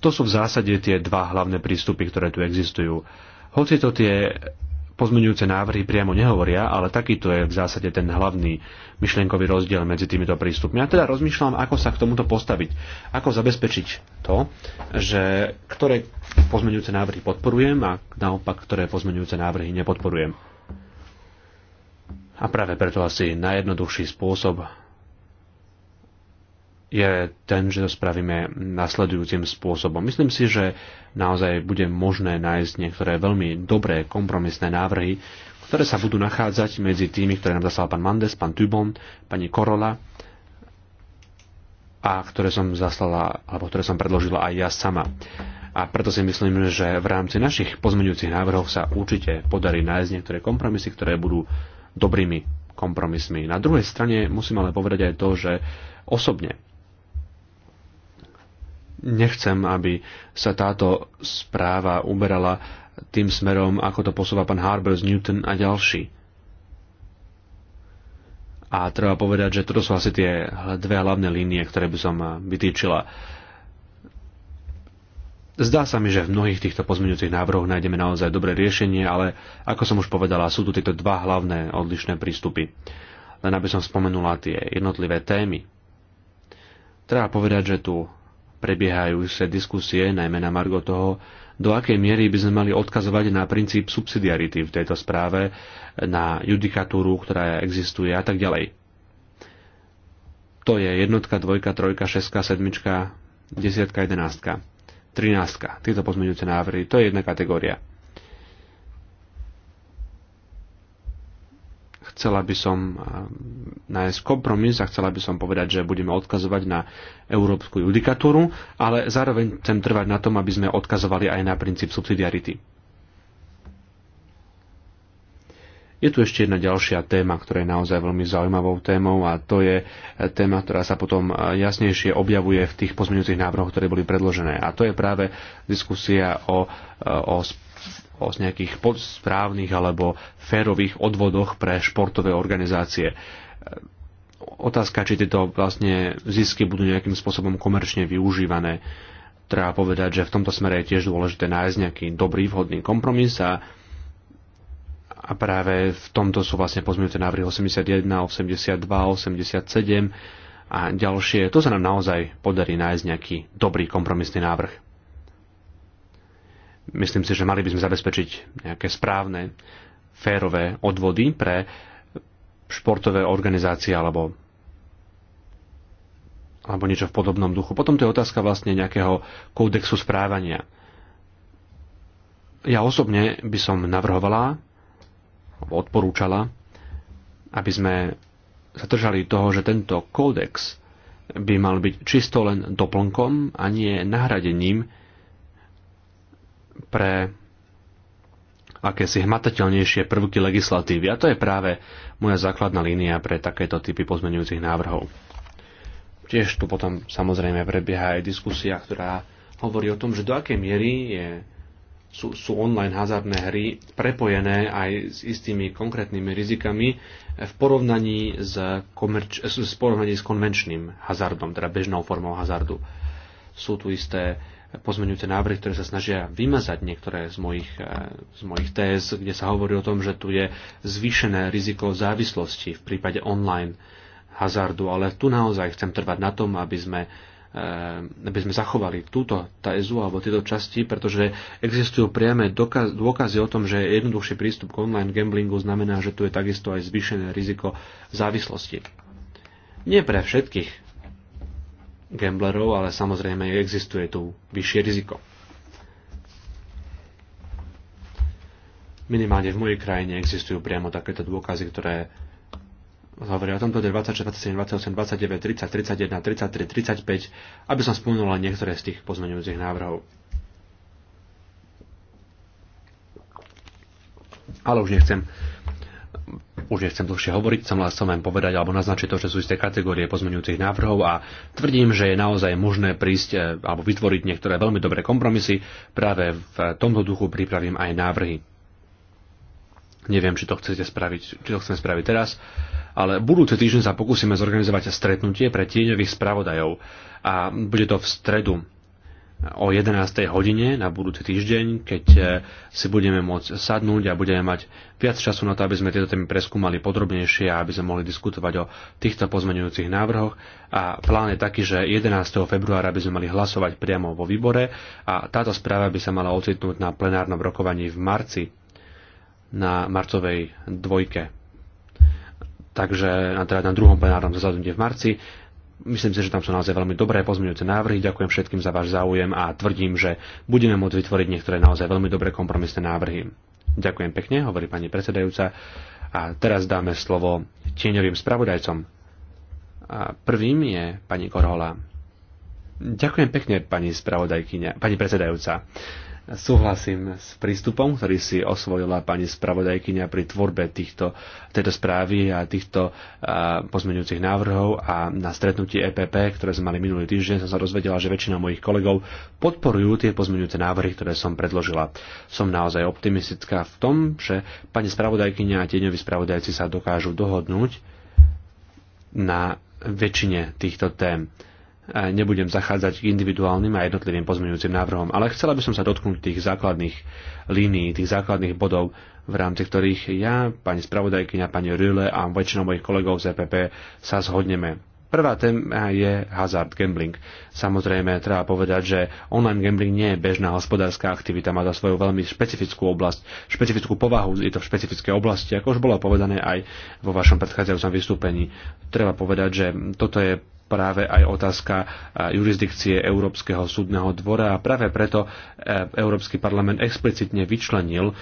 To sú v zásade tie dva hlavné prístupy, ktoré tu existujú. Hoci to tie pozmeňujúce návrhy priamo nehovoria, ale takýto je v zásade ten hlavný myšlienkový rozdiel medzi týmito prístupmi. Ja teda rozmýšľam, ako sa k tomuto postaviť, ako zabezpečiť to, že ktoré pozmeňujúce návrhy podporujem a naopak, ktoré pozmeňujúce návrhy nepodporujem. A práve preto asi najjednoduchší spôsob je ten, že to spravíme nasledujúcim spôsobom. Myslím si, že naozaj bude možné nájsť niektoré veľmi dobré kompromisné návrhy, ktoré sa budú nachádzať medzi tými, ktoré nám zaslal pán Mandes, pán Tubon, pani Korola a ktoré som zaslala, alebo ktoré som predložila aj ja sama. A preto si myslím, že v rámci našich pozmeňujúcich návrhov sa určite podarí nájsť niektoré kompromisy, ktoré budú dobrými kompromismi. Na druhej strane musím ale povedať aj to, že osobne nechcem, aby sa táto správa uberala tým smerom, ako to posúva pán Harbers, Newton a ďalší. A treba povedať, že toto sú asi tie dve hlavné línie, ktoré by som eh, vytýčila. Zdá sa mi, že v mnohých týchto pozmeňujúcich návrhoch nájdeme naozaj dobré riešenie, ale ako som už povedala, sú tu tieto dva hlavné odlišné prístupy. Len aby som spomenula tie jednotlivé témy. Treba povedať, že tu prebiehajú sa diskusie, najmä na margo toho, do akej miery by sme mali odkazovať na princíp subsidiarity v tejto správe, na judikatúru, ktorá existuje a tak ďalej. To je jednotka, dvojka, trojka, šeska, sedmička, desiatka, jedenáctka, trináctka. Tieto pozmeňujúce návrhy, to je jedna kategória. Chcela by som eh, nájsť kompromis a chcela by som povedať, že budeme odkazovať na európsku judikatúru, ale zároveň chcem trvať na tom, aby sme odkazovali aj na princíp subsidiarity. Je tu ešte jedna ďalšia téma, ktorá je naozaj veľmi zaujímavou témou a to je eh, téma, ktorá sa potom eh, jasnejšie objavuje v tých pozmeňujúcich návrhoch, ktoré boli predložené. A to je práve diskusia o, o o nejakých správnych alebo férových odvodoch pre športové organizácie. Otázka, či tieto vlastne zisky budú nejakým spôsobom komerčne využívané. Treba povedať, že v tomto smere je tiež dôležité nájsť nejaký dobrý, vhodný kompromis a a práve v tomto sú vlastne pozmeňujúce návrhy 81, 82, 87 a ďalšie. To sa nám naozaj podarí nájsť nejaký dobrý kompromisný návrh. Myslím si, že mali by sme zabezpečiť nejaké správne, férové odvody pre športové organizácie alebo alebo niečo v podobnom duchu. Potom to je otázka vlastne nejakého kódexu správania. Ja osobne by som navrhovala, alebo odporúčala, aby sme sa držali toho, že tento kódex by mal byť čisto len doplnkom a nie nahradením pre akési hmatateľnejšie prvky legislatívy. A to je práve moja základná línia pre takéto typy pozmeňujúcich návrhov. Tiež tu potom samozrejme prebieha aj diskusia, ktorá hovorí o tom, že do akej miery je, sú, sú online hazardné hry prepojené aj s istými konkrétnymi rizikami v porovnaní s, komerč, s, porovnaní s konvenčným hazardom, teda bežnou formou hazardu. Sú tu isté pozmeňujúce návrhy, ktoré sa snažia vymazať niektoré z mojich, e, z mojich téz, kde sa hovorí o tom, že tu je zvýšené riziko závislosti v prípade online hazardu, ale tu naozaj chcem trvať na tom, aby sme e, aby sme zachovali túto tézu alebo tieto časti, pretože existujú priame dôkazy o tom, že jednoduchší prístup k online gamblingu znamená, že tu je takisto aj zvýšené riziko závislosti. Nie pre všetkých gamblerov, ale samozrejme existuje tu vyššie riziko. Minimálne v mojej krajine existujú priamo takéto dôkazy, ktoré hovoria o tomto 26, 27, 28, 29, 30, 31, 33, 35, aby som spomenul len niektoré z tých pozmeňujúcich návrhov. Ale už nechcem už nechcem dlhšie hovoriť, som vás som len povedať alebo naznačiť to, že sú isté kategórie pozmeňujúcich návrhov a tvrdím, že je naozaj možné prísť e, alebo vytvoriť niektoré veľmi dobré kompromisy. Práve v tomto duchu pripravím aj návrhy. Neviem, či to chcete spraviť, či to chceme spraviť teraz, ale budúci týždeň sa pokúsime zorganizovať stretnutie pre tieňových spravodajov a bude to v stredu o 11. hodine na budúci týždeň, keď e, si budeme môcť sadnúť a budeme mať viac času na to, aby sme tieto témy preskúmali podrobnejšie a aby sme mohli diskutovať o týchto pozmeňujúcich návrhoch. A plán je taký, že 11. februára by sme mali hlasovať priamo vo výbore a táto správa by sa mala ocitnúť na plenárnom rokovaní v marci na marcovej dvojke takže na, teda na druhom plenárnom zasadnutí v marci Myslím si, že tam sú naozaj veľmi dobré pozmeňujúce návrhy. Ďakujem všetkým za váš záujem a tvrdím, že budeme môcť vytvoriť niektoré naozaj veľmi dobré kompromisné návrhy. Ďakujem pekne, hovorí pani predsedajúca. A teraz dáme slovo tieňovým spravodajcom. A prvým je pani Korhola. Ďakujem pekne, pani spravodajkyňa, pani predsedajúca. Súhlasím s prístupom, ktorý si osvojila pani spravodajkyňa pri tvorbe týchto, tejto správy a týchto pozmeňujúcich návrhov a na stretnutí EPP, ktoré sme mali minulý týždeň, som sa dozvedela, že väčšina mojich kolegov podporujú tie pozmeňujúce návrhy, ktoré som predložila. Som naozaj optimistická v tom, že pani spravodajkyňa a tieňoví spravodajci sa dokážu dohodnúť na väčšine týchto tém nebudem zachádzať k individuálnym a jednotlivým pozmeňujúcim návrhom, ale chcela by som sa dotknúť tých základných línií, tých základných bodov, v rámci ktorých ja, pani spravodajkyňa, pani Rüle a väčšina mojich kolegov z EPP sa zhodneme. Prvá téma je hazard gambling. Samozrejme, treba povedať, že online gambling nie je bežná hospodárska aktivita, má za svoju veľmi špecifickú oblasť, špecifickú povahu, je to v špecifické oblasti, ako už bolo povedané aj vo vašom predchádzajúcom vystúpení. Treba povedať, že toto je práve aj otázka jurisdikcie Európskeho súdneho dvora a práve preto e, Európsky parlament explicitne vyčlenil e,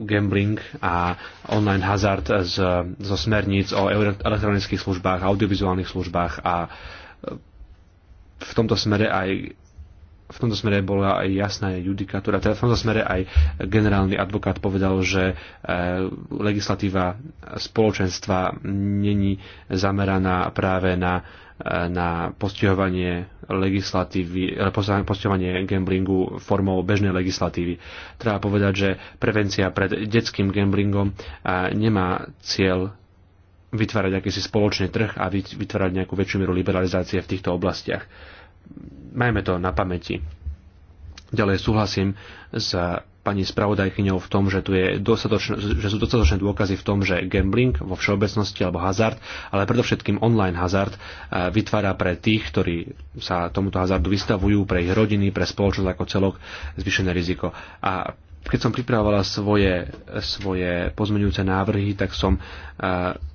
gambling a online hazard z, zo smerníc o elektronických službách, audiovizuálnych službách a e, v tomto smere aj v tomto smere bola aj jasná judikatúra, teda v tomto smere aj generálny advokát povedal, že legislatíva spoločenstva není zameraná práve na na postihovanie legislatívy, eh, postihovanie gamblingu formou bežnej legislatívy. Treba povedať, že prevencia pred detským gamblingom eh, nemá cieľ vytvárať akýsi spoločný trh a vytvárať nejakú väčšiu mieru liberalizácie v týchto oblastiach. Majme to na pamäti. Ďalej súhlasím s pani spravodajkyňou v tom, že, tu je že sú dostatočné dôkazy v tom, že gambling vo všeobecnosti alebo hazard, ale predovšetkým online hazard eh, vytvára pre tých, ktorí sa tomuto hazardu vystavujú, pre ich rodiny, pre spoločnosť ako celok zvyšené riziko. A keď som pripravovala svoje, svoje pozmeňujúce návrhy, tak som uh,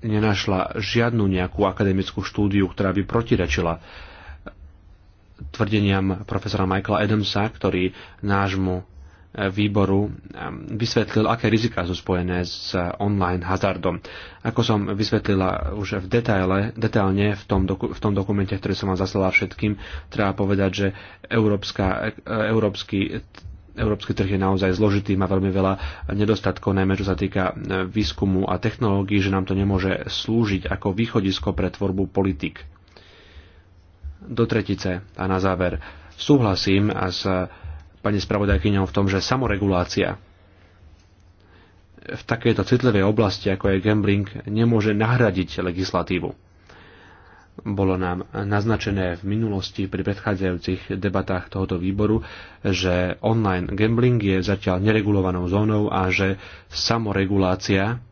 nenašla žiadnu nejakú akademickú štúdiu, ktorá by protirečila eh, tvrdeniam profesora Michaela Adamsa, ktorý nášmu výboru um, vysvetlil, aké rizika sú spojené s uh, online hazardom. Ako som vysvetlila už v detaile, detailne v tom, doku, v tom dokumente, ktorý som vám zaslala všetkým, treba povedať, že európska, uh, európsky Európsky trh je naozaj zložitý, má veľmi veľa nedostatkov, najmä čo sa týka uh, výskumu a technológií, že nám to nemôže slúžiť ako východisko pre tvorbu politik. Do tretice a na záver. Súhlasím a s pani spravodajkyňou v tom, že samoregulácia v takejto citlivej oblasti, ako je gambling, nemôže nahradiť legislatívu. Bolo nám naznačené v minulosti pri predchádzajúcich debatách tohoto výboru, že online gambling je zatiaľ neregulovanou zónou a že samoregulácia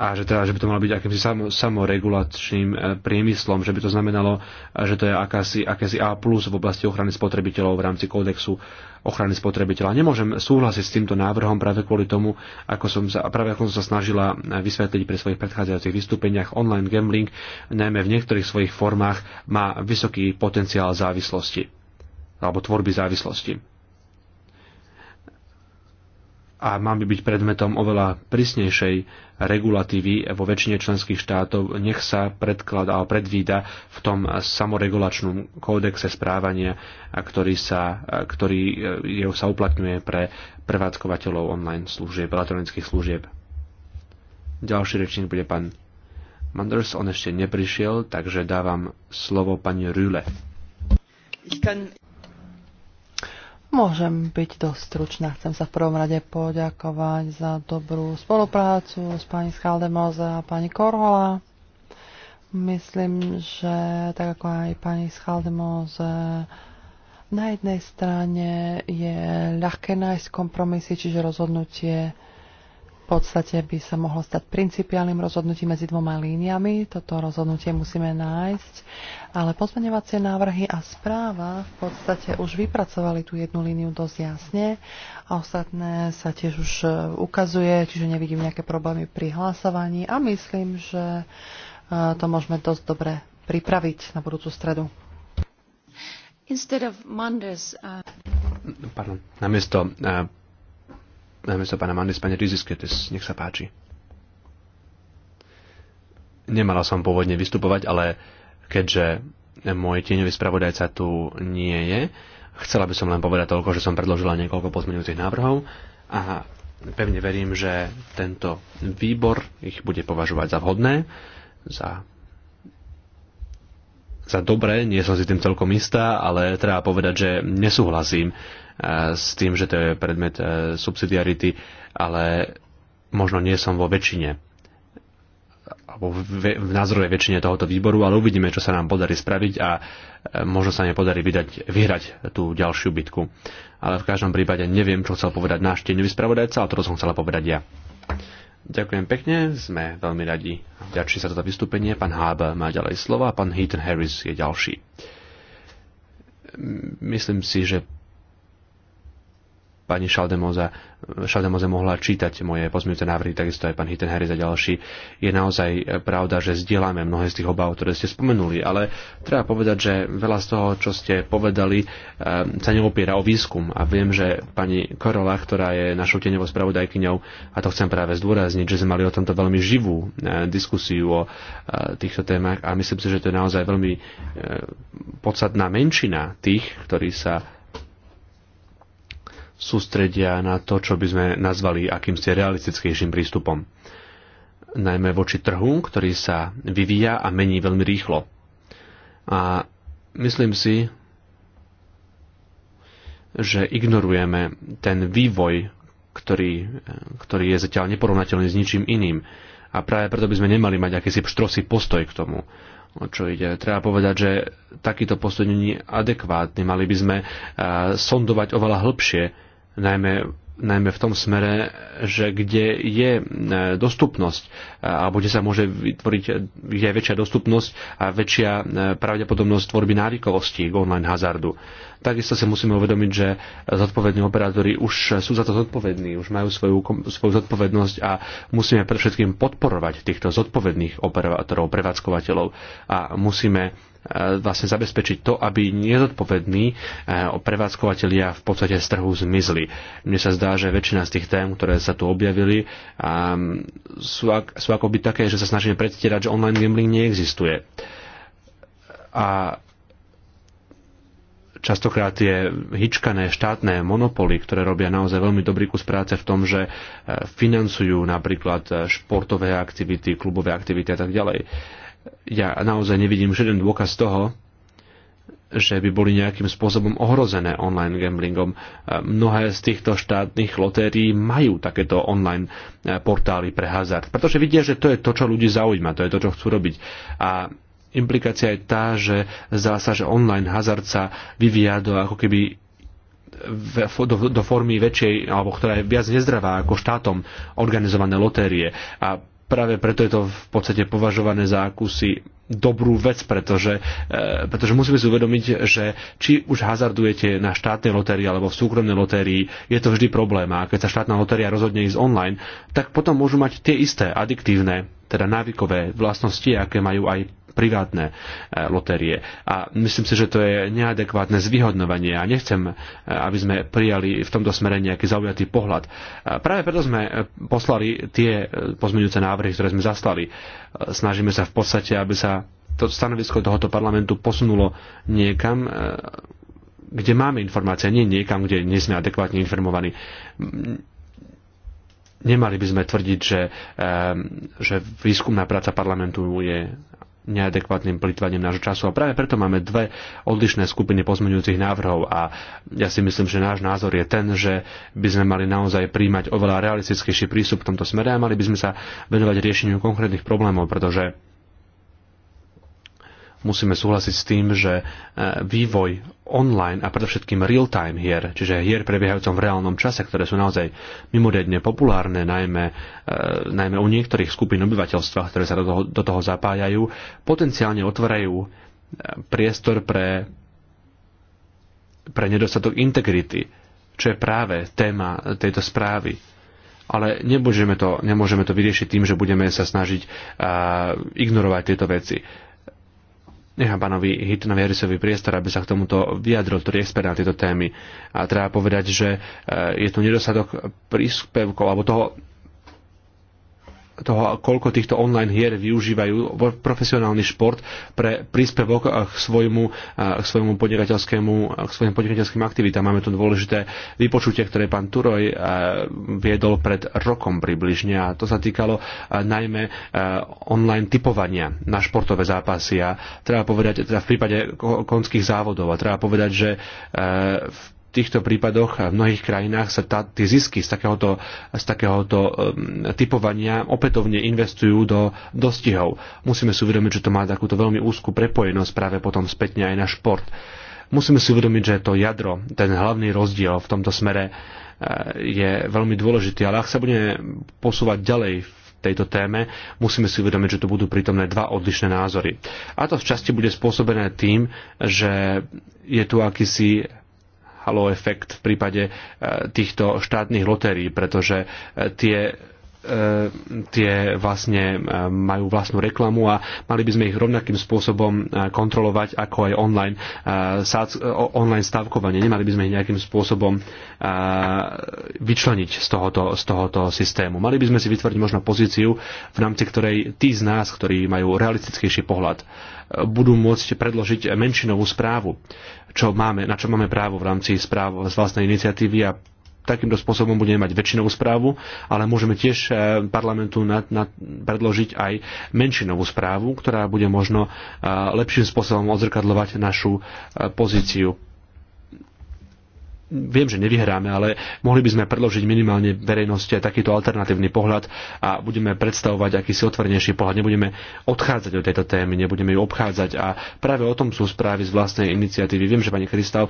a že, teda, že by to malo byť akýmsi sam, samoregulačným e, priemyslom, že by to znamenalo, e, že to je akási, akési A plus v oblasti ochrany spotrebiteľov v rámci kódexu ochrany spotrebiteľa. Nemôžem súhlasiť s týmto návrhom práve kvôli tomu, ako som sa, práve ako som sa snažila e, vysvetliť pri svojich predchádzajúcich vystúpeniach. Online gambling, najmä v niektorých svojich formách, má vysoký potenciál závislosti alebo tvorby závislosti a mal by byť predmetom oveľa prísnejšej regulatívy vo väčšine členských štátov, nech sa predkladá a predvída v tom samoregulačnom kódexe správania, ktorý sa, ktorý e, je, sa uplatňuje pre prevádzkovateľov online služieb, elektronických služieb. Ďalší rečník bude pán Manders, on ešte neprišiel, takže dávam slovo pani Rüle. Ich kann... Môžem byť dosť stručná. Chcem sa v prvom rade poďakovať za dobrú spoluprácu s pani Schaldemoze a pani Korhola. Myslím, že tak ako aj pani Schaldemoze, na jednej strane je ľahké nájsť kompromisy, čiže rozhodnutie podstate by sa mohlo stať principiálnym rozhodnutím medzi dvoma líniami. Toto rozhodnutie musíme nájsť. Ale pozmeňovacie návrhy a správa v podstate už vypracovali tú jednu líniu dosť jasne a ostatné sa tiež už e, ukazuje, čiže nevidím nejaké problémy pri hlasovaní a myslím, že e, to môžeme dosť dobre pripraviť na budúcu stredu. Instead of Mondays, uh... Pardon, namiesto uh, namiesto pána Mandis, pani Rizisketis. Nech sa páči. Nemala som pôvodne vystupovať, ale keďže môj tieňový spravodajca tu nie je, chcela by som len povedať toľko, že som predložila niekoľko pozmeňujúcich návrhov a pevne verím, že tento výbor ich bude považovať za vhodné, za za dobré, nie som si tým celkom istá, ale treba povedať, že nesúhlasím s tým, že to je predmet e, subsidiarity, ale možno nie som vo väčšine alebo v, v názorovej väčšine tohoto výboru, ale uvidíme, čo sa nám podarí spraviť a e, možno sa nepodarí vydať, vyhrať tú ďalšiu bitku. Ale v každom prípade neviem, čo chcel povedať náš tieňový spravodajca, ale to som chcela povedať ja. Ďakujem pekne, sme veľmi radi. Ďakujem sa za toto vystúpenie. Pán Hába má ďalej slova a pán Heaton Harris je ďalší. Myslím si, že pani Šaldemoza, Šaldemoza mohla čítať moje pozmeňujúce návrhy, takisto aj pán Hittenherry za ďalší. Je naozaj pravda, že zdieľame mnohé z tých obáv, ktoré ste spomenuli, ale treba povedať, že veľa z toho, čo ste povedali, eh, sa neopiera o výskum a viem, že pani Korola, ktorá je našou tenevou spravodajkyňou, a to chcem práve zdôrazniť, že sme mali o tomto veľmi živú eh, diskusiu o eh, týchto témach a myslím si, že to je naozaj veľmi podstatná menšina tých, ktorí sa sústredia na to, čo by sme nazvali akýmsi realistickejším prístupom. Najmä voči trhu, ktorý sa vyvíja a mení veľmi rýchlo. A myslím si, že ignorujeme ten vývoj, ktorý, ktorý je zatiaľ neporovnateľný s ničím iným. A práve preto by sme nemali mať akýsi pštrosý postoj k tomu o čo ide. Treba povedať, že takýto postoj je adekvátny. Mali by sme sondovať oveľa hĺbšie najmä najmä v tom smere, že kde je e, dostupnosť, e, alebo kde sa môže vytvoriť, e, kde je väčšia dostupnosť a väčšia pravdepodobnosť tvorby návykovosti k online hazardu. Takisto si musíme uvedomiť, že zodpovední operátori už sú za to zodpovední, už majú svoju, svoju zodpovednosť a musíme predovšetkým podporovať týchto zodpovedných operátorov, prevádzkovateľov a musíme E, vlastne zabezpečiť to, aby nezodpovední e, prevádzkovateľia v podstate z trhu zmizli. Mne sa zdá, že väčšina z tých tém, ktoré sa tu objavili, e, sú, sú akoby také, že sa snažíme predstierať, že online gambling neexistuje. A častokrát tie hyčkané štátne monopoly, ktoré robia naozaj veľmi dobrý kus práce v tom, že financujú napríklad športové aktivity, klubové aktivity a tak ďalej ja naozaj nevidím žiaden dôkaz toho, že by boli nejakým spôsobom ohrozené online gamblingom. Mnohé z týchto štátnych lotérií majú takéto online eh, portály pre hazard, pretože vidia, že to je to, čo ľudí zaujíma, to je to, čo chcú robiť. A implikácia je tá, že zdá sa, že online hazard sa vyvíja do ako keby do, do formy väčšej, alebo ktorá je viac nezdravá ako štátom organizované lotérie. A práve preto je to v podstate považované za akúsi dobrú vec, pretože, e, pretože musíme si uvedomiť, že či už hazardujete na štátnej lotérii alebo v súkromnej lotérii, je to vždy problém. A keď sa štátna lotéria rozhodne ísť online, tak potom môžu mať tie isté adiktívne, teda návykové vlastnosti, aké majú aj privátne e, lotérie. A myslím si, že to je neadekvátne zvyhodnovanie a nechcem, e, aby sme prijali v tomto smere nejaký zaujatý pohľad. E, práve preto sme poslali tie pozmeňujúce návrhy, ktoré sme zaslali. Snažíme sa v podstate, aby sa to stanovisko tohoto parlamentu posunulo niekam, kde máme informácie, nie niekam, kde nie sme adekvátne informovaní nemali by sme tvrdiť, že, že výskumná práca parlamentu je neadekvátnym plýtvaním nášho času. A práve preto máme dve odlišné skupiny pozmeňujúcich návrhov a ja si myslím, že náš názor je ten, že by sme mali naozaj príjmať oveľa realistickejší prístup v tomto smere a mali by sme sa venovať riešeniu konkrétnych problémov, pretože musíme súhlasiť s tým, že e, vývoj online a predovšetkým real-time hier, čiže hier prebiehajúcom v reálnom čase, ktoré sú naozaj mimoriadne populárne, najmä, e, najmä u niektorých skupín obyvateľstva, ktoré sa do toho, do toho zapájajú, potenciálne otvárajú e, priestor pre, pre nedostatok integrity, čo je práve téma tejto správy ale nemôžeme to, nemôžeme to vyriešiť tým, že budeme sa snažiť uh, ignorovať tieto veci. Nechám pánovi Hitnovi Harrisovi priestor, aby sa k tomuto vyjadril, ktorý je expert na tieto témy. A treba povedať, že e, je tu nedostatok príspevkov alebo toho toho, koľko týchto online hier využívajú profesionálny šport pre príspevok k svojmu, k svojmu podnikateľskému, k svojim podnikateľským aktivitám. Máme tu dôležité vypočutie, ktoré pán Turoj viedol pred rokom približne a to sa týkalo najmä online typovania na športové zápasy a treba povedať, teda v prípade konských závodov a treba povedať, že v týchto prípadoch v mnohých krajinách sa tá, tie zisky z takéhoto, z takéhoto um, typovania opätovne investujú do dostihov. Musíme si uvedomiť, že to má takúto veľmi úzkú prepojenosť práve potom spätne aj na šport. Musíme si uvedomiť, že to jadro, ten hlavný rozdiel v tomto smere e, je veľmi dôležitý, ale ak sa budeme posúvať ďalej v tejto téme, musíme si uvedomiť, že tu budú prítomné dva odlišné názory. A to v časti bude spôsobené tým, že je tu akýsi halo efekt v prípade eh, týchto štátnych lotérií, pretože eh, tie E, tie vlastne e, majú vlastnú reklamu a mali by sme ich rovnakým spôsobom e, kontrolovať ako aj online, online stavkovanie. Nemali by sme ich nejakým spôsobom vyčleniť z tohoto, z tohoto systému. Mali by sme si vytvoriť možno pozíciu, v rámci ktorej tí z nás, ktorí majú realistickejší pohľad, budú môcť predložiť menšinovú správu, čo máme, na čo máme právo v rámci správ z vlastnej iniciatívy a takýmto spôsobom budeme mať väčšinovú správu, ale môžeme tiež e, parlamentu na, na, predložiť aj menšinovú správu, ktorá bude možno e, lepším spôsobom odzrkadľovať našu e, pozíciu viem, že nevyhráme, ale mohli by sme predložiť minimálne verejnosti aj takýto alternatívny pohľad a budeme predstavovať akýsi otvornejší pohľad. Nebudeme odchádzať od tejto témy, nebudeme ju obchádzať a práve o tom sú správy z vlastnej iniciatívy. Viem, že pani uh,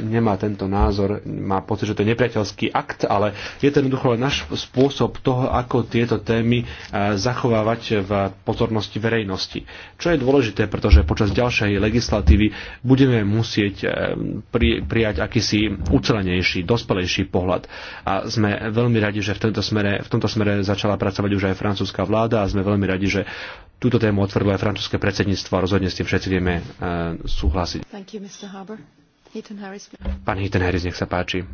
nemá tento názor, má pocit, že to je nepriateľský akt, ale je to jednoducho náš spôsob toho, ako tieto témy e, zachovávať v pozornosti verejnosti. Čo je dôležité, pretože počas ďalšej legislatívy budeme musieť e, pri, prijať akýsi ucelenejší, dospelejší pohľad. A sme veľmi radi, že v tomto smere, v tomto smere začala pracovať už aj francúzska vláda a sme veľmi radi, že túto tému otvorilo aj francúzske predsedníctvo a rozhodne s tým všetci vieme uh, súhlasiť. You, Heaton Harris, Pán Heaton Harris, nech sa páči.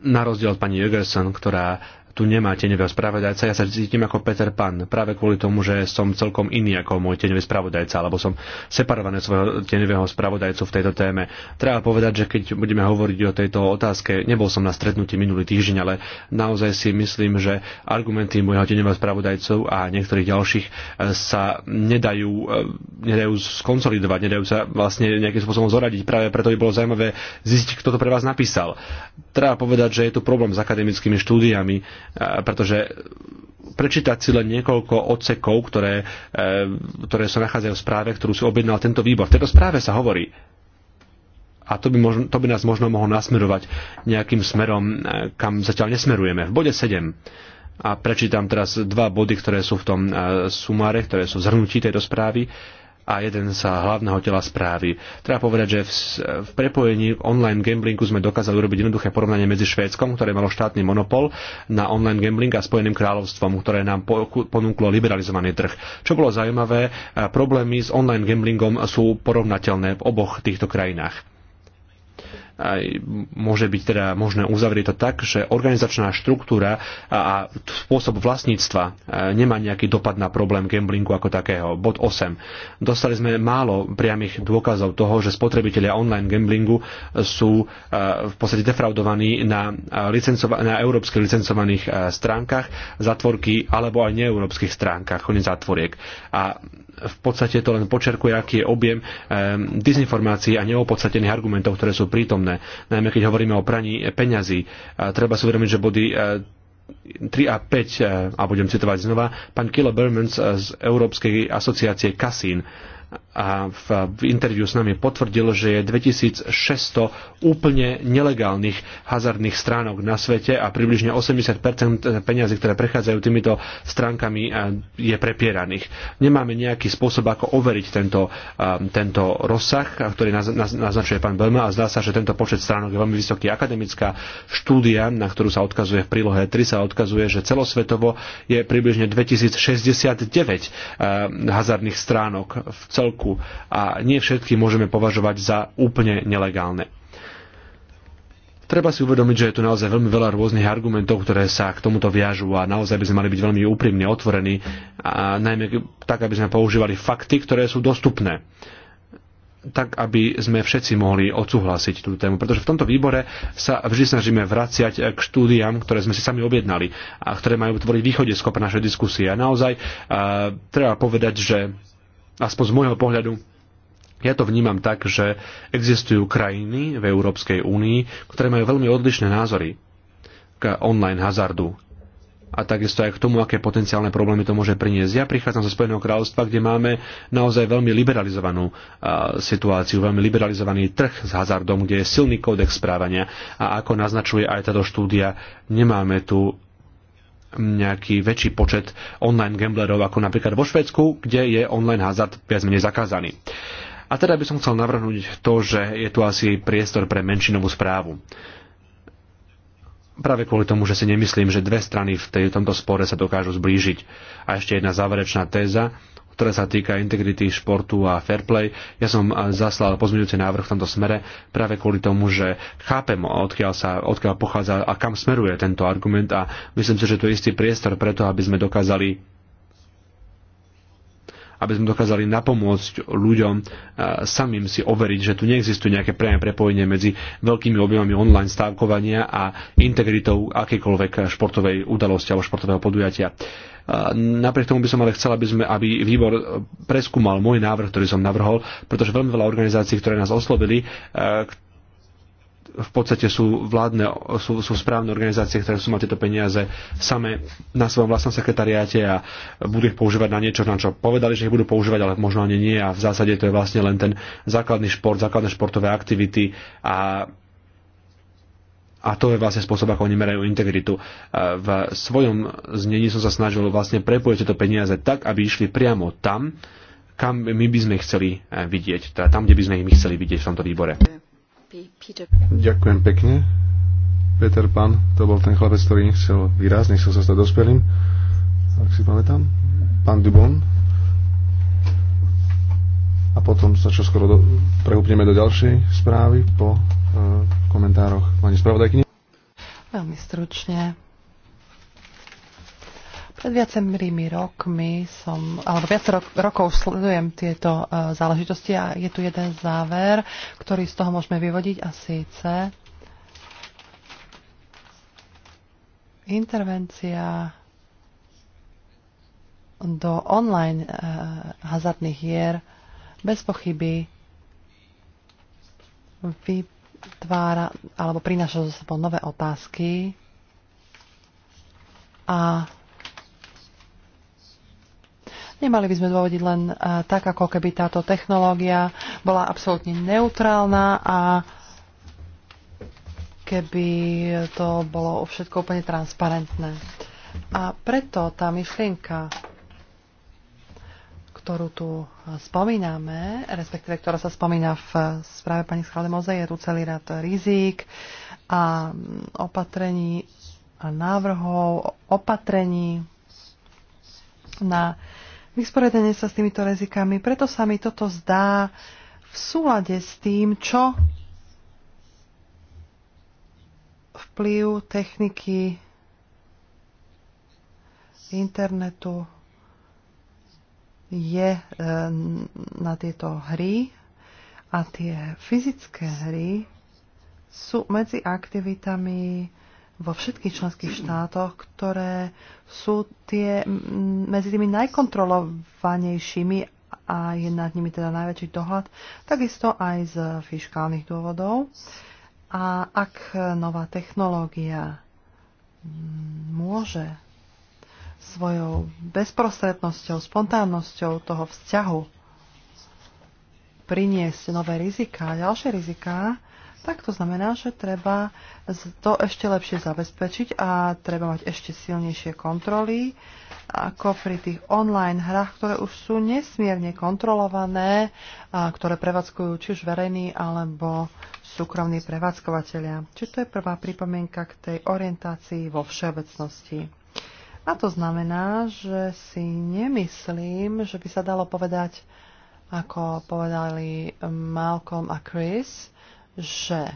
Na rozdiel od pani Jögerson, ktorá tu nemá teňového spravodajca. Ja sa cítim ako Peter Pan, práve kvôli tomu, že som celkom iný ako môj teňový spravodajca, alebo som separovaný svojho teňového spravodajcu v tejto téme. Treba povedať, že keď budeme hovoriť o tejto otázke, nebol som na stretnutí minulý týždeň, ale naozaj si myslím, že argumenty môjho teňového spravodajcov a niektorých ďalších e, sa nedajú, e, nedajú skonsolidovať, nedajú sa vlastne nejakým spôsobom zoradiť. Práve preto by bolo zaujímavé zistiť, kto to pre vás napísal. Treba povedať, že je tu problém s akademickými štúdiami, pretože prečítať si len niekoľko odsekov, ktoré, e, ktoré sa nachádzajú v správe, ktorú si objednal tento výbor. V tejto správe sa hovorí, a to by, možno, to by nás možno mohlo nasmerovať nejakým smerom, e, kam zatiaľ nesmerujeme. V bode 7 a prečítam teraz dva body, ktoré sú v tom e, sumáre, ktoré sú zhrnutí tejto správy a jeden z hlavného tela správy. Treba povedať, že v prepojení online gamblingu sme dokázali urobiť jednoduché porovnanie medzi Švédskom, ktoré malo štátny monopol na online gambling a Spojeným kráľovstvom, ktoré nám ponúklo liberalizovaný trh. Čo bolo zaujímavé, problémy s online gamblingom sú porovnateľné v oboch týchto krajinách aj môže byť teda možné uzavrieť to tak, že organizačná štruktúra a, spôsob vlastníctva e, nemá nejaký dopad na problém gamblingu ako takého. Bod 8. Dostali sme málo priamých dôkazov toho, že spotrebitelia online gamblingu sú e, v podstate defraudovaní na, e, licencova- na európskych licencovaných stránkach, zatvorky alebo aj neeurópskych stránkach, koniec zatvoriek. A v podstate to len počerkuje, aký je objem eh, dezinformácií a neopodstatených argumentov, ktoré sú prítomné. Najmä keď hovoríme o praní peňazí. Treba si uvedomiť, že body 3 eh, a 5, eh, a budem citovať znova, pán Kilo Bermans z Európskej asociácie kasín a v interviu s nami potvrdil, že je 2600 úplne nelegálnych hazardných stránok na svete a približne 80% peniazy, ktoré prechádzajú týmito stránkami, eh, je prepieraných. Nemáme nejaký spôsob, ako overiť tento, eh, tento rozsah, ktorý naznačuje pán Belma a zdá sa, že tento počet stránok je veľmi vysoký. Akademická štúdia, na ktorú sa odkazuje v prílohe 3, sa odkazuje, že celosvetovo je približne 2069 eh, hazardných stránok v celku roku a nie všetky môžeme považovať za úplne nelegálne. Treba si uvedomiť, že je tu naozaj veľmi veľa rôznych argumentov, ktoré sa k tomuto viažú a naozaj by sme mali byť veľmi úprimne otvorení, a najmä tak, aby sme používali fakty, ktoré sú dostupné tak, aby sme všetci mohli odsúhlasiť túto tému. Pretože v tomto výbore sa vždy snažíme vraciať k štúdiám, ktoré sme si sami objednali a ktoré majú tvoriť východisko pre naše diskusie. A naozaj uh, treba povedať, že aspoň z môjho pohľadu, ja to vnímam tak, že existujú krajiny v Európskej únii, ktoré majú veľmi odlišné názory k online hazardu a takisto aj k tomu, aké potenciálne problémy to môže priniesť. Ja prichádzam zo Spojeného kráľovstva, kde máme naozaj veľmi liberalizovanú situáciu, veľmi liberalizovaný trh s hazardom, kde je silný kódex správania a ako naznačuje aj táto štúdia, nemáme tu nejaký väčší počet online gamblerov ako napríklad vo Švedsku, kde je online hazard viac menej zakázaný. A teda by som chcel navrhnúť to, že je tu asi priestor pre menšinovú správu. Práve kvôli tomu, že si nemyslím, že dve strany v tej, tomto spore sa dokážu zblížiť. A ešte jedna záverečná téza ktoré sa týka integrity športu a fair play. Ja som eh, zaslal pozmeňujúci návrh v tomto smere práve kvôli tomu, že chápem, odkiaľ, sa, odkiaľ pochádza a kam smeruje tento argument a myslím si, že to je istý priestor preto, aby sme dokázali aby sme dokázali napomôcť ľuďom e, samým si overiť, že tu neexistuje nejaké priame prepojenie medzi veľkými objemami online stávkovania a integritou akejkoľvek športovej udalosti alebo športového podujatia. E, napriek tomu by som ale chcel, aby, sme, aby výbor preskúmal môj návrh, ktorý som navrhol, pretože veľmi veľa organizácií, ktoré nás oslovili, e, v podstate sú vládne, sú, sú správne organizácie, ktoré sú mať tieto peniaze same na svojom vlastnom sekretariáte a budú ich používať na niečo, na čo povedali, že ich budú používať, ale možno ani nie a v zásade to je vlastne len ten základný šport, základné športové aktivity a a to je vlastne spôsob, ako oni merajú integritu. V svojom znení som sa snažil vlastne prepojiť tieto peniaze tak, aby išli priamo tam, kam my by sme chceli eh, vidieť, teda tam, kde by sme ich chceli vidieť v tomto výbore. Ďakujem pekne. Peter Pan, to bol ten chlapec, ktorý nechcel výraz, nechcel sa stať dospelým, ak si pamätám. Pán Dubon. A potom sa čo skoro prehúpneme do ďalšej správy po e, komentároch pani spravodajkyne. Veľmi stručne pred viacerými rokmi som, alebo viac rok, rokov sledujem tieto uh, záležitosti a je tu jeden záver, ktorý z toho môžeme vyvodiť a síce intervencia do online uh, hazardných hier bez pochyby vytvára alebo prináša zo sebou nové otázky a Nemali by sme dôvodiť len eh, tak, ako keby táto technológia bola absolútne neutrálna a keby to bolo všetko úplne transparentné. A preto tá myšlienka, ktorú tu spomíname, respektíve ktorá sa spomína v správe pani Moze, je tu celý rad rizík a mm, opatrení a návrhov, opatrení na vysporiadanie sa s týmito rizikami. Preto sa mi toto zdá v súlade s tým, čo vplyv techniky internetu je e, na tieto hry a tie fyzické hry sú medzi aktivitami vo všetkých členských štátoch, ktoré sú tie, medzi tými najkontrolovanejšími a je nad nimi teda najväčší dohľad, takisto aj z fiskálnych dôvodov. A ak nová technológia môže svojou bezprostrednosťou, spontánnosťou toho vzťahu priniesť nové rizika, ďalšie riziká, tak to znamená, že treba to ešte lepšie zabezpečiť a treba mať ešte silnejšie kontroly, ako pri tých online hrách, ktoré už sú nesmierne kontrolované, a ktoré prevádzkujú či už verejní alebo súkromní prevádzkovateľia. Čiže to je prvá pripomienka k tej orientácii vo všeobecnosti. A to znamená, že si nemyslím, že by sa dalo povedať, ako povedali Malcolm a Chris, že e,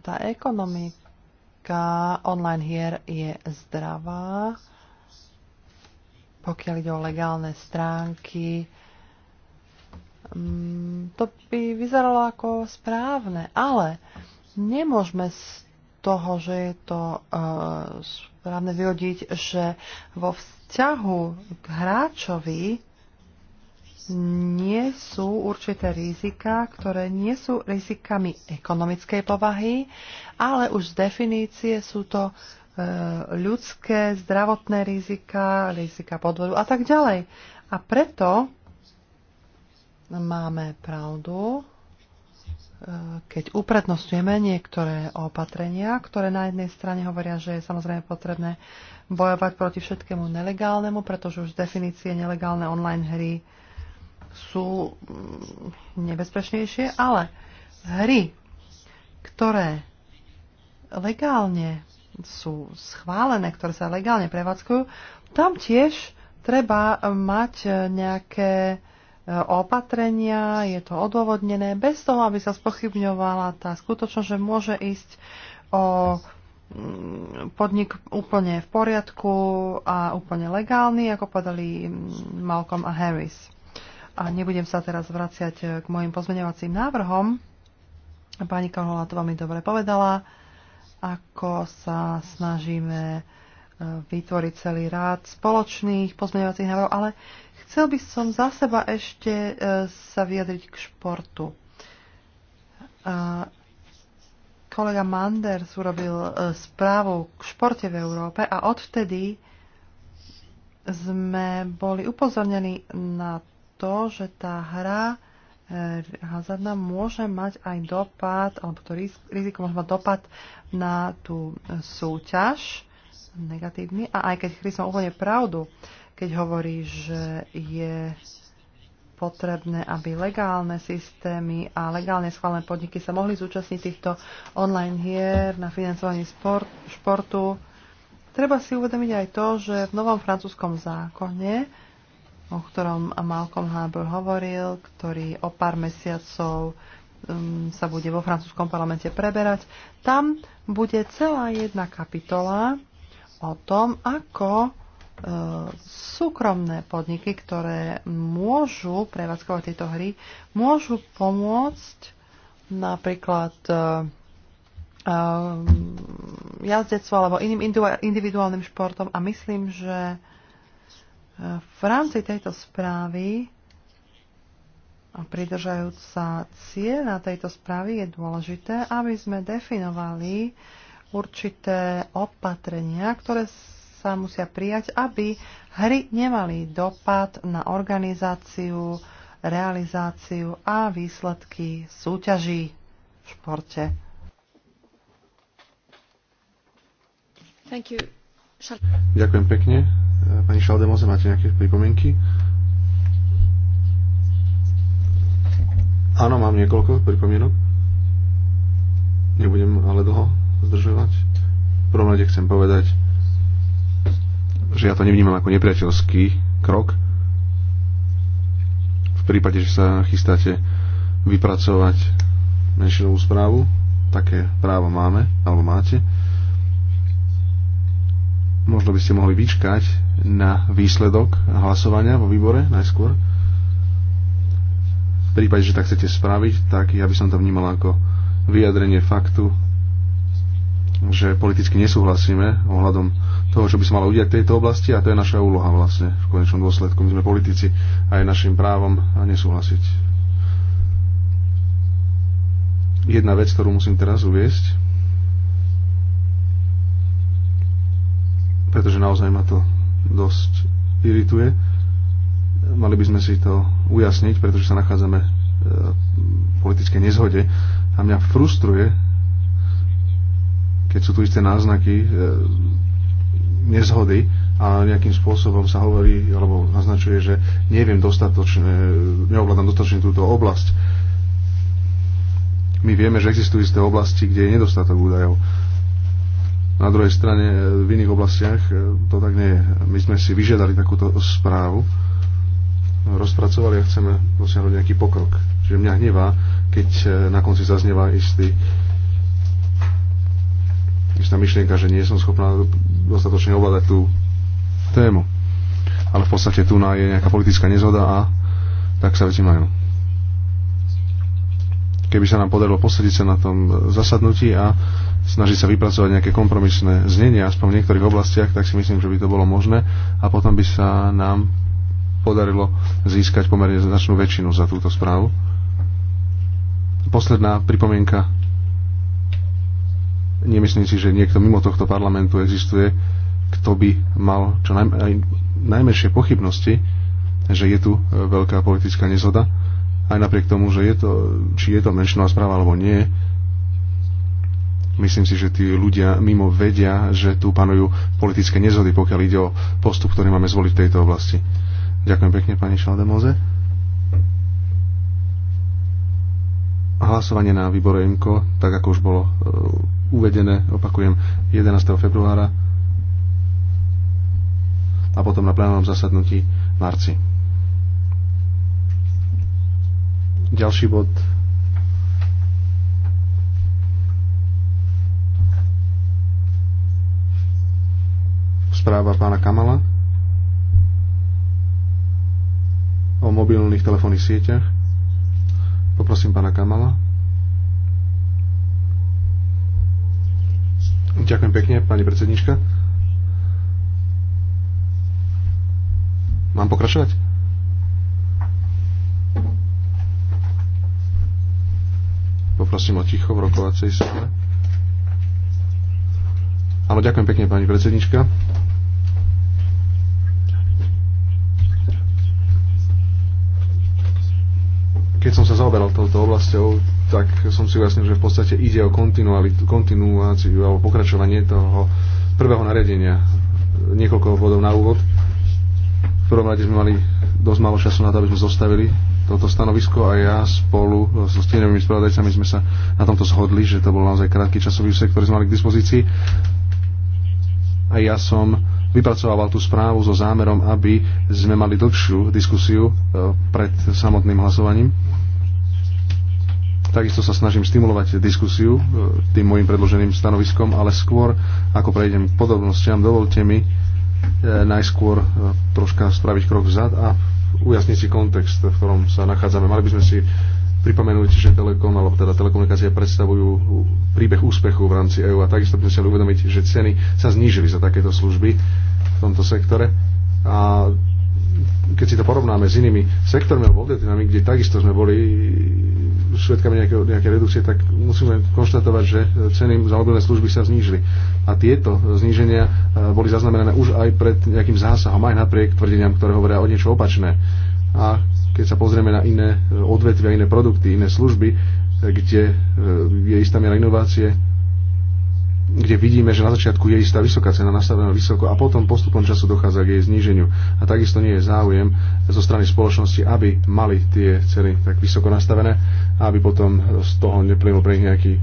tá ekonomika online hier je zdravá, pokiaľ ide o legálne stránky. Mm, to by vyzeralo ako správne, ale nemôžeme z toho, že je to e, správne vyhodiť, že vo vzťahu k hráčovi nie sú určité rizika, ktoré nie sú rizikami ekonomickej povahy, ale už z definície sú to e, ľudské, zdravotné rizika, rizika podvodu a tak ďalej. A preto máme pravdu, e, keď uprednostňujeme niektoré opatrenia, ktoré na jednej strane hovoria, že je samozrejme potrebné bojovať proti všetkému nelegálnemu, pretože už z definície nelegálne online hry sú mm, nebezpečnejšie, ale hry, ktoré legálne sú schválené, ktoré sa legálne prevádzkujú, tam tiež treba mať nejaké e, opatrenia, je to odôvodnené, bez toho, aby sa spochybňovala tá skutočnosť, že môže ísť o mm, podnik úplne v poriadku a úplne legálny, ako povedali mm, Malcolm a Harris a nebudem sa teraz vraciať eh, k mojim pozmeňovacím návrhom. Pani Kalhola to veľmi dobre povedala, ako sa snažíme eh, vytvoriť celý rád spoločných pozmeňovacích návrhov, ale chcel by som za seba ešte eh, sa vyjadriť k športu. Kolega Manders urobil správu k športe v Európe a odvtedy sme boli upozornení na to, že tá hra e, hazardná môže mať aj dopad, alebo to riziko môže mať dopad na tú e, súťaž negatívny. A aj keď Chris má úplne pravdu, keď hovorí, že je potrebné, aby legálne systémy a legálne schválené podniky sa mohli zúčastniť týchto online hier na financovanie sport, športu. Treba si uvedomiť aj to, že v novom francúzskom zákone o ktorom Malcolm Harbour hovoril, ktorý o pár mesiacov um, sa bude vo francúzskom parlamente preberať. Tam bude celá jedna kapitola o tom, ako e, súkromné podniky, ktoré môžu prevádzkovať tieto hry, môžu pomôcť napríklad e, e jazdectvo alebo iným individuálnym športom a myslím, že v rámci tejto správy a pridržajúc sa cieľa tejto správy je dôležité, aby sme definovali určité opatrenia, ktoré sa musia prijať, aby hry nemali dopad na organizáciu, realizáciu a výsledky súťaží v športe. Ďakujem pekne. Pani Šaldemoze, máte nejaké pripomienky? Áno, mám niekoľko pripomienok. Nebudem ale dlho zdržovať. V prvom rade chcem povedať, že ja to nevnímam ako nepriateľský krok. V prípade, že sa chystáte vypracovať menšinovú správu, také právo máme, alebo máte, možno by ste mohli vyčkať na výsledok hlasovania vo výbore najskôr? V prípade, že tak chcete spraviť, tak ja by som to vnímal ako vyjadrenie faktu, že politicky nesúhlasíme ohľadom toho, čo by sa malo udiať v tejto oblasti a to je naša úloha vlastne v konečnom dôsledku. My sme politici a je našim právom a nesúhlasiť. Jedna vec, ktorú musím teraz uviesť, pretože naozaj ma to dosť irituje. Mali by sme si to ujasniť, pretože sa nachádzame e, v politickej nezhode a mňa frustruje, keď sú tu isté náznaky e, nezhody a nejakým spôsobom sa hovorí alebo naznačuje, že neviem dostatočne, neovládam dostatočne túto oblasť. My vieme, že existujú isté oblasti, kde je nedostatok údajov na druhej strane, e, v iných oblastiach e, to tak nie je. My sme si vyžiadali takúto správu, rozpracovali a chceme dosiahnuť nejaký pokrok. Čiže mňa hnevá, keď e, na konci zaznieva istý istá myšlienka, že nie som schopná dostatočne ovládať tú tému. Ale v podstate tu je nejaká politická nezhoda a tak sa veci majú. Keby sa nám podarilo posadiť sa na tom zasadnutí a snaží sa vypracovať nejaké kompromisné znenia, aspoň v niektorých oblastiach, tak si myslím, že by to bolo možné a potom by sa nám podarilo získať pomerne značnú väčšinu za túto správu. Posledná pripomienka. Nemyslím si, že niekto mimo tohto parlamentu existuje, kto by mal čo naj, aj najmenšie pochybnosti, že je tu e, veľká politická nezhoda. Aj napriek tomu, že je to, či je to menšinová správa alebo nie, Myslím si, že tí ľudia mimo vedia, že tu panujú politické nezhody, pokiaľ ide o postup, ktorý máme zvoliť v tejto oblasti. Ďakujem pekne, pani Šaldemoze. Hlasovanie na výbore IMKO, tak ako už bolo e, uvedené, opakujem, 11. februára a potom na plenárnom zasadnutí v marci. Ďalší bod Správa pána Kamala o mobilných telefónnych sieťach. Poprosím pána Kamala. Ďakujem pekne, pani predsednička. Mám pokračovať? Poprosím o ticho v rokovacej sále. Áno, ďakujem pekne, pani predsednička. keď som sa zaoberal touto oblasťou, tak som si ujasnil, že v podstate ide o kontinuáciu alebo pokračovanie toho prvého nariadenia. Niekoľko vodov na úvod. V prvom rade sme mali dosť málo času na to, aby sme zostavili toto stanovisko a ja spolu so stienovými spravodajcami sme sa na tomto zhodli, že to bol naozaj krátky časový úsek, ktorý sme mali k dispozícii. A ja som vypracovával tú správu so zámerom, aby sme mali dlhšiu diskusiu e, pred samotným hlasovaním. Takisto sa snažím stimulovať diskusiu e, tým môjim predloženým stanoviskom, ale skôr, ako prejdem k podobnostiam, dovolte mi e, najskôr troška spraviť krok vzad a ujasniť si kontext, v ktorom sa nachádzame. Mali by sme si pripomenúť, že telekom alebo teda telekomunikácie predstavujú príbeh úspechu v rámci EÚ a takisto by sme chceli uvedomiť, že ceny sa znížili za takéto služby v tomto sektore a keď si to porovnáme s inými sektormi alebo odvetvami, kde takisto sme boli svetkami nejaké, nejaké redukcie, tak musíme konštatovať, že ceny za mobilné služby sa znížili. A tieto zníženia e, boli zaznamenané už aj pred nejakým zásahom, aj napriek tvrdeniam, ktoré hovoria o niečo opačné. A keď sa pozrieme na iné e, odvetvia, iné produkty, iné služby, e, kde e, je istá miera inovácie, kde vidíme, že na začiatku je istá vysoká cena nastavená vysoko a potom postupom času dochádza k jej zníženiu. A takisto nie je záujem zo strany spoločnosti, aby mali tie ceny tak vysoko nastavené a aby potom z toho neplynul pre nich nejaký e,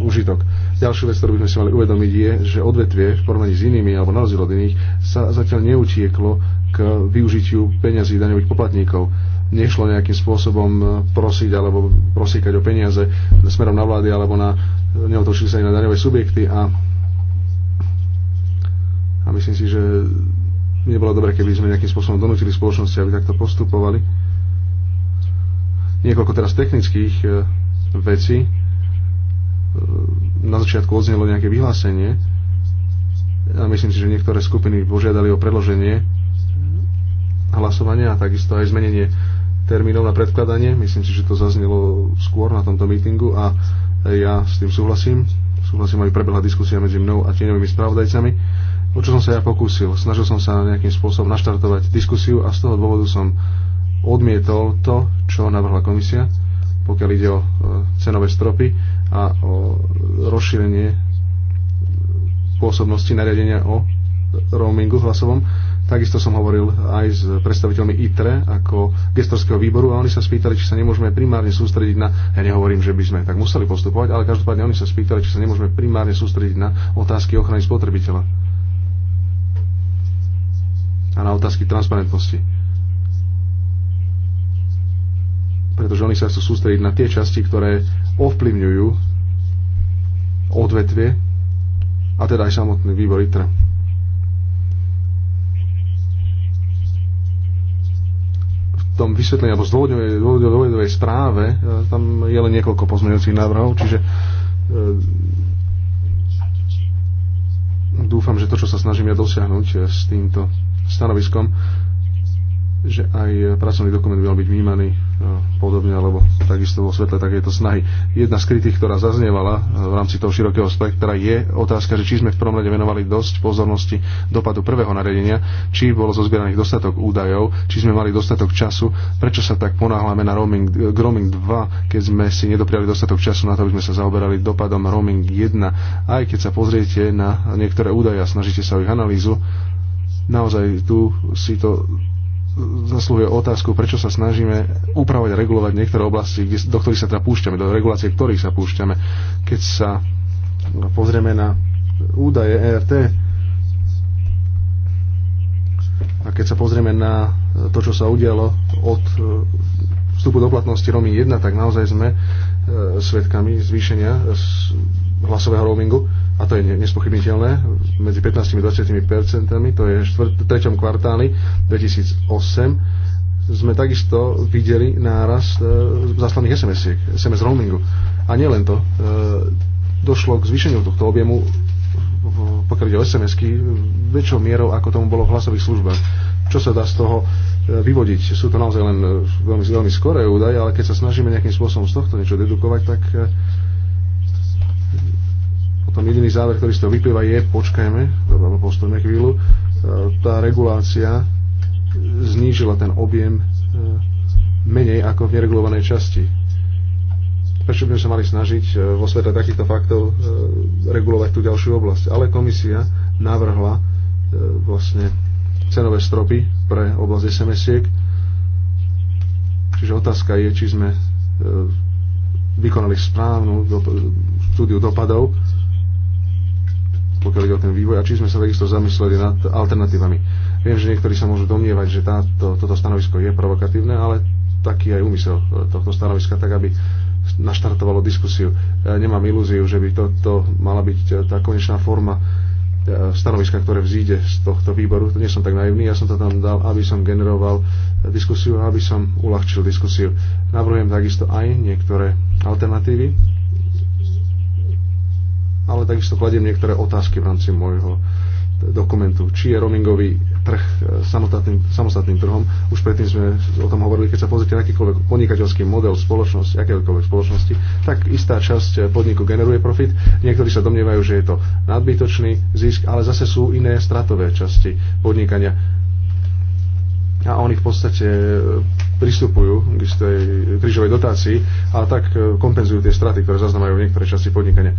užitok. Ďalšiu vec, ktorú by sme si mali uvedomiť, je, že odvetvie v porovnaní s inými alebo na rozdiel od iných sa zatiaľ neutieklo k využitiu peňazí daňových poplatníkov nešlo nejakým spôsobom e, prosiť alebo prosíkať o peniaze smerom na vlády alebo na e, neotočili sa aj na daňové subjekty a a myslím si, že nebolo dobre, keby sme nejakým spôsobom donútili spoločnosti, aby takto postupovali. Niekoľko teraz technických e, vecí. Na začiatku odznelo nejaké vyhlásenie a myslím si, že niektoré skupiny požiadali o predloženie hlasovania a takisto aj zmenenie termínov na predkladanie. Myslím si, že to zaznelo skôr na tomto mítingu a ja s tým súhlasím. Súhlasím, aby prebehla diskusia medzi mnou a tieňovými spravodajcami. O čo som sa ja pokúsil? Snažil som sa nejakým spôsobom naštartovať diskusiu a z toho dôvodu som odmietol to, čo navrhla komisia, pokiaľ ide o e, cenové stropy a o rozšírenie pôsobnosti nariadenia o roamingu hlasovom Takisto som hovoril aj s predstaviteľmi ITRE ako gestorského výboru a oni sa spýtali, či sa nemôžeme primárne sústrediť na, ja nehovorím, že by sme tak museli postupovať, ale každopádne oni sa spýtali, či sa nemôžeme primárne sústrediť na otázky ochrany spotrebiteľa a na otázky transparentnosti. Pretože oni sa chcú sústrediť na tie časti, ktoré ovplyvňujú odvetvie a teda aj samotný výbor ITRE. tom vysvetlení alebo zdôvodňovej, dôvodovej správe e, tam je len niekoľko pozmeňujúcich návrhov, čiže e, dúfam, že to, čo sa snažím ja dosiahnuť e, s týmto stanoviskom, že aj pracovný dokument by mal byť vnímaný No, podobne, alebo takisto vo svetle takéto snahy. Jedna z kritik, ktorá zaznievala e, v rámci toho širokého spektra, je otázka, že či sme v prvom rade venovali dosť pozornosti dopadu prvého nariadenia, či bolo zozbieraných dostatok údajov, či sme mali dostatok času, prečo sa tak ponáhľame na roaming, k roaming 2, keď sme si nedopriali dostatok času na to, aby sme sa zaoberali dopadom roaming 1. Aj keď sa pozriete na niektoré údaje a snažíte sa o ich analýzu, naozaj tu si to zaslúhuje otázku, prečo sa snažíme upravovať a regulovať niektoré oblasti, kde, do ktorých sa teda púšťame, do regulácie ktorých sa púšťame. Keď sa pozrieme na údaje ERT a keď sa pozrieme na to, čo sa udialo od e, vstupu do platnosti roaming 1, tak naozaj sme e, svedkami zvýšenia hlasového roamingu a to je nespochybniteľné, medzi 15 a 20 percentami, to je v treťom kvartáli 2008, sme takisto videli nárast e, zaslaných SMS-iek, SMS roamingu. A nielen to, e, došlo k zvýšeniu tohto objemu pokiaľ ide o SMS-ky, väčšou mierou, ako tomu bolo v hlasových službách. Čo sa dá z toho e, vyvodiť? Sú to naozaj len e, veľmi, veľmi skoré údaje, ale keď sa snažíme nejakým spôsobom z tohto niečo dedukovať, tak e, potom jediný záver, ktorý z toho vyplýva je, počkajme, alebo postojme chvíľu, e, tá regulácia znížila ten objem e, menej ako v neregulovanej časti. Prečo by sme sa mali snažiť e, vo svete takýchto faktov regulovať tú ďalšiu oblasť? Ale komisia navrhla vlastne cenové stropy pre oblasť SMS-iek. Čiže otázka je, či sme vykonali správnu do, štúdiu dopadov pokiaľ ide o ten vývoj a či sme sa takisto zamysleli nad alternatívami. Viem, že niektorí sa môžu domnievať, že táto, toto stanovisko je provokatívne, ale taký aj úmysel e, tohto stanoviska, tak aby naštartovalo diskusiu. E, nemám ilúziu, že by toto mala byť e, tá konečná forma stanoviska, ktoré vzíde z tohto výboru. To nie som tak naivný, ja som to tam dal, aby som generoval diskusiu a aby som uľahčil diskusiu. Navrhujem takisto aj niektoré alternatívy, ale takisto kladiem niektoré otázky v rámci môjho dokumentu, či je roamingový trh e, samostatným, samostatným trhom. Už predtým sme o tom hovorili, keď sa pozrite na akýkoľvek podnikateľský model spoločnosti, akékoľvek spoločnosti, tak istá časť e, podniku generuje profit. Niektorí sa domnievajú, že je to nadbytočný zisk, ale zase sú iné stratové časti podnikania. A oni v podstate e, pristupujú k istej krížovej dotácii a tak kompenzujú tie straty, ktoré v niektoré časti podnikania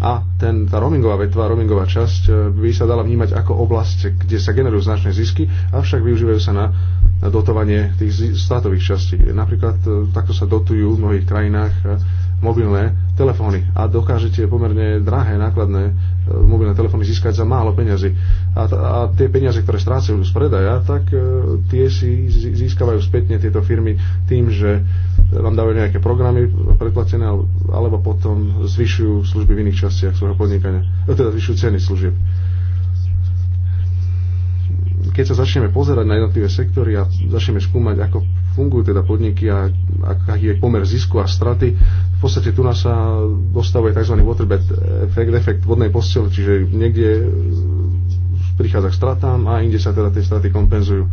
a ten, tá roamingová vetva, roamingová časť e, by sa dala vnímať ako oblasť, kde sa generujú značné zisky, avšak využívajú sa na, na dotovanie tých státových častí. Napríklad e, takto sa dotujú v mnohých krajinách e, mobilné telefóny a dokážete pomerne drahé, nákladné mobilné telefóny získať za málo peňazí. A, a tie peniaze, ktoré strácajú z predaja, tak tie si získavajú spätne tieto firmy tým, že nám dávajú nejaké programy predplatené, alebo potom zvyšujú služby v iných častiach svojho podnikania, no teda zvyšujú ceny služieb. Keď sa začneme pozerať na jednotlivé sektory a začneme skúmať, ako fungujú teda podniky a aký je pomer zisku a straty, v podstate tu nás sa dostavuje tzv. waterbed efekt, efekt vodnej postele, čiže niekde e, prichádza k stratám a inde sa teda tie straty kompenzujú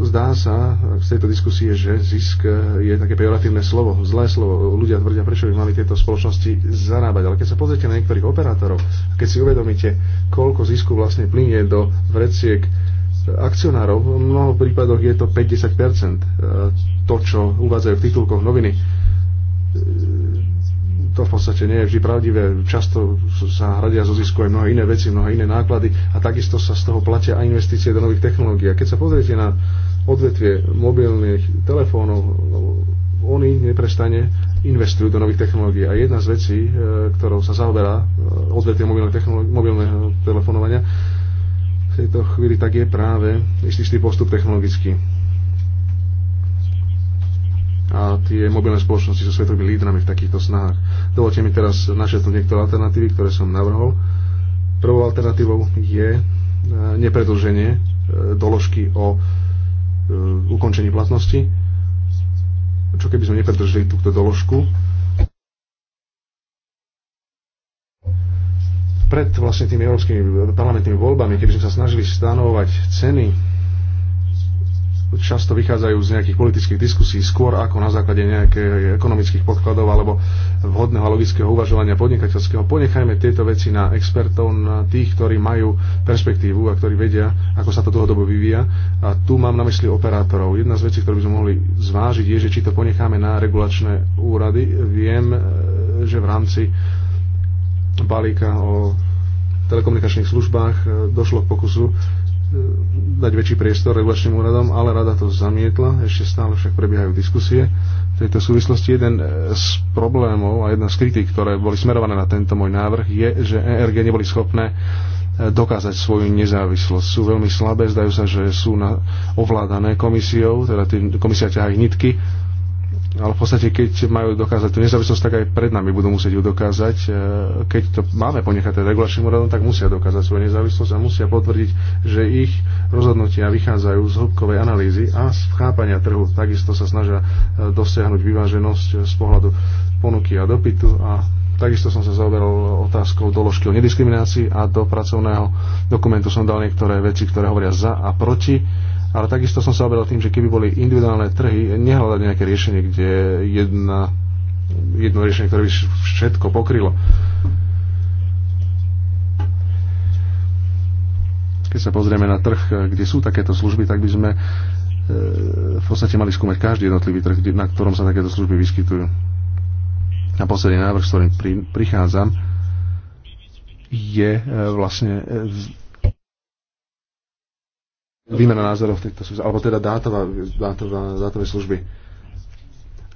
Zdá sa z tejto diskusie, že zisk je také pejoratívne slovo, zlé slovo. Ľudia tvrdia, prečo by mali tieto spoločnosti zarábať. Ale keď sa pozriete na niektorých operátorov, keď si uvedomíte, koľko zisku vlastne plinie do vreciek akcionárov, v mnoho prípadoch je to 50% eh, to, čo uvádzajú v titulkoch noviny to v podstate nie je vždy pravdivé. Často sa hradia zo zisku aj mnohé iné veci, mnohé iné náklady a takisto sa z toho platia aj investície do nových technológií. A keď sa pozriete na odvetvie mobilných telefónov, no, oni neprestane investujú do nových technológií. A jedna z vecí, e, ktorou sa zaoberá e, odvetvie mobilného telefonovania, v tejto chvíli tak je práve istý postup technologický a tie mobilné spoločnosti sú svetovými lídrami v takýchto snahách. Dovolte mi teraz našetnú niektoré alternatívy, ktoré som navrhol. Prvou alternatívou je e, nepredlženie e, doložky o e, ukončení platnosti. Čo keby sme nepredlžili túto doložku? Pred vlastne tými európskymi parlamentnými voľbami, keby sme sa snažili stanovať ceny často vychádzajú z nejakých politických diskusí skôr ako na základe nejakých ekonomických podkladov alebo vhodného a logického uvažovania podnikateľského. Ponechajme tieto veci na expertov, na tých, ktorí majú perspektívu a ktorí vedia, ako sa to dlhodobo vyvíja. A tu mám na mysli operátorov. Jedna z vecí, ktorú by sme mohli zvážiť, je, že či to ponecháme na regulačné úrady. Viem, e, že v rámci balíka o telekomunikačných službách e, došlo k pokusu dať väčší priestor regulačným úradom, ale rada to zamietla. Ešte stále však prebiehajú diskusie. V tejto súvislosti jeden z problémov a jedna z kritik, ktoré boli smerované na tento môj návrh, je, že ERG neboli schopné e, dokázať svoju nezávislosť. Sú veľmi slabé, zdajú sa, že sú na, ovládané komisiou, teda tým, komisia ťahá ich nitky ale v podstate, keď majú dokázať tú nezávislosť, tak aj pred nami budú musieť ju dokázať. E, keď to máme ponechať teda regulačným úradom, no tak musia dokázať svoju nezávislosť a musia potvrdiť, že ich rozhodnutia vychádzajú z hĺbkovej analýzy a z chápania trhu. Takisto sa snažia e, dosiahnuť vyváženosť e, z pohľadu ponuky a dopytu a Takisto som sa zaoberal otázkou doložky o nediskriminácii a do pracovného dokumentu som dal niektoré veci, ktoré hovoria za a proti ale takisto som sa oberal tým, že keby boli individuálne trhy, nehľadať nejaké riešenie, kde jedna, jedno riešenie, ktoré by všetko pokrylo. Keď sa pozrieme na trh, kde sú takéto služby, tak by sme e, v podstate mali skúmať každý jednotlivý trh, na ktorom sa takéto služby vyskytujú. A posledný návrh, s ktorým prichádzam, je e, vlastne e, výmena názorov v tejto súvislosti, alebo teda dátová, dátová, dátové služby.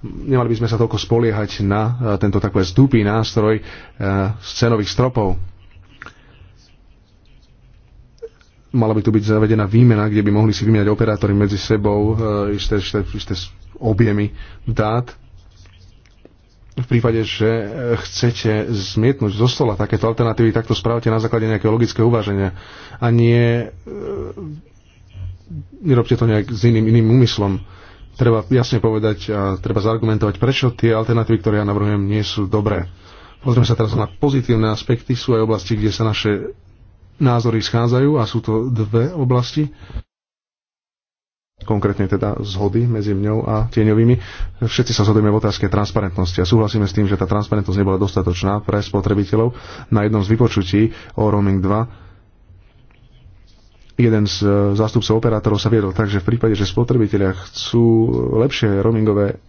Nemali by sme sa toľko spoliehať na eh, tento takový stúpý nástroj eh, z cenových stropov. Mala by tu byť zavedená výmena, kde by mohli si vymieňať operátory medzi sebou eh, isté, isté, isté objemy dát. V prípade, že chcete zmietnúť zo stola takéto alternatívy, tak to spravte na základe nejakého logického uváženia a nie nerobte to nejak s iným, iným úmyslom. Treba jasne povedať a treba zargumentovať, prečo tie alternatívy, ktoré ja navrhujem, nie sú dobré. Pozrieme sa teraz na pozitívne aspekty. Sú aj oblasti, kde sa naše názory schádzajú a sú to dve oblasti konkrétne teda zhody medzi mňou a tieňovými. Všetci sa zhodujeme v otázke transparentnosti a súhlasíme s tým, že tá transparentnosť nebola dostatočná pre spotrebiteľov. Na jednom z vypočutí o Roaming 2 jeden z e, zástupcov operátorov sa viedol tak, že v prípade, že spotrebitelia chcú lepšie roamingové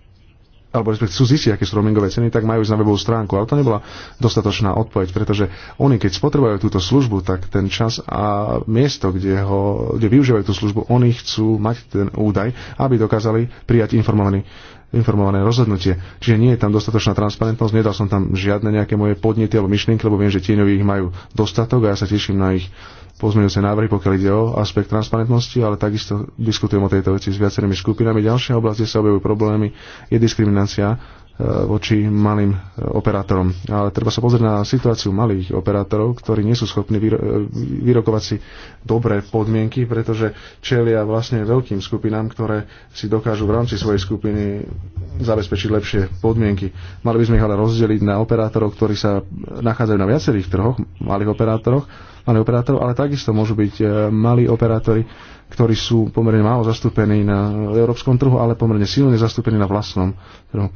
alebo respektíve chcú zistiť, aké sú roamingové ceny, tak majú ísť na webovú stránku. Ale to nebola dostatočná odpoveď, pretože oni, keď spotrebujú túto službu, tak ten čas a miesto, kde, ho, kde využívajú tú službu, oni chcú mať ten údaj, aby dokázali prijať informovaný informované rozhodnutie. Čiže nie je tam dostatočná transparentnosť, nedal som tam žiadne nejaké moje podnety alebo myšlienky, lebo viem, že tieňoví ich majú dostatok a ja sa teším na ich pozmeňujúce návrhy, pokiaľ ide o aspekt transparentnosti, ale takisto diskutujem o tejto veci s viacerými skupinami. Ďalšia oblasť, kde sa objavujú problémy, je diskriminácia e, voči malým e, operátorom. Ale treba sa pozrieť na situáciu malých operátorov, ktorí nie sú schopní e, vyrokovať si dobré podmienky, pretože čelia vlastne veľkým skupinám, ktoré si dokážu v rámci svojej skupiny zabezpečiť lepšie podmienky. Mali by sme ich ale rozdeliť na operátorov, ktorí sa nachádzajú na viacerých trhoch, malých operátoroch, malých operátorov, ale takisto môžu byť e, malí operátori, ktorí sú pomerne málo zastúpení na európskom trhu, ale pomerne silne zastúpení na vlastnom trhu.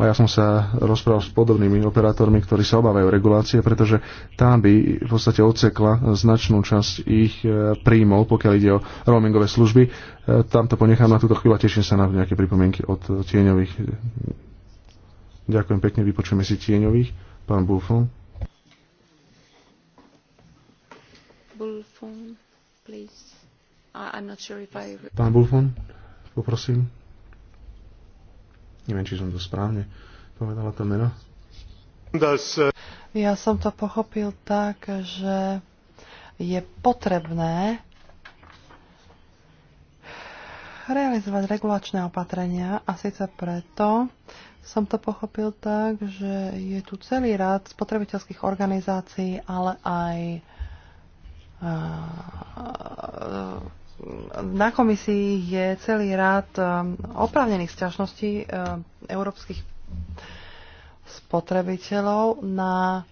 A ja som sa rozprával s podobnými operátormi, ktorí sa obávajú regulácie, pretože tá by v podstate odsekla značnú časť ich e, príjmov, pokiaľ ide o roamingové služby. E, tam to ponechám na túto chvíľu a teším sa na nejaké pripomienky od tieňových. Ďakujem pekne, vypočujeme si tieňových. Pán Bufon. Bulfon, please. I, I'm not sure if I... Pán Bulfon, poprosím. Neviem, či som to správne povedala to meno. Eh, ja som to pochopil tak, že je potrebné realizovať regulačné opatrenia a síce preto som to pochopil tak, že je tu celý rád spotrebiteľských organizácií, ale aj na komisii je celý rád um, oprávnených sťažností um, európskych spotrebiteľov na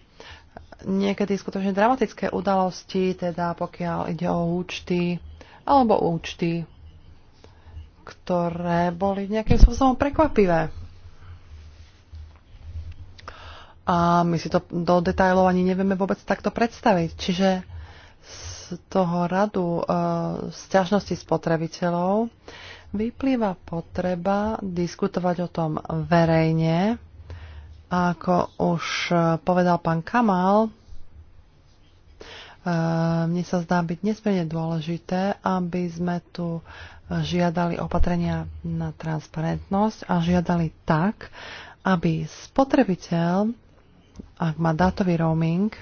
niekedy skutočne dramatické udalosti, teda pokiaľ ide o účty alebo účty, ktoré boli nejakým spôsobom prekvapivé. A my si to do detajlov ani nevieme vôbec takto predstaviť. Čiže z toho radu e, sťažnosti spotrebiteľov vyplýva potreba diskutovať o tom verejne. A ako už povedal pán Kamal, e, mne sa zdá byť nesmierne dôležité, aby sme tu žiadali opatrenia na transparentnosť a žiadali tak, aby spotrebiteľ, ak má dátový roaming,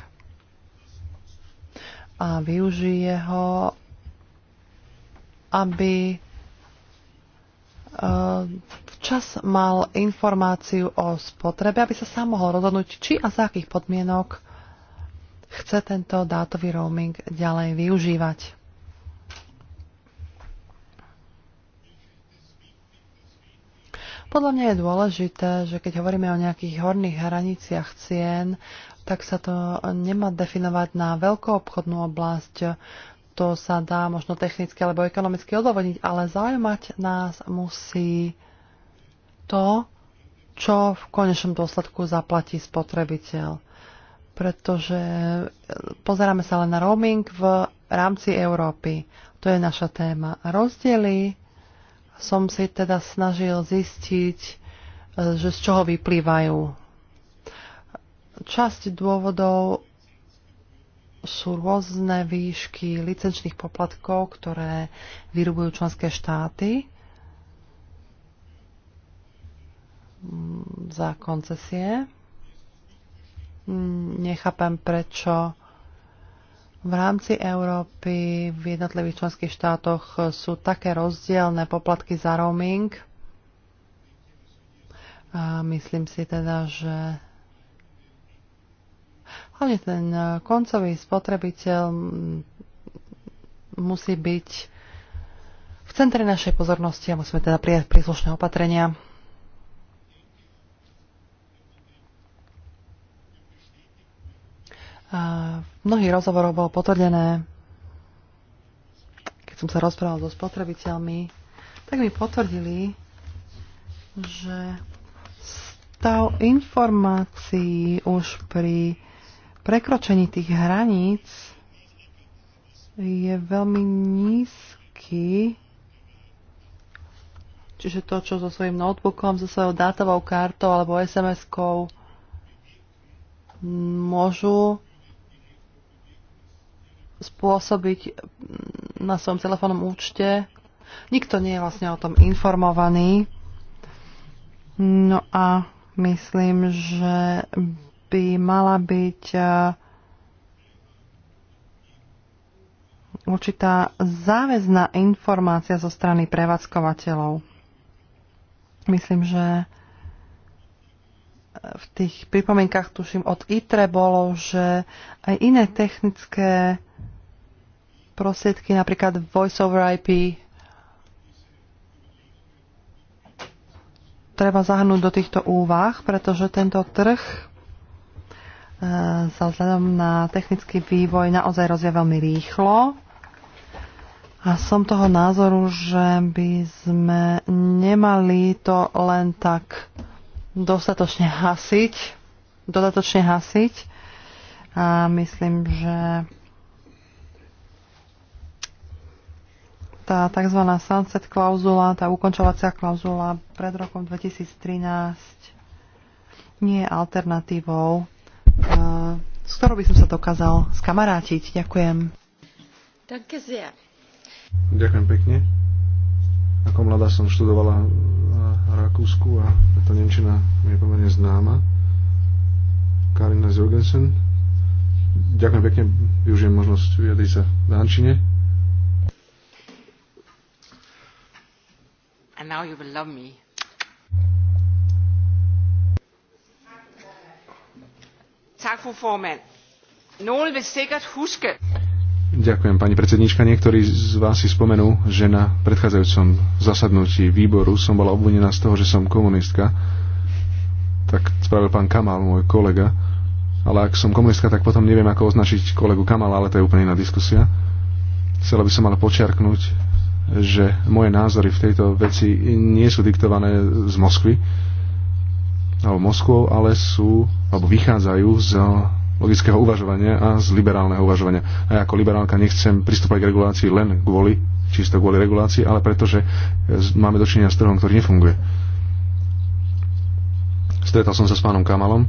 a využije ho, aby e, včas mal informáciu o spotrebe, aby sa sám mohol rozhodnúť, či a za akých podmienok chce tento dátový roaming ďalej využívať. Podľa mňa je dôležité, že keď hovoríme o nejakých horných hraniciach cien, tak sa to nemá definovať na obchodnú oblasť. To sa dá možno technicky alebo ekonomicky odôvodniť, ale zaujímať nás musí to, čo v konečnom dôsledku zaplatí spotrebiteľ. Pretože eh, pozeráme sa len na roaming v rámci Európy. To je naša téma. Rozdiely som si teda snažil zistiť, eh, že z čoho vyplývajú Časť dôvodov sú rôzne výšky licenčných poplatkov, ktoré vyrubujú členské štáty mm, za koncesie. Mm, nechápem, prečo v rámci Európy v jednotlivých členských štátoch sú také rozdielne poplatky za roaming. A myslím si teda, že ale ten e, koncový spotrebiteľ musí byť v centre našej pozornosti a musíme teda prijať príslušné opatrenia. A v mnohých rozhovoroch bolo potvrdené, keď som sa rozprával so spotrebiteľmi, tak mi potvrdili, že stav informácií už pri prekročení tých hraníc je veľmi nízky. Čiže to, čo so svojím notebookom, so svojou dátovou kartou alebo SMS-kou môžu spôsobiť na svojom telefónnom účte. Nikto nie je vlastne o tom informovaný. No a myslím, že by mala byť e, určitá záväzná informácia zo strany prevádzkovateľov. Myslím, že v tých pripomienkach, tuším, od ITRE bolo, že aj iné technické prostriedky, napríklad Voice over IP, treba zahrnúť do týchto úvah, pretože tento trh sa eh, vzhľadom na technický vývoj naozaj rozvia veľmi rýchlo. A som toho názoru, že by sme nemali to len tak dostatočne hasiť, dodatočne hasiť. A myslím, že tá tzv. sunset klauzula, tá ukončovacia klauzula pred rokom 2013 nie je alternatívou Eh, s ktorou by som sa dokázal skamarátiť. Ďakujem. Ďakujem pekne. Ako mladá som študovala v eh, Rakúsku a tá Nemčina mi je pomerne známa. Karina Jorgensen. Ďakujem pekne, využijem možnosť vyjadriť sa v Dánčine. And now you will love me. Tak, fru formand. vil sikkert huske. Ďakujem, pani predsednička. Niektorí z vás si spomenú, že na predchádzajúcom zasadnutí výboru som bola obvinená z toho, že som komunistka. Tak spravil pán Kamal, môj kolega. Ale ak som komunistka, tak potom neviem, ako označiť kolegu Kamala, ale to je úplne iná diskusia. Chcela by som ale počiarknúť, že moje názory v tejto veci nie sú diktované z Moskvy, alebo Moskvou, ale sú, alebo vychádzajú z logického uvažovania a z liberálneho uvažovania. A ja ako liberálka nechcem pristúpať k regulácii len kvôli, čisto kvôli regulácii, ale pretože máme dočinenia s trhom, ktorý nefunguje. Stretol som sa s pánom Kamalom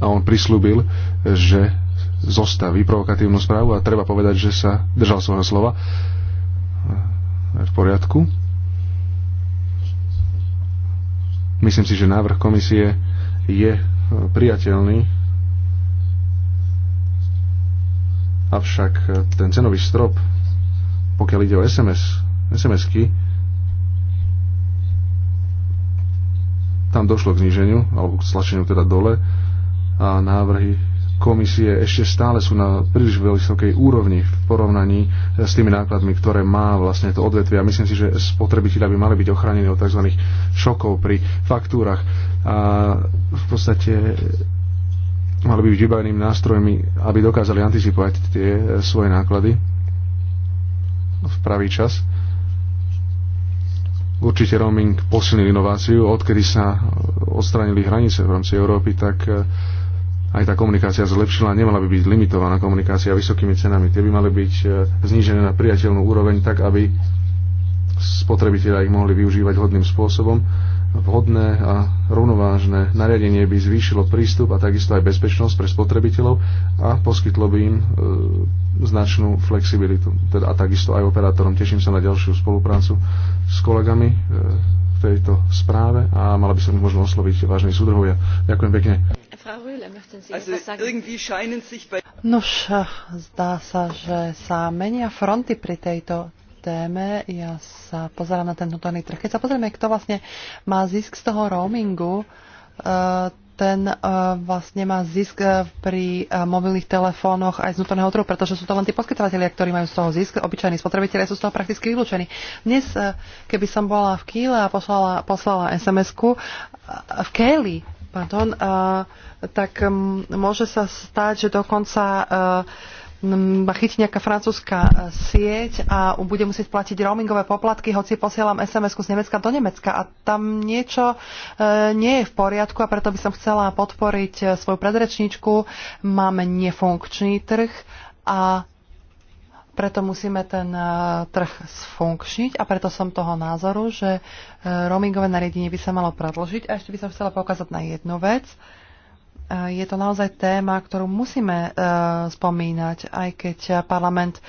a on prislúbil, že zostaví provokatívnu správu a treba povedať, že sa držal svojho slova v poriadku Myslím si, že návrh komisie je e, priateľný, avšak e, ten cenový strop, pokiaľ ide o SMS, SMS-ky, tam došlo k zníženiu, alebo k stlačeniu teda dole a návrhy komisie ešte stále sú na príliš vysokej úrovni v porovnaní eh, s tými nákladmi, ktoré má vlastne to odvetvie. A myslím si, že spotrebitelia by mali byť ochránení od tzv. šokov pri faktúrach. A v podstate mali byť vybavenými nástrojmi, aby dokázali anticipovať tie eh, svoje náklady v pravý čas. Určite roaming posilnil inováciu, odkedy sa eh, odstránili hranice v rámci Európy, tak aj tá komunikácia zlepšila, nemala by byť limitovaná komunikácia vysokými cenami. Tie by mali byť e, znížené na priateľnú úroveň tak, aby spotrebitelia ich mohli využívať hodným spôsobom. Vhodné a rovnovážne nariadenie by zvýšilo prístup a takisto aj bezpečnosť pre spotrebiteľov a poskytlo by im e, značnú flexibilitu. Teda, a takisto aj operátorom. Teším sa na ďalšiu spoluprácu s kolegami e, v tejto správe a mala by som možno osloviť vážnej súdruhovia. Ďakujem pekne. Nož, eh, zdá sa, že sa menia fronty pri tejto téme. Ja sa pozerám na ten vnútorný trh. Keď sa pozrieme, kto vlastne má zisk z toho roamingu, eh, ten eh, vlastne má zisk pri mobilných telefónoch aj z vnútorného trhu, pretože sú to len tí poskytovateľia, ktorí majú z toho zisk. Obyčajní spotrebitelia sú z toho prakticky vylúčení. Dnes, keby som bola v Kíle a poslala, poslala SMS-ku, v Kéli, pardon, uh, tak um, môže sa stať, že dokonca uh, ma chytí nejaká francúzska uh, sieť a bude musieť platiť roamingové poplatky, hoci posielam sms z Nemecka do Nemecka a tam niečo uh, nie je v poriadku a preto by som chcela podporiť svoju predrečníčku. Máme nefunkčný trh a preto musíme ten trh sfunkčniť a preto som toho názoru, že roamingové nariadenie by sa malo predložiť. A ešte by som chcela poukázať na jednu vec. Eh, je to naozaj téma, ktorú musíme eh, spomínať, aj keď parlament eh,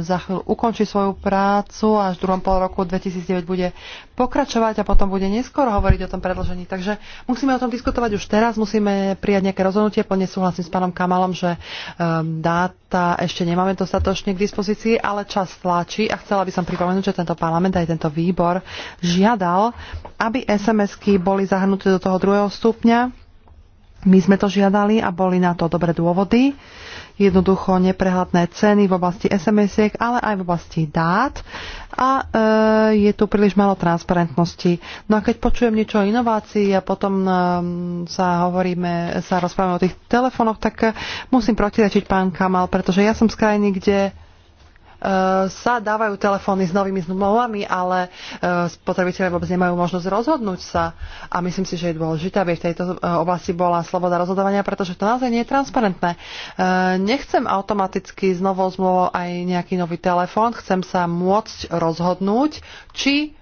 za chvíľu ukončí svoju prácu až v druhom pol roku 2009 bude pokračovať a potom bude neskôr hovoriť o tom predložení. Takže musíme o tom diskutovať už teraz, musíme prijať nejaké rozhodnutie. Plne súhlasím s pánom Kamalom, že ehm, dáta ešte nemáme dostatočne k dispozícii, ale čas tlačí a chcela by som pripomenúť, že tento parlament aj tento výbor žiadal, aby SMS-ky boli zahrnuté do toho druhého stupňa my sme to žiadali a boli na to dobré dôvody. Jednoducho neprehľadné ceny v oblasti SMS-iek, ale aj v oblasti dát. A e, je tu príliš malo transparentnosti. No a keď počujem niečo o inovácii a potom e, sa hovoríme, sa rozprávame o tých telefónoch, tak e, musím protirečiť pán Kamal, pretože ja som z krajiny, kde Eh, sa dávajú telefóny s novými zmluvami, ale eh, spotrebitelia vôbec nemajú možnosť rozhodnúť sa. A myslím si, že je dôležité, aby v tejto eh, oblasti bola sloboda rozhodovania, pretože to naozaj nie je transparentné. Nechcem automaticky s novou zmluvou aj nejaký nový telefón, chcem sa môcť rozhodnúť, či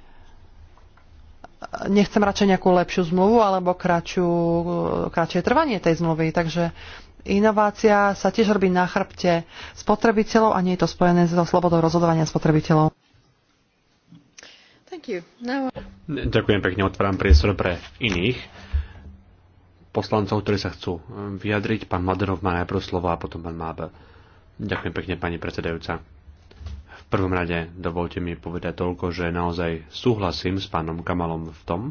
nechcem radšej nejakú lepšiu zmluvu alebo kratšiu, kratšie trvanie tej zmluvy. Takže inovácia sa tiež robí na chrbte spotrebiteľov a nie je to spojené so slobodou rozhodovania spotrebiteľov. Now... Ďakujem pekne, otváram priestor pre iných poslancov, ktorí sa chcú um, vyjadriť. Pán Maderov má najprv slovo a potom pán Mábe. Ďakujem pekne, pani predsedajúca. V prvom rade dovolte mi povedať toľko, že naozaj súhlasím s pánom Kamalom v tom,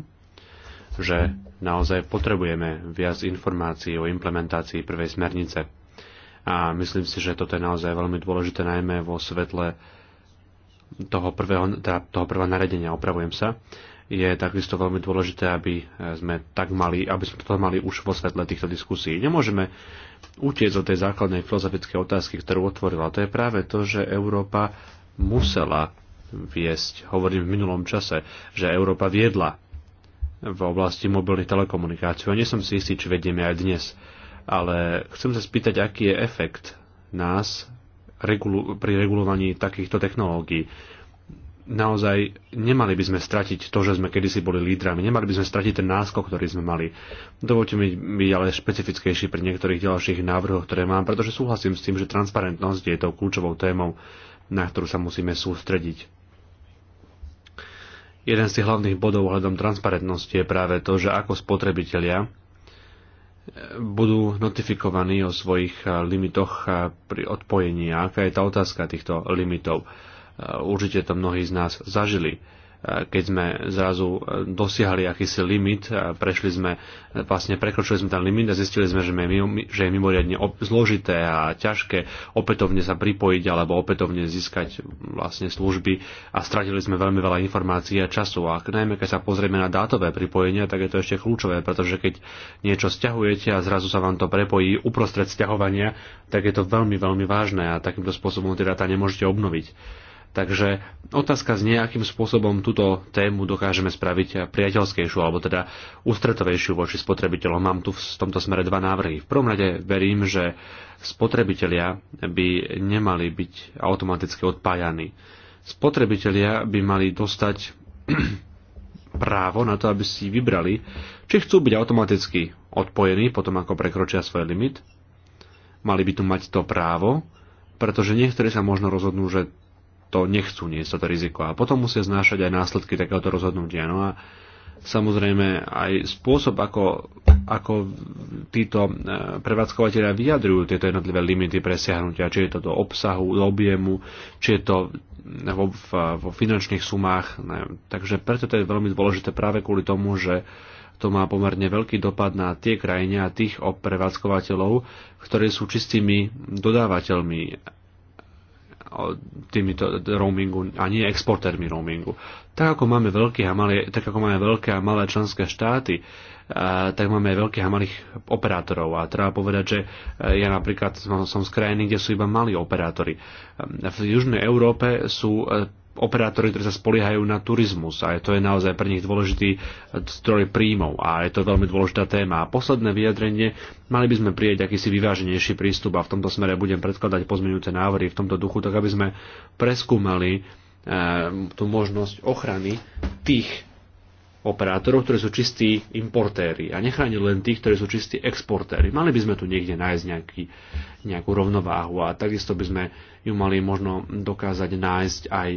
že naozaj potrebujeme viac informácií o implementácii prvej smernice. A myslím si, že toto je naozaj veľmi dôležité, najmä vo svetle toho prvého, teda toho prvého naredenia, opravujem sa, je takisto veľmi dôležité, aby sme, tak mali, aby sme to mali už vo svetle týchto diskusí. Nemôžeme utiecť od tej základnej filozofické otázky, ktorú otvorila. To je práve to, že Európa musela viesť. Hovorím v minulom čase, že Európa viedla v oblasti mobilných telekomunikácií. Nie som si istý, či vedieme aj dnes, ale chcem sa spýtať, aký je efekt nás regulu- pri regulovaní takýchto technológií. Naozaj nemali by sme stratiť to, že sme kedysi boli lídrami, nemali by sme stratiť ten náskok, ktorý sme mali. Dovolte mi byť ale špecifickejší pri niektorých ďalších návrhoch, ktoré mám, pretože súhlasím s tým, že transparentnosť je tou kľúčovou témou, na ktorú sa musíme sústrediť Jeden z tých hlavných bodov ohľadom transparentnosti je práve to, že ako spotrebitelia eh, budú notifikovaní o svojich eh, limitoch eh, pri odpojení. A aká je tá otázka týchto limitov? Určite to mnohí z nás zažili keď sme zrazu e, dosiahli akýsi limit, prešli sme, e, vlastne prekročili sme ten limit a zistili sme, že, my, že je mimoriadne zložité a ťažké opätovne sa pripojiť alebo opätovne získať vlastne služby a stratili sme veľmi veľa informácií a času. A najmä keď sa pozrieme na dátové pripojenia, tak je to ešte kľúčové, pretože keď niečo stiahujete a zrazu sa vám to prepojí uprostred stiahovania, tak je to veľmi, veľmi vážne a takýmto spôsobom tie dáta nemôžete obnoviť. Takže otázka z nejakým spôsobom túto tému dokážeme spraviť priateľskejšiu alebo teda ústretovejšiu voči spotrebiteľom. Mám tu v tomto smere dva návrhy. V prvom rade verím, že spotrebitelia by nemali byť automaticky odpájani. Spotrebitelia by mali dostať právo na to, aby si vybrali, či chcú byť automaticky odpojení potom, ako prekročia svoj limit. Mali by tu mať to právo, pretože niektorí sa možno rozhodnú, že to nechcú niesť toto riziko a potom musia znášať aj následky takéhoto rozhodnutia. No a samozrejme aj spôsob, ako, ako títo e, prevádzkovateľia vyjadrujú tieto jednotlivé limity presiahnutia, či je to do obsahu, do objemu, či je to e, vo, vo finančných sumách. Ne. Takže preto to je veľmi dôležité práve kvôli tomu, že to má pomerne veľký dopad na tie krajiny a tých prevádzkovateľov, ktorí sú čistými dodávateľmi týmito roamingu a nie exportérmi roamingu. Tak ako máme veľké a malé, tak ako máme veľké a malé členské štáty, a, tak máme aj veľkých a malých operátorov. A treba povedať, že e, ja napríklad som z krajiny, kde sú iba malí operátori. Ehm, v Južnej Európe sú e, operátori, ktorí sa spoliehajú na turizmus a to je naozaj pre nich dôležitý zdroj príjmov a je to veľmi dôležitá téma. A posledné vyjadrenie, mali by sme prieť akýsi vyváženejší prístup a v tomto smere budem predkladať pozmeňujúce návrhy v tomto duchu, tak aby sme preskúmali e, tú možnosť ochrany tých operátorov, ktorí sú čistí importéri a nechránili len tých, ktorí sú čistí exportéri. Mali by sme tu niekde nájsť nejaký, nejakú rovnováhu a takisto by sme ju mali možno dokázať nájsť aj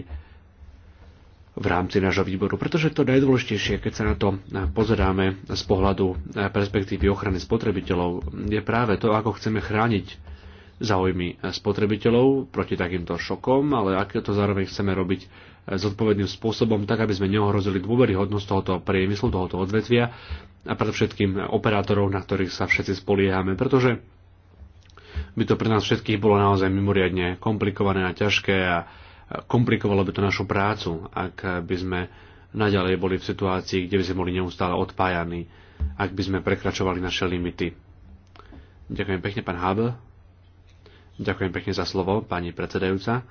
v rámci nášho výboru, pretože to najdôležitejšie, keď sa na to pozeráme z pohľadu eh, perspektívy ochrany spotrebiteľov, je práve to, ako chceme chrániť záujmy eh, spotrebiteľov proti takýmto šokom, ale ako to zároveň chceme robiť eh, zodpovedným spôsobom, tak aby sme neohrozili dôveryhodnosť tohoto priemyslu, tohoto odvetvia a predovšetkým operátorov, na ktorých sa všetci spoliehame, pretože by to pre nás všetkých bolo naozaj mimoriadne komplikované a ťažké a komplikovalo by to našu prácu, ak by sme naďalej boli v situácii, kde by sme boli neustále odpájani, ak by sme prekračovali naše limity. Ďakujem pekne, pán Habel. Ďakujem pekne za slovo, pani predsedajúca.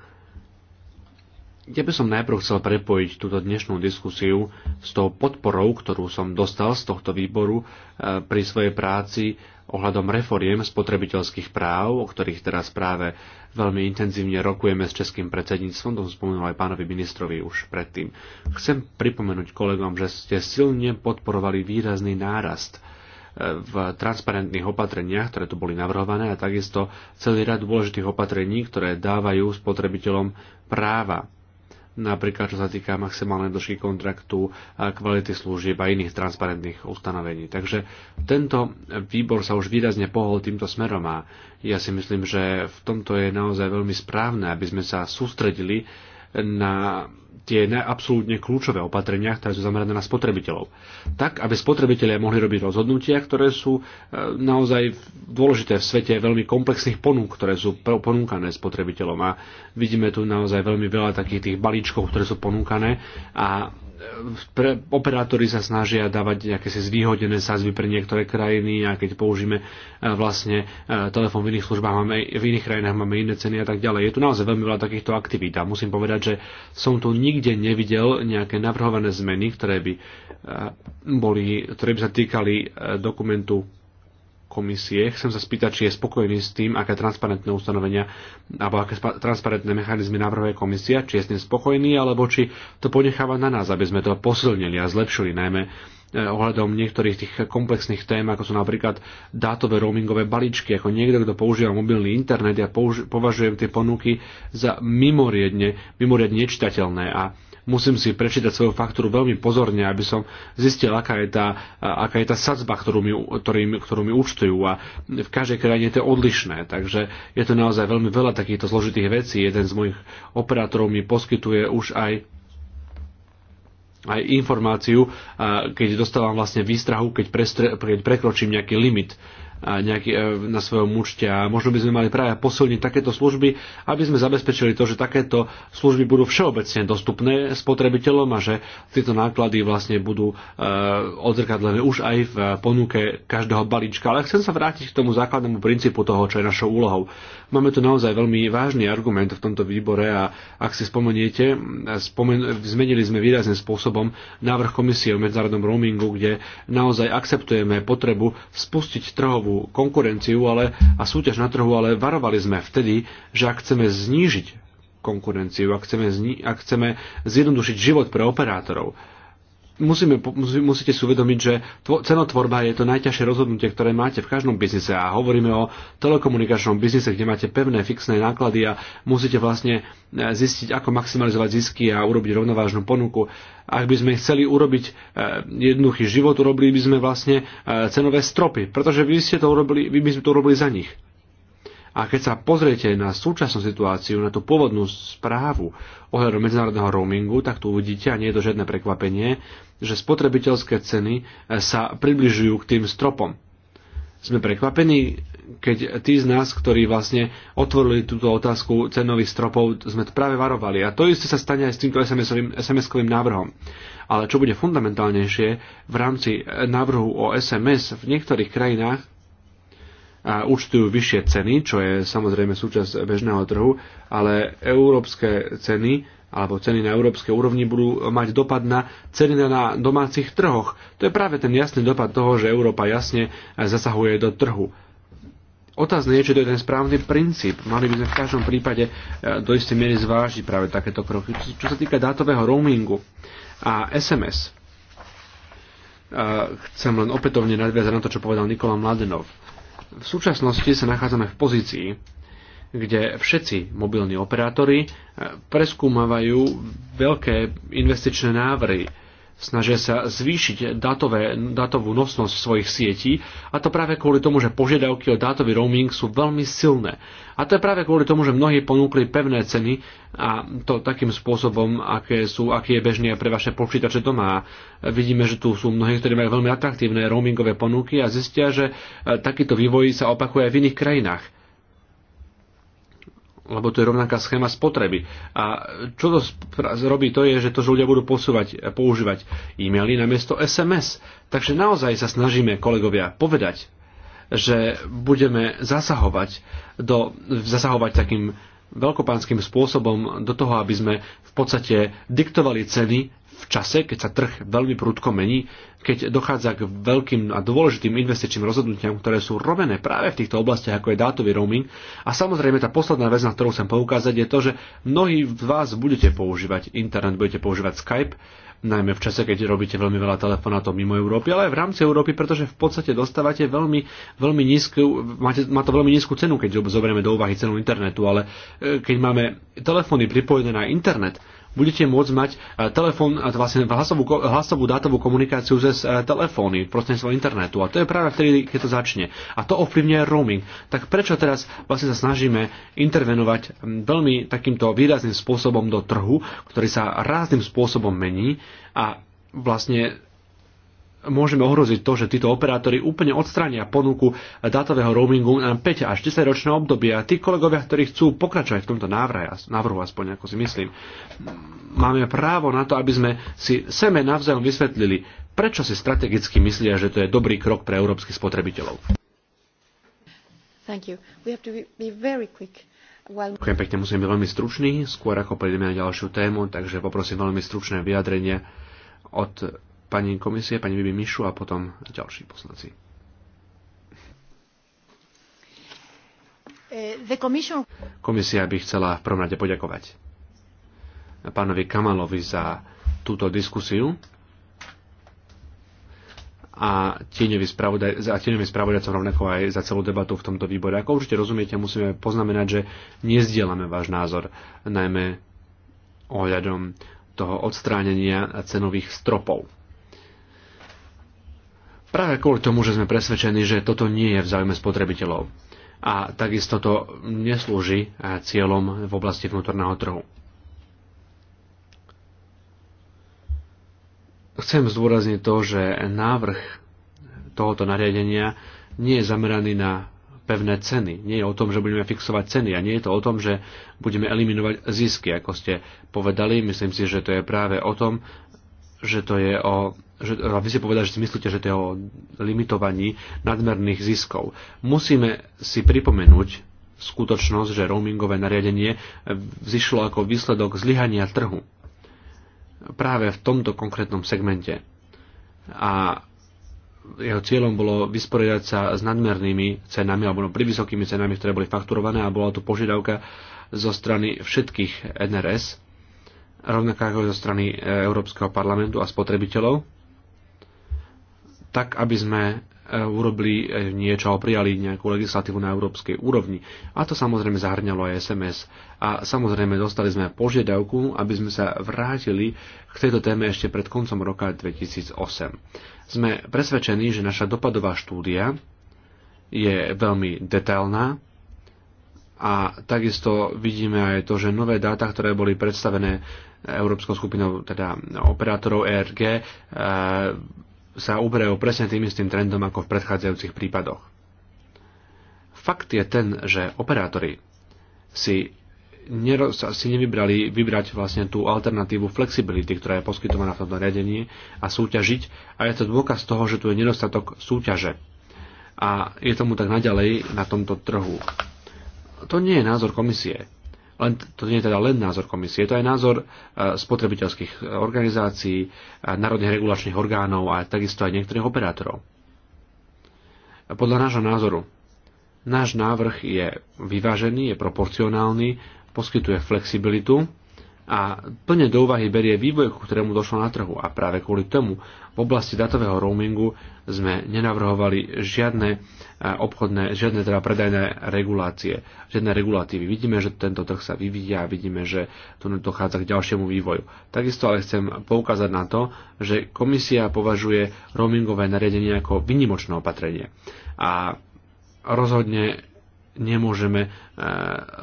Ja by som najprv chcel prepojiť túto dnešnú diskusiu s tou podporou, ktorú som dostal z tohto výboru eh, pri svojej práci ohľadom reforiem spotrebiteľských práv, o ktorých teraz práve veľmi intenzívne rokujeme s českým predsedníctvom, to spomenul aj pánovi ministrovi už predtým. Chcem pripomenúť kolegom, že ste silne podporovali výrazný nárast e, v transparentných opatreniach, ktoré tu boli navrhované a takisto celý rad dôležitých opatrení, ktoré dávajú spotrebiteľom práva napríklad čo sa týka maximálnej dĺžky kontraktu, kvality služieb a iných transparentných ustanovení. Takže tento výbor sa už výrazne pohol týmto smerom a ja si myslím, že v tomto je naozaj veľmi správne, aby sme sa sústredili na tie absolútne kľúčové opatrenia, ktoré sú zamerané na spotrebiteľov. Tak, aby spotrebitelia mohli robiť rozhodnutia, ktoré sú e, naozaj dôležité v svete veľmi komplexných ponúk, ktoré sú ponúkané spotrebiteľom. A vidíme tu naozaj veľmi veľa takých tých balíčkov, ktoré sú ponúkané a pre, operátori sa snažia dávať nejaké si zvýhodené sázby pre niektoré krajiny a keď použijeme e, vlastne e, telefón v iných službách, máme, v iných krajinách máme iné ceny a tak ďalej. Je tu naozaj veľmi veľa takýchto aktivít a musím povedať, že som tu nikde nevidel nejaké navrhované zmeny, ktoré by, e, boli, ktoré by sa týkali dokumentu komisie. Chcem sa spýtať, či je spokojný s tým, aké transparentné ustanovenia alebo aké transparentné mechanizmy navrhuje komisia, či je s tým spokojný, alebo či to ponecháva na nás, aby sme to posilnili a zlepšili, najmä e, ohľadom niektorých tých komplexných tém, ako sú napríklad dátové roamingové balíčky, ako niekto, kto používa mobilný internet, ja považujem tie ponuky za mimoriadne, mimoriadne nečitateľné a musím si prečítať svoju faktúru veľmi pozorne, aby som zistil, aká je tá, aká je tá sadzba, ktorú mi, ktorý, ktorú mi účtujú a v každej krajine je to odlišné, takže je to naozaj veľmi veľa takýchto zložitých vecí. Jeden z mojich operátorov mi poskytuje už aj aj informáciu, keď dostávam vlastne výstrahu, keď, prestre, keď prekročím nejaký limit nejaký, e, na svojom účte. A možno by sme mali práve posilniť takéto služby, aby sme zabezpečili to, že takéto služby budú všeobecne dostupné spotrebiteľom a že tieto náklady vlastne budú e, odzrkadlené už aj v ponuke každého balíčka. Ale chcem sa vrátiť k tomu základnému princípu toho, čo je našou úlohou. Máme tu naozaj veľmi vážny argument v tomto výbore a ak si spomeniete, spomen- zmenili sme výrazným spôsobom návrh komisie o medzinárodnom roamingu, kde naozaj akceptujeme potrebu spustiť trhovú trhu, konkurenciu ale, a súťaž na trhu, ale varovali sme vtedy, že ak chceme znížiť konkurenciu, ak chceme, zni- ak chceme zjednodušiť život pre operátorov, musíme, musíte si uvedomiť, že tvo, cenotvorba je to najťažšie rozhodnutie, ktoré máte v každom biznise a hovoríme o telekomunikačnom biznise, kde máte pevné fixné náklady a musíte vlastne e, zistiť, ako maximalizovať zisky a urobiť rovnovážnu ponuku. Ak by sme chceli urobiť e, jednoduchý život, urobili by sme vlastne e, cenové stropy, pretože vy, ste to urobili, vy by sme to urobili za nich. A keď sa pozriete na súčasnú situáciu, na tú pôvodnú správu ohľadom medzinárodného roamingu, tak tu uvidíte, a nie je to žiadne prekvapenie, že spotrebiteľské ceny e, sa približujú k tým stropom. Sme prekvapení, keď tí z nás, ktorí vlastne otvorili túto otázku cenových stropov, sme práve varovali. A to isté sa stane aj s týmto SMS-ovým, SMS-kovým návrhom. Ale čo bude fundamentálnejšie, v rámci e, návrhu o SMS v niektorých krajinách a účtujú vyššie ceny, čo je samozrejme súčasť bežného trhu, ale európske ceny alebo ceny na európskej úrovni budú mať dopad na ceny na domácich trhoch. To je práve ten jasný dopad toho, že Európa jasne zasahuje do trhu. Otázne je, či to je ten správny princíp. Mali by sme v každom prípade e, do istej miery zvážiť práve takéto kroky. Čo sa týka dátového roamingu a SMS, e, chcem len opätovne nadviazať na to, čo povedal Nikola Mladenov. V súčasnosti sa nachádzame v pozícii, kde všetci mobilní operátori eh, preskúmavajú veľké investičné návrhy. Snažia sa zvýšiť datové, datovú nosnosť svojich sietí a to práve kvôli tomu, že požiadavky o dátový roaming sú veľmi silné. A to je práve kvôli tomu, že mnohí ponúkli pevné ceny a to takým spôsobom, aké sú, aký je bežný aj pre vaše počítače doma. Vidíme, že tu sú mnohí, ktorí majú veľmi atraktívne roamingové ponuky a zistia, že eh, takýto vývoj sa opakuje aj v iných krajinách lebo to je rovnaká schéma spotreby. A čo to robí to je, že to, že ľudia budú posúvať, používať e-maily namiesto SMS. Takže naozaj sa snažíme, kolegovia, povedať, že budeme zasahovať, do, zasahovať takým veľkopánským spôsobom do toho, aby sme v podstate diktovali ceny v čase, keď sa trh veľmi prudko mení, keď dochádza k veľkým a dôležitým investičným rozhodnutiam, ktoré sú robené práve v týchto oblastiach, ako je dátový roaming. A samozrejme tá posledná vec, na ktorú chcem poukázať, je to, že mnohí z vás budete používať internet, budete používať Skype, najmä v čase, keď robíte veľmi veľa telefonátov mimo Európy, ale aj v rámci Európy, pretože v podstate dostávate veľmi, veľmi nízku, máte, má to veľmi nízku cenu, keď zoberieme do úvahy cenu internetu, ale e, keď máme telefóny pripojené na internet, budete môcť mať eh, telefón, eh, vlastne hlasovú, hlasovú dátovú komunikáciu cez eh, telefóny, svojho internetu. A to je práve vtedy, keď to začne. A to ovplyvňuje roaming. Tak prečo teraz vlastne sa snažíme intervenovať hm, veľmi takýmto výrazným spôsobom do trhu, ktorý sa rázným spôsobom mení a vlastne môžeme ohroziť to, že títo operátori úplne odstránia ponuku dátového roamingu na 5 až 10 ročné obdobie. A tí kolegovia, ktorí chcú pokračovať v tomto návrhe, návrhu, aspoň ako si myslím, máme právo na to, aby sme si seme navzájom vysvetlili, prečo si strategicky myslia, že to je dobrý krok pre európskych spotrebiteľov. Ďakujem pekne, musím byť veľmi stručný, skôr ako prejdeme na ďalšiu tému, takže poprosím veľmi stručné vyjadrenie od pani komisie, pani Bibi Mišu a potom ďalší poslanci. Eh, Komisia by chcela v prvom rade poďakovať pánovi Kamalovi za túto diskusiu a tieňovi, spravodaj, spravodajcom rovnako aj za celú debatu v tomto výbore. Ako určite rozumiete, musíme poznamenať, že nezdielame váš názor, najmä ohľadom toho odstránenia cenových stropov. Práve kvôli tomu, že sme presvedčení, že toto nie je v záujme spotrebiteľov. A takisto to neslúži cieľom v oblasti vnútorného trhu. Chcem zdôrazniť to, že návrh tohoto nariadenia nie je zameraný na pevné ceny. Nie je o tom, že budeme fixovať ceny a nie je to o tom, že budeme eliminovať zisky, ako ste povedali. Myslím si, že to je práve o tom, že to je o že, vy si povedali, že si myslíte, že to je o limitovaní nadmerných ziskov. Musíme si pripomenúť skutočnosť, že roamingové nariadenie eh, vzýšlo ako výsledok zlyhania trhu práve v tomto konkrétnom segmente. A jeho cieľom bolo vysporiadať sa s nadmernými cenami alebo no, pri vysokými cenami, ktoré boli fakturované a bola tu požiadavka zo strany všetkých NRS, rovnako ako zo strany eh, Európskeho parlamentu a spotrebiteľov, tak aby sme e, urobili e, niečo a prijali nejakú legislatívu na európskej úrovni. A to samozrejme zahrňalo aj SMS. A samozrejme dostali sme požiadavku, aby sme sa vrátili k tejto téme ešte pred koncom roka 2008. Sme presvedčení, že naša dopadová štúdia je veľmi detailná a takisto vidíme aj to, že nové dáta, ktoré boli predstavené Európskou skupinou teda operátorov ERG, e sa uberajú presne tým istým trendom ako v predchádzajúcich prípadoch. Fakt je ten, že operátori si, si nevybrali vybrať vlastne tú alternatívu flexibility, ktorá je poskytovaná v tomto riadení a súťažiť a je to dôkaz toho, že tu je nedostatok súťaže. A je tomu tak naďalej na tomto trhu. To nie je názor komisie. Len to nie je teda len názor komisie, to je názor e, spotrebiteľských organizácií, e, národných regulačných orgánov a takisto aj niektorých operátorov. E, podľa nášho názoru, náš návrh je vyvážený, je proporcionálny, poskytuje flexibilitu a plne do úvahy berie vývoj, ku ktorému došlo na trhu a práve kvôli tomu v oblasti datového roamingu sme nenavrhovali žiadne e, obchodné, žiadne teda predajné regulácie, žiadne regulatívy. Vidíme, že tento trh sa vyvíja a vidíme, že tu dochádza k ďalšiemu vývoju. Takisto ale chcem poukázať na to, že komisia považuje roamingové nariadenie ako vynimočné opatrenie a rozhodne nemôžeme, e,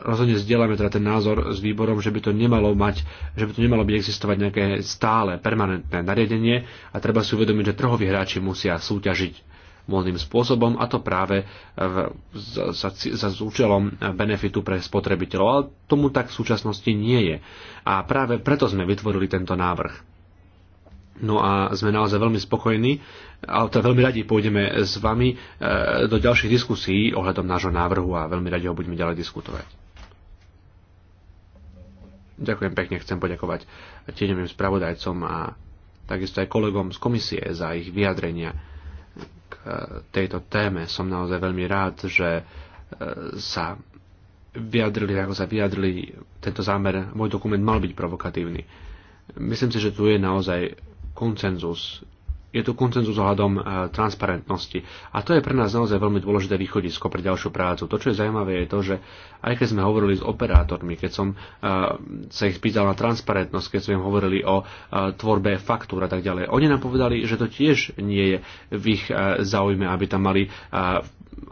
rozhodne zdieľame teda ten názor s výborom, že by to nemalo mať, že by to nemalo byť existovať nejaké stále, permanentné nariadenie a treba si uvedomiť, že trhoví hráči musia súťažiť voľným spôsobom a to práve v, za, za, za účelom benefitu pre spotrebiteľov. Ale tomu tak v súčasnosti nie je. A práve preto sme vytvorili tento návrh. No a sme naozaj veľmi spokojní, ale teda veľmi radi pôjdeme s vami e, do ďalších diskusí ohľadom nášho návrhu a veľmi radi ho budeme ďalej diskutovať. Ďakujem pekne, chcem poďakovať tieňovým spravodajcom a takisto aj kolegom z komisie za ich vyjadrenia k tejto téme. Som naozaj veľmi rád, že e, sa vyjadrili, ako sa vyjadrili, tento zámer, môj dokument mal byť provokatívny. Myslím si, že tu je naozaj koncenzus je tu koncenzus ohľadom e, transparentnosti. A to je pre nás naozaj veľmi dôležité východisko pre ďalšiu prácu. To, čo je zaujímavé, je to, že aj keď sme hovorili s operátormi, keď som e, sa ich pýtal na transparentnosť, keď sme im hovorili o e, tvorbe faktúr a tak ďalej, oni nám povedali, že to tiež nie je v ich záujme, aby tam mali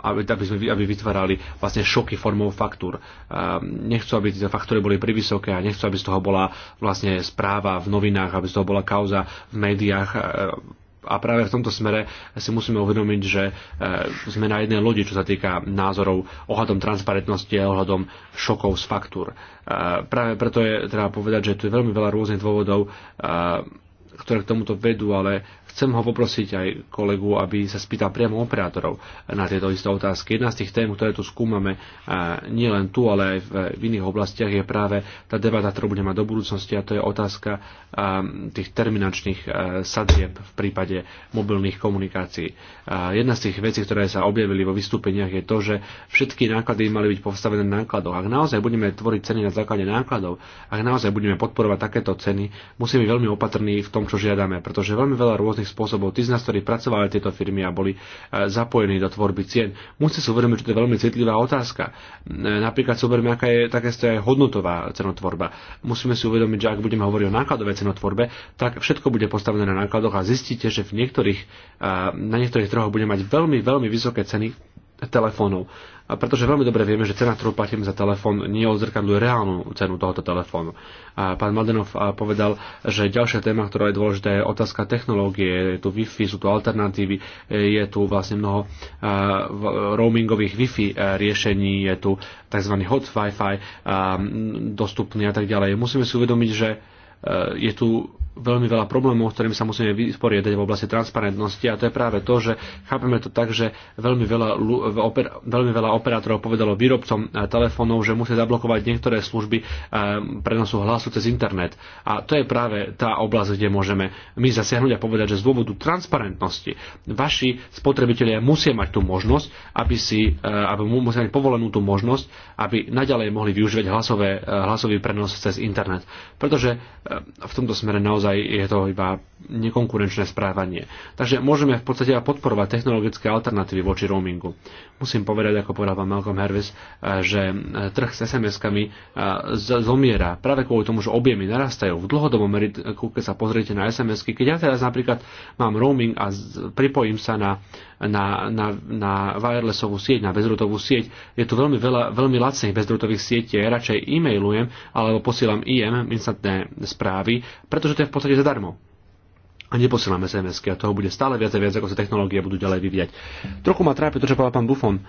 aby, sme, aby vytvárali vlastne šoky formou faktúr. Ehm, nechcú, aby tie faktúry boli privysoké a nechcú, aby z toho bola vlastne správa v novinách, aby z toho bola kauza v médiách ehm, a práve v tomto smere si musíme uvedomiť, že ehm, sme na jednej lodi, čo sa týka názorov ohľadom transparentnosti a ohľadom šokov z faktúr. Práve preto je treba povedať, že tu je veľmi veľa rôznych dôvodov, ktoré k tomuto vedú, ale Chcem ho poprosiť aj kolegu, aby sa spýtal priamo operátorov na tieto isté otázky. Jedna z tých tém, ktoré tu skúmame e, nielen tu, ale aj v iných oblastiach, je práve tá debata, ktorú budeme mať do budúcnosti a to je otázka e, tých terminačných e, sadzieb v prípade mobilných komunikácií. Jedna z tých vecí, ktoré sa objavili vo vystúpeniach, je to, že všetky náklady mali byť postavené na nákladoch. Ak naozaj budeme tvoriť ceny na základe nákladov, ak naozaj budeme podporovať takéto ceny, musíme byť veľmi opatrní v tom, čo žiadame, pretože veľmi veľa rôznych rôznych spôsobov. Tí z nás, ktorí pracovali tieto firmy a boli e, zapojení do tvorby cien, musíte si uvedomiť, že to je veľmi citlivá otázka. E, napríklad si uvedomiť, aká je takisto aj hodnotová cenotvorba. Musíme si uvedomiť, že ak budeme hovoriť o nákladovej cenotvorbe, tak všetko bude postavené na nákladoch a zistíte, že v niektorých, e, na niektorých trhoch bude mať veľmi, veľmi vysoké ceny telefónov a pretože veľmi dobre vieme, že cena, ktorú platíme za telefón, nie reálnu cenu tohoto telefónu. A pán Mladenov povedal, že ďalšia téma, ktorá je dôležitá, je otázka technológie. Je tu Wi-Fi, sú tu alternatívy, je tu vlastne mnoho roamingových Wi-Fi riešení, je tu tzv. hot Wi-Fi dostupný a tak ďalej. Musíme si uvedomiť, že je tu veľmi veľa problémov, ktorými sa musíme vysporiadať v oblasti transparentnosti a to je práve to, že chápeme to tak, že veľmi veľa, oper, veľmi veľa operátorov povedalo výrobcom eh, telefónov, že musia zablokovať niektoré služby eh, prenosu hlasu cez internet. A to je práve tá oblasť, kde môžeme my zasiahnuť a povedať, že z dôvodu transparentnosti vaši spotrebitelia musia mať tú možnosť, aby si eh, aby musia mať povolenú tú možnosť, aby naďalej mohli využívať hlasové, hlasový prenos cez internet. Pretože v tomto smere naozaj naozaj je to iba nekonkurenčné správanie. Takže môžeme v podstate podporovať technologické alternatívy voči roamingu. Musím povedať, ako povedal pán Malcolm Hervis, eh, že eh, trh s SMS-kami eh, zomiera práve kvôli tomu, že objemy narastajú. V dlhodobom meritku, keď sa pozriete na SMS-ky, keď ja teraz napríklad mám roaming a pripojím sa na na, na, na wirelessovú sieť, na bezrutovú sieť. Je tu veľmi veľa veľmi lacných bezrutových sietí. Ja radšej e-mailujem alebo posielam IM, instantné správy, pretože to je v podstate zadarmo a neposielame sms a toho bude stále viac a viac, ako sa technológie budú ďalej vyvíjať. Trochu ma trápi to, čo povedal pán Buffon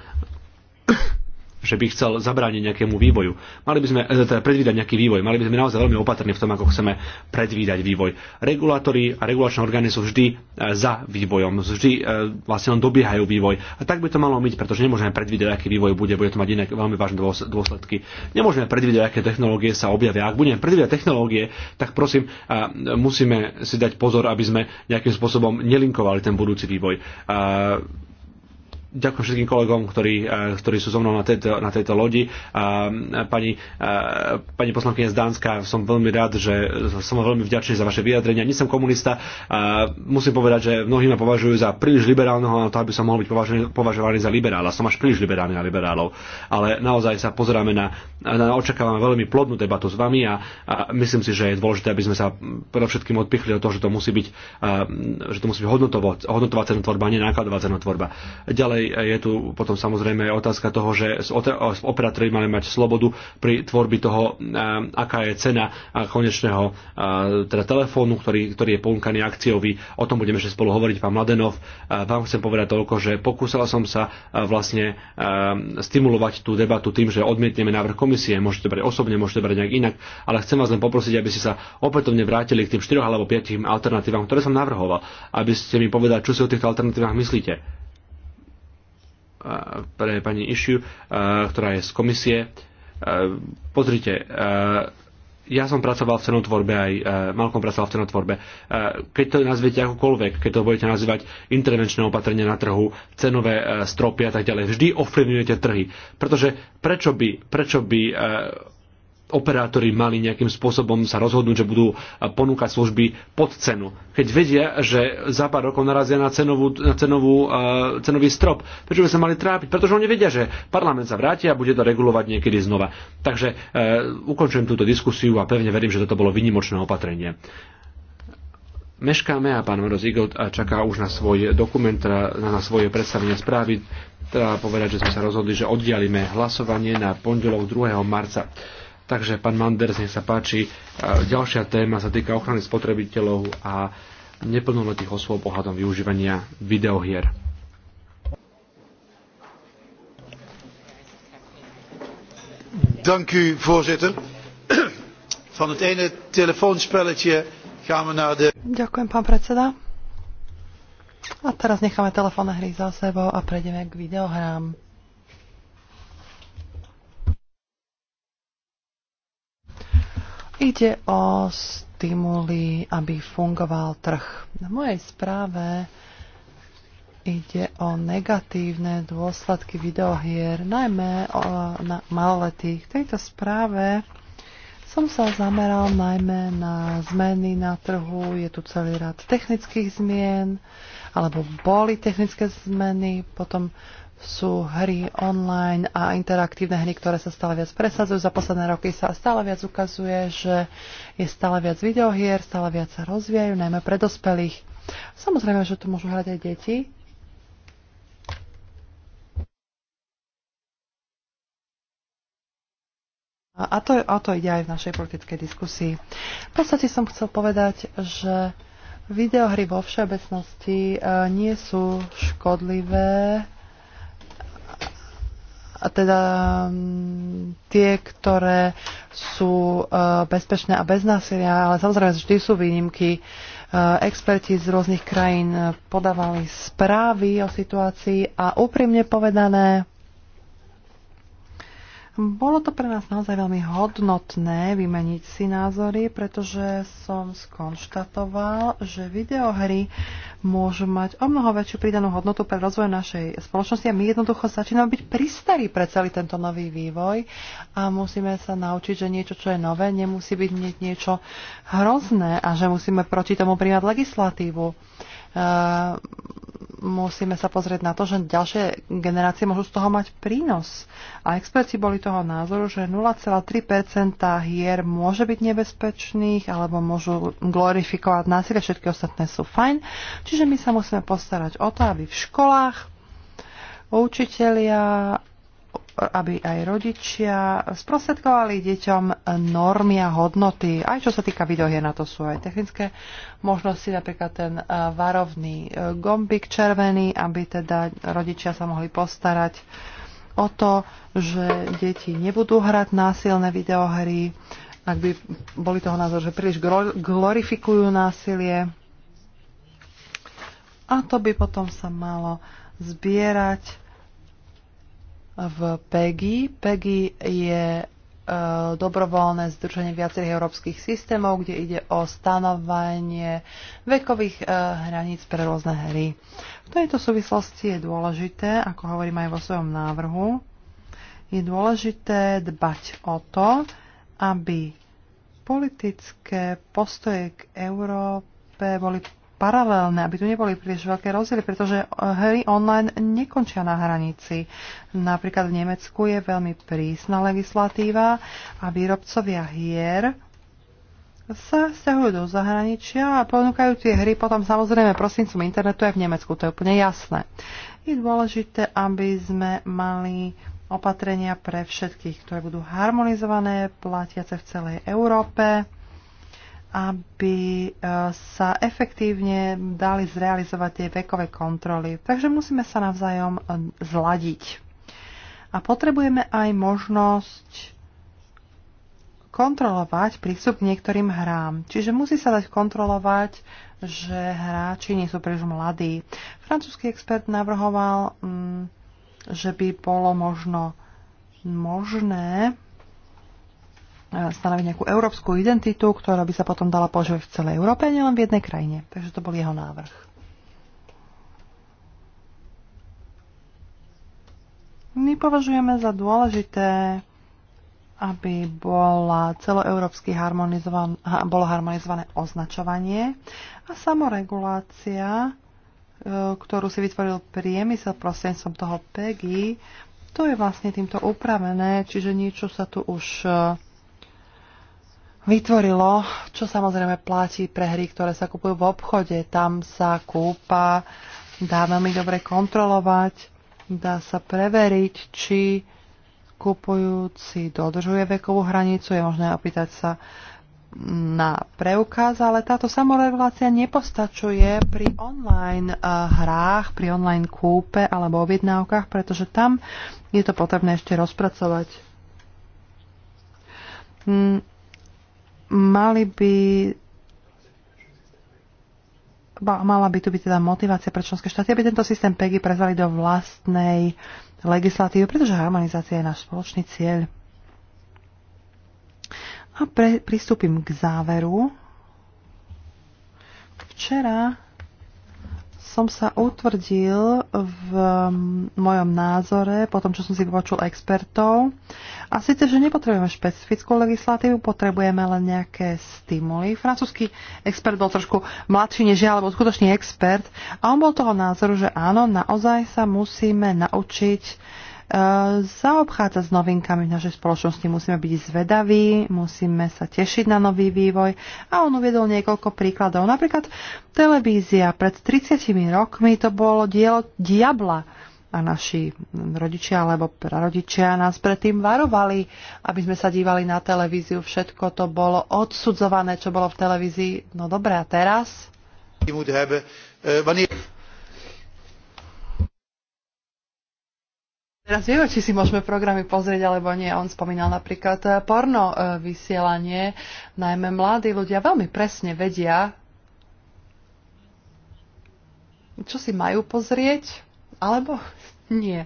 že by chcel zabrániť nejakému vývoju. Mali by sme e, teda predvídať nejaký vývoj, mali by sme naozaj veľmi opatrní v tom, ako chceme predvídať vývoj. Regulátory a regulačné orgány sú vždy e, za vývojom, vždy e, vlastne len dobiehajú vývoj. A tak by to malo byť, pretože nemôžeme predvídať, aký vývoj bude, bude to mať iné veľmi vážne dôsledky. Nemôžeme predvídať, aké technológie sa objavia. Ak budeme predvídať technológie, tak prosím, musíme si dať pozor, aby sme nejakým spôsobom nelinkovali ten budúci vývoj Ďakujem všetkým kolegom, ktorí, eh, ktorí sú so mnou na tejto, na tejto lodi. pani, pani poslankyňa z Dánska, som veľmi rád, že som veľmi vďačný za vaše vyjadrenia. Nie som komunista. musím povedať, že mnohí ma považujú za príliš liberálneho na to, aby som mohol byť považený, považovaný za liberála. Som až príliš liberálny na liberálov. Ale naozaj sa pozeráme na, na očakávame veľmi plodnú debatu s vami a, a myslím si, že je dôležité, aby sme sa predovšetkým odpichli od toho, že to musí byť, že to musí byť hodnotová cenotvorba, a nie nákladová cenotvorba. Ďalej je tu potom samozrejme otázka toho, že operátori mali mať slobodu pri tvorbi toho, aká je cena konečného teda telefónu, ktorý, ktorý je ponúkaný akciový. O tom budeme ešte spolu hovoriť, pán Mladenov. Vám chcem povedať toľko, že pokúsala som sa vlastne stimulovať tú debatu tým, že odmietneme návrh komisie. Môžete brať osobne, môžete brať nejak inak, ale chcem vás len poprosiť, aby ste sa opätovne vrátili k tým 4 alebo 5 alternatívam, ktoré som navrhoval, aby ste mi povedali, čo si o týchto alternatívach myslíte pre pani Išiu, ktorá je z komisie. Pozrite, ja som pracoval v cenotvorbe aj Malkom pracoval v cenotvorbe. Keď to nazviete akokoľvek, keď to budete nazývať intervenčné opatrenia na trhu, cenové e, stropy a tak ďalej, vždy ovplyvňujete trhy. Pretože prečo by, prečo by e, operátori mali nejakým spôsobom sa rozhodnúť, že budú ponúkať služby pod cenu. Keď vedia, že za pár rokov narazia na, cenovú, na cenovú, uh, cenový strop, prečo by sa mali trápiť? Pretože oni vedia, že parlament sa vráti a bude to regulovať niekedy znova. Takže uh, ukončujem túto diskusiu a pevne verím, že toto bolo vynimočné opatrenie. Meškáme a pán Moroz Igot čaká už na svoj dokument, teda na svoje predstavenie správy. Treba povedať, že sme sa rozhodli, že oddialíme hlasovanie na pondelok 2. marca. Takže, pán Manders, nech sa páči. E, ďalšia téma sa týka ochrany spotrebiteľov a neplnoletých osôb ohľadom využívania videohier. Dank u, voorzitter. Van het ene telefoonspelletje gaan we naar de... Ďakujem, pán predseda. A teraz necháme telefónne hry za sebou a prejdeme k videohrám. Ide o stimuly, aby fungoval trh. Na mojej správe ide o negatívne dôsledky videohier, najmä o, na maloletých. V tejto správe som sa zameral najmä na zmeny na trhu. Je tu celý rad technických zmien, alebo boli technické zmeny, potom sú hry online a interaktívne hry, ktoré sa stále viac presadzujú. Za posledné roky sa stále viac ukazuje, že je stále viac videohier, stále viac sa rozvíjajú, najmä pre dospelých. Samozrejme, že to môžu hrať aj deti, A to, a to ide aj v našej politickej diskusii. V podstate som chcel povedať, že videohry vo všeobecnosti e, nie sú škodlivé a teda mm, tie, ktoré sú e, bezpečné a bez násilia, ale samozrejme vždy sú výnimky. E, experti z rôznych krajín podávali správy o situácii a úprimne povedané bolo to pre nás naozaj veľmi hodnotné vymeniť si názory, pretože som skonštatoval, že videohry môžu mať o mnoho väčšiu pridanú hodnotu pre rozvoj našej spoločnosti a my jednoducho začíname byť pristarí pre celý tento nový vývoj a musíme sa naučiť, že niečo, čo je nové, nemusí byť niečo hrozné a že musíme proti tomu prijať legislatívu. Ehm, musíme sa pozrieť na to, že ďalšie generácie môžu z toho mať prínos. A experti boli toho názoru, že 0,3% hier môže byť nebezpečných alebo môžu glorifikovať násilie, všetky ostatné sú fajn. Čiže my sa musíme postarať o to, aby v školách učitelia aby aj rodičia sprostredkovali deťom normy a hodnoty. Aj čo sa týka videohier, na to sú aj technické možnosti, napríklad ten e, varovný e, gombik červený, aby teda rodičia sa mohli postarať o to, že deti nebudú hrať násilné videohry, ak by boli toho názor, že príliš glorifikujú násilie. A to by potom sa malo zbierať v PEGI. PEGI je e, dobrovoľné združenie viacerých európskych systémov, kde ide o stanovanie vekových e, hraníc pre rôzne hry. V tejto súvislosti je dôležité, ako hovorím aj vo svojom návrhu, je dôležité dbať o to, aby politické postoje k Európe boli paralelné, aby tu neboli príliš veľké rozdiely, pretože eh, hry online nekončia na hranici. Napríklad v Nemecku je veľmi prísna legislatíva a výrobcovia hier sa stiahujú do zahraničia a ponúkajú tie hry potom samozrejme prosincom internetu aj v Nemecku. To je úplne jasné. Je dôležité, aby sme mali opatrenia pre všetkých, ktoré budú harmonizované, platiace v celej Európe aby e, sa efektívne dali zrealizovať tie vekové kontroly. Takže musíme sa navzájom e, zladiť. A potrebujeme aj možnosť kontrolovať prístup k niektorým hrám. Čiže musí sa dať kontrolovať, že hráči nie sú príliš mladí. Francúzsky expert navrhoval, mm, že by bolo možno možné stanoviť nejakú európsku identitu, ktorá by sa potom dala požívať v celej Európe, a nielen v jednej krajine. Takže to bol jeho návrh. My považujeme za dôležité, aby bola celoeurópsky harmonizovan, bolo harmonizované označovanie a samoregulácia, e, ktorú si vytvoril priemysel prostredníctvom toho PEGI, to je vlastne týmto upravené, čiže niečo sa tu už e, vytvorilo, čo samozrejme platí pre hry, ktoré sa kupujú v obchode. Tam sa kúpa, dá veľmi dobre kontrolovať, dá sa preveriť, či kupujúci dodržuje vekovú hranicu, je možné opýtať sa na preukaz, ale táto samoregulácia nepostačuje pri online eh, hrách, pri online kúpe alebo objednávkach, pretože tam je to potrebné ešte rozpracovať mm, mali by mala by tu byť teda motivácia pre členské štáty, aby tento systém PEGI prezvali do vlastnej legislatívy, pretože harmonizácia je náš spoločný cieľ. A pre, pristúpim k záveru. Včera som sa utvrdil v mojom názore, po tom, čo som si počul expertov. A síce, že nepotrebujeme špecifickú legislatívu, potrebujeme len nejaké stimuly. Francúzsky expert bol trošku mladší než ja, alebo skutočný expert. A on bol toho názoru, že áno, naozaj sa musíme naučiť zaobchádza s novinkami v našej spoločnosti. Musíme byť zvedaví, musíme sa tešiť na nový vývoj. A on uviedol niekoľko príkladov. Napríklad televízia pred 30 rokmi to bolo dielo diabla. A naši rodičia alebo prarodičia nás predtým varovali, aby sme sa dívali na televíziu. Všetko to bolo odsudzované, čo bolo v televízii. No dobré, a teraz? Teraz vieme, či si môžeme programy pozrieť alebo nie. On spomínal napríklad eh, porno eh, vysielanie. Najmä mladí ľudia veľmi presne vedia, čo si majú pozrieť, alebo nie.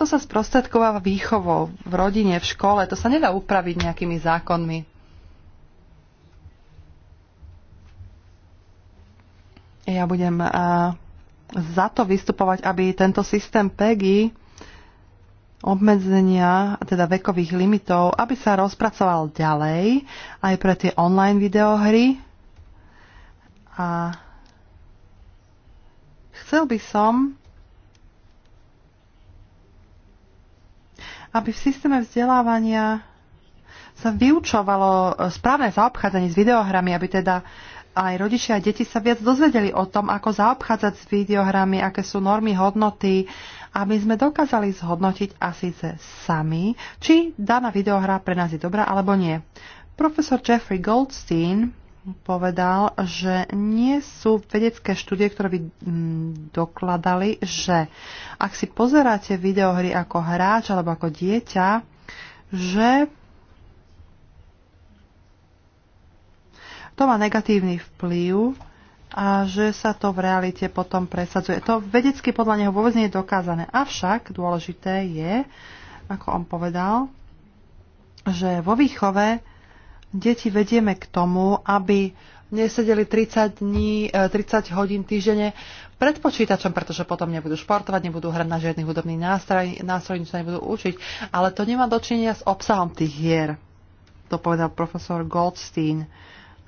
To sa sprostredkováva výchovou v rodine, v škole. To sa nedá upraviť nejakými zákonmi. Ja budem eh, za to vystupovať, aby tento systém PEGI obmedzenia, teda vekových limitov, aby sa rozpracoval ďalej aj pre tie online videohry. A chcel by som, aby v systéme vzdelávania sa vyučovalo správne zaobchádzanie s videohrami, aby teda uh, aj rodičia a deti sa viac dozvedeli o tom, ako zaobchádzať s videohrami, aké sú normy, hodnoty, aby sme dokázali zhodnotiť a síce sami, či daná videohra pre nás je dobrá alebo nie. Profesor Jeffrey Goldstein povedal, že nie sú vedecké štúdie, ktoré by mm, dokladali, že ak si pozeráte videohry ako hráč alebo ako dieťa, že to má negatívny vplyv a že sa to v realite potom presadzuje. To vedecky podľa neho vôbec nie je dokázané. Avšak dôležité je, ako on povedal, že vo výchove deti vedieme k tomu, aby nesedeli 30 dní, 30 e, hodín týždene pred počítačom, pretože potom nebudú športovať, nebudú hrať na žiadny hudobný nástroj, nástroj nič sa nebudú učiť. Ale to nemá dočinenia s obsahom tých hier. To povedal profesor Goldstein. Uh,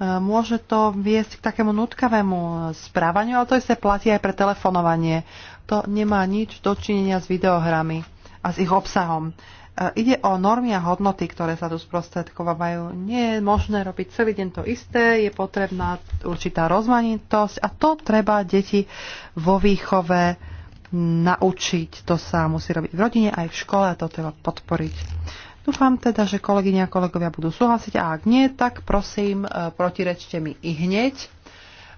E, môže to viesť k takému nutkavému správaniu, ale to isté platí aj pre telefonovanie. To nemá nič dočinenia s videohrami a s ich obsahom. E, ide o normy a hodnoty, ktoré sa tu sprostredkovávajú. Nie je možné robiť celý deň to isté, je potrebná určitá rozmanitosť a to treba deti vo výchove naučiť. To sa musí robiť v rodine aj v škole a to treba podporiť. Dúfam teda, že kolegyne a kolegovia budú súhlasiť a ak nie, tak prosím, e, protirečte mi i hneď.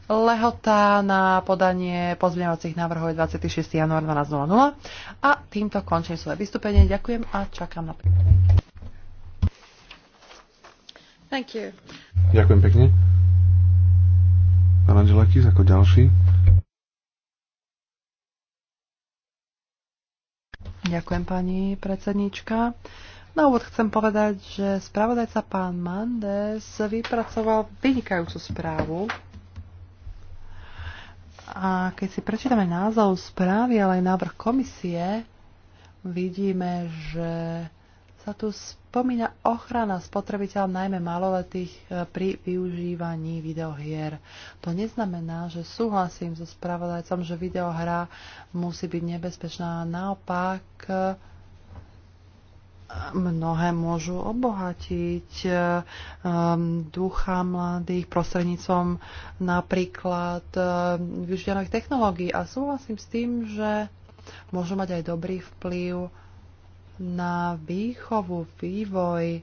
Lehota na podanie pozmeňovacích návrhov je 26. január 12.00. A týmto končím svoje vystúpenie. Ďakujem a čakám na prípadne. Ďakujem pekne. Pán Angelakis ako ďalší. Ďakujem pani predsednička. Na úvod chcem povedať, že spravodajca pán Mandes vypracoval vynikajúcu správu. A keď si prečítame názov správy, ale aj návrh komisie, vidíme, že sa tu spomína ochrana spotrebiteľa najmä maloletých e, pri využívaní videohier. To neznamená, že súhlasím so spravodajcom, že videohra musí byť nebezpečná. Naopak, e, mnohé môžu obohatiť um, ducha mladých prostrednícom napríklad um, využiteľných technológií. A súhlasím s tým, že môžu mať aj dobrý vplyv na výchovu, vývoj.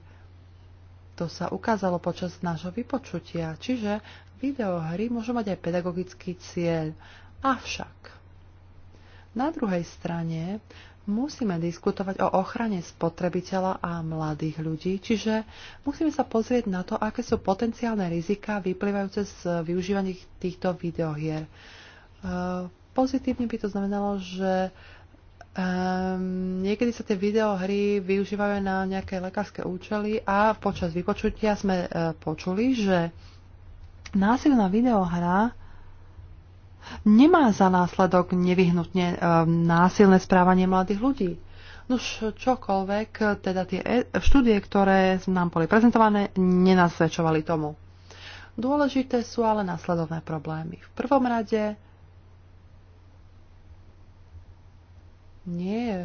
To sa ukázalo počas nášho vypočutia. Čiže videohry môžu mať aj pedagogický cieľ. Avšak na druhej strane musíme diskutovať o ochrane spotrebiteľa a mladých ľudí, čiže musíme sa pozrieť na to, aké sú potenciálne rizika vyplývajúce z využívania týchto videohier. E, pozitívne by to znamenalo, že Um, niekedy sa tie videohry využívajú na nejaké lekárske účely a počas vypočutia sme uh, počuli, že násilná videohra nemá za následok nevyhnutne eh, násilné správanie mladých ľudí. Nuž čokoľvek, eh, teda tie eh, štúdie, ktoré nám boli prezentované, nenasvedčovali tomu. Dôležité sú ale následovné problémy. V prvom rade nie je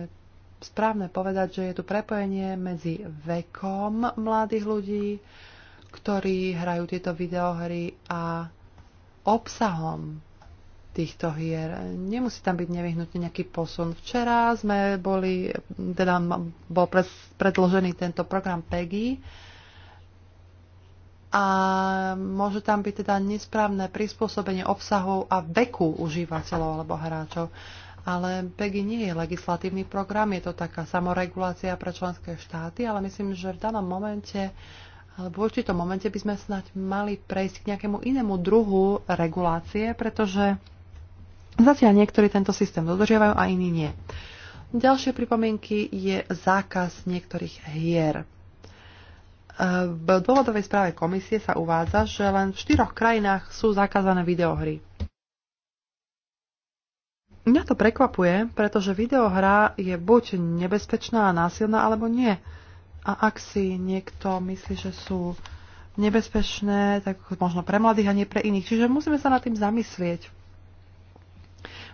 správne povedať, že je tu prepojenie medzi vekom mladých ľudí, ktorí hrajú tieto videohry a obsahom týchto hier. Nemusí tam byť nevyhnutne nejaký posun. Včera sme boli, teda bol predložený tento program PEGI a môže tam byť teda nesprávne prispôsobenie obsahov a veku užívateľov alebo hráčov. Ale PEGI nie je legislatívny program, je to taká samoregulácia pre členské štáty, ale myslím, že v danom momente ale v určitom momente by sme snať mali prejsť k nejakému inému druhu regulácie, pretože Zatiaľ niektorí tento systém dodržiavajú a iní nie. Ďalšie pripomienky je zákaz niektorých hier. E, v dôvodovej správe komisie sa uvádza, že len v štyroch krajinách sú zakázané videohry. Mňa to prekvapuje, pretože videohra je buď nebezpečná a násilná, alebo nie. A ak si niekto myslí, že sú nebezpečné, tak možno pre mladých a nie pre iných. Čiže musíme sa nad tým zamyslieť.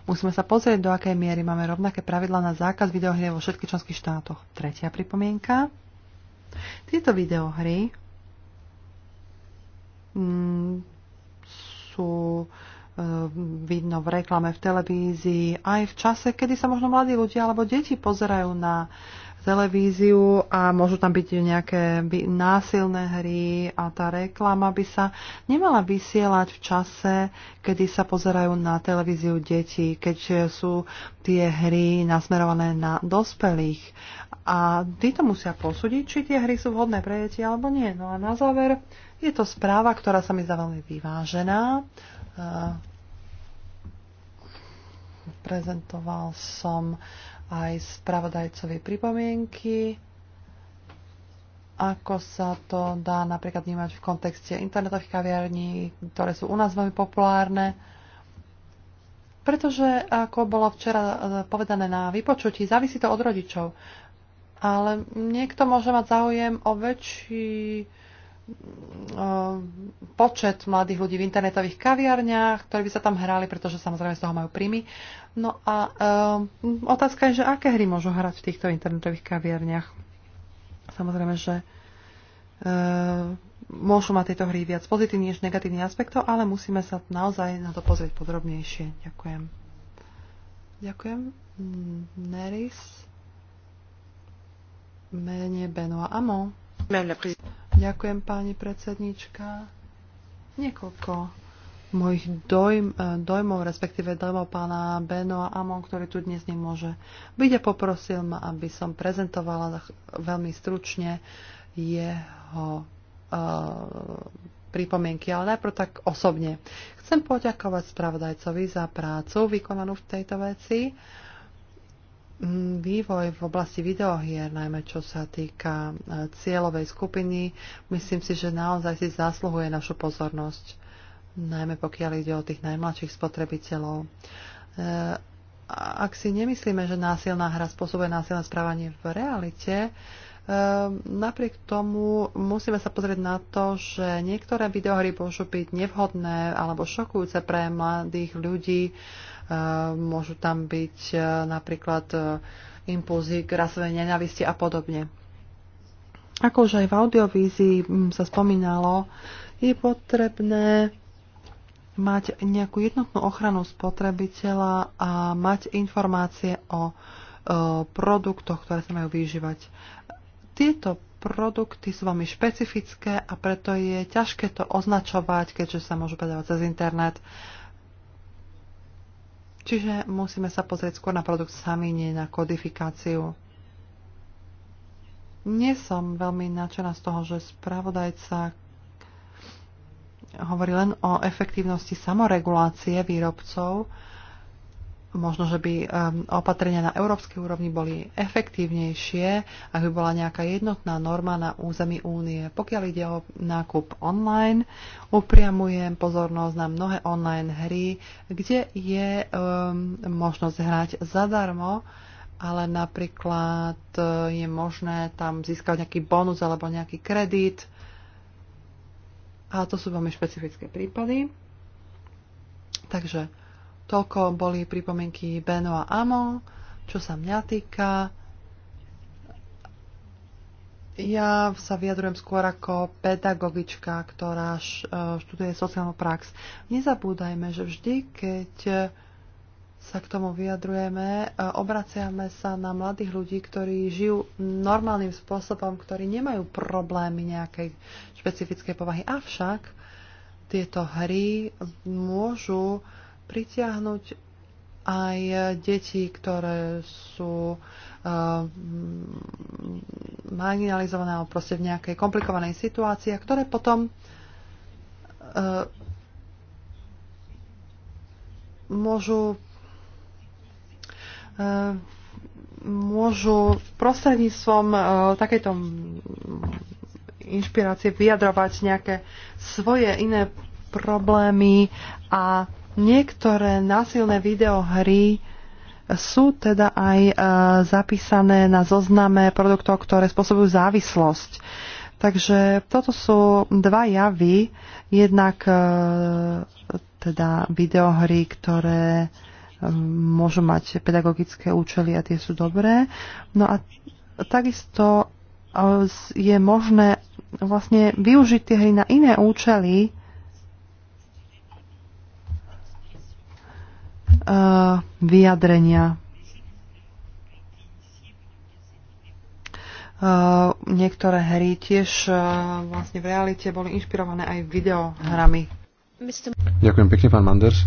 Musíme sa pozrieť, do akej miery máme rovnaké pravidla na zákaz videohry vo všetkých členských štátoch. Tretia pripomienka. Tieto videohry mm, sú e, vidno v reklame, v televízii, aj v čase, kedy sa možno mladí ľudia alebo deti pozerajú na uh, televíziu a môžu tam byť nejaké násilné hry a tá reklama by sa nemala vysielať v čase, kedy sa pozerajú na televíziu deti, keď sú tie hry nasmerované na dospelých. A títo musia posúdiť, či tie hry sú vhodné pre deti alebo nie. No a na záver je to správa, ktorá sa mi zdá veľmi vyvážená. Prezentoval som uh, aj spravodajcovi pripomienky, ako sa to dá napríklad vnímať v kontexte internetových kaviarní, ktoré sú u nás veľmi populárne. Pretože, ako bolo včera e, povedané na vypočutí, závisí to od rodičov. Ale niekto môže mať záujem o väčší Eh, počet mladých ľudí v internetových kaviarniach, ktorí by sa tam hrali, pretože samozrejme z toho majú príjmy. No a um, otázka je, že aké hry môžu hrať v týchto internetových kaviarniach. Samozrejme, že um, môžu mať tieto hry viac pozitívnych než negatívnych aspektov, ale musíme sa naozaj na to pozrieť podrobnejšie. Ďakujem. Ďakujem. Neris. Mene Benoit Amon. la Ďakujem, pani predsednička. Niekoľko mojich dojm, e, dojmov, respektíve dojmov pána Beno a Amon, ktorý tu dnes nemôže byť a poprosil ma, aby som prezentovala veľmi stručne jeho uh, pripomienky, ale najprv tak osobne. Chcem poďakovať spravodajcovi za prácu vykonanú v tejto veci. Uh, Mm, vývoj v oblasti videohier, najmä čo sa týka e, cieľovej skupiny, myslím si, že naozaj si zasluhuje našu pozornosť, najmä pokiaľ ide o tých najmladších spotrebiteľov. E, ak si nemyslíme, že násilná hra spôsobuje násilné správanie v realite, e, napriek tomu musíme sa pozrieť na to, že niektoré videohry môžu byť nevhodné alebo šokujúce pre mladých ľudí, Eh, môžu tam byť eh, napríklad eh, impulzy k rasovej nenavisti a podobne. Ako už aj v audiovízii mm, sa spomínalo, je potrebné mať nejakú jednotnú ochranu spotrebiteľa a mať informácie o produktoch, ktoré sa majú vyžívať. Tieto produkty sú veľmi špecifické a preto je ťažké to označovať, keďže sa môžu predávať cez internet. Uh, Čiže musíme sa pozrieť skôr na produkt samý, nie na kodifikáciu. Nie som veľmi nadšená z toho, že spravodajca hovorí len o efektívnosti samoregulácie výrobcov možno, že by ehm, opatrenia na európskej úrovni boli efektívnejšie, ak by bola nejaká jednotná norma na území únie. Pokiaľ ide o nákup online, upriamujem pozornosť na mnohé online hry, kde je um, možnosť hrať zadarmo, ale napríklad e, je možné tam získať nejaký bonus alebo nejaký kredit. A to sú veľmi špecifické prípady. Takže Toľko boli pripomienky Beno a Amo, čo sa mňa týka. Ja sa vyjadrujem skôr ako pedagogička, ktorá e, študuje sociálnu prax. Nezabúdajme, že vždy, keď sa k tomu vyjadrujeme, e, obraciame sa na mladých ľudí, ktorí žijú normálnym spôsobom, ktorí nemajú problémy nejakej špecifickej povahy. Avšak tieto hry môžu uh, pritiahnuť aj deti, ktoré sú uh, marginalizované alebo proste v nejakej komplikovanej situácii, a ktoré potom uh, môžu uh, môžu prostredníctvom uh, takejto inšpirácie vyjadrovať nejaké svoje iné problémy a Niektoré násilné videohry sú teda aj e, zapísané na zozname produktov, ktoré spôsobujú závislosť. Takže toto sú dva javy. Jednak e, teda videohry, ktoré e, môžu mať pedagogické účely a tie sú dobré. No a takisto e, je možné vlastne využiť tie hry na iné účely, uh, vyjadrenia. Uh, Niektoré hry tiež uh, vlastne v realite boli inšpirované aj videohrami. Ďakujem pekne, pán Manders.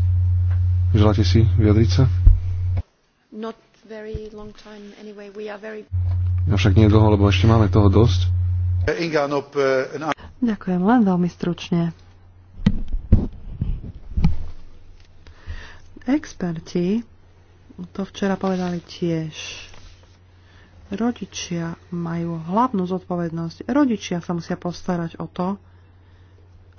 Želáte si vyjadriť sa? Not very long time Anyway. We are Very... Avšak nie dlho, lebo ešte máme toho dosť. No, Ďakujem len veľmi stručne. Experti to včera povedali tiež. Rodičia majú hlavnú zodpovednosť. Rodičia sa musia postarať o to,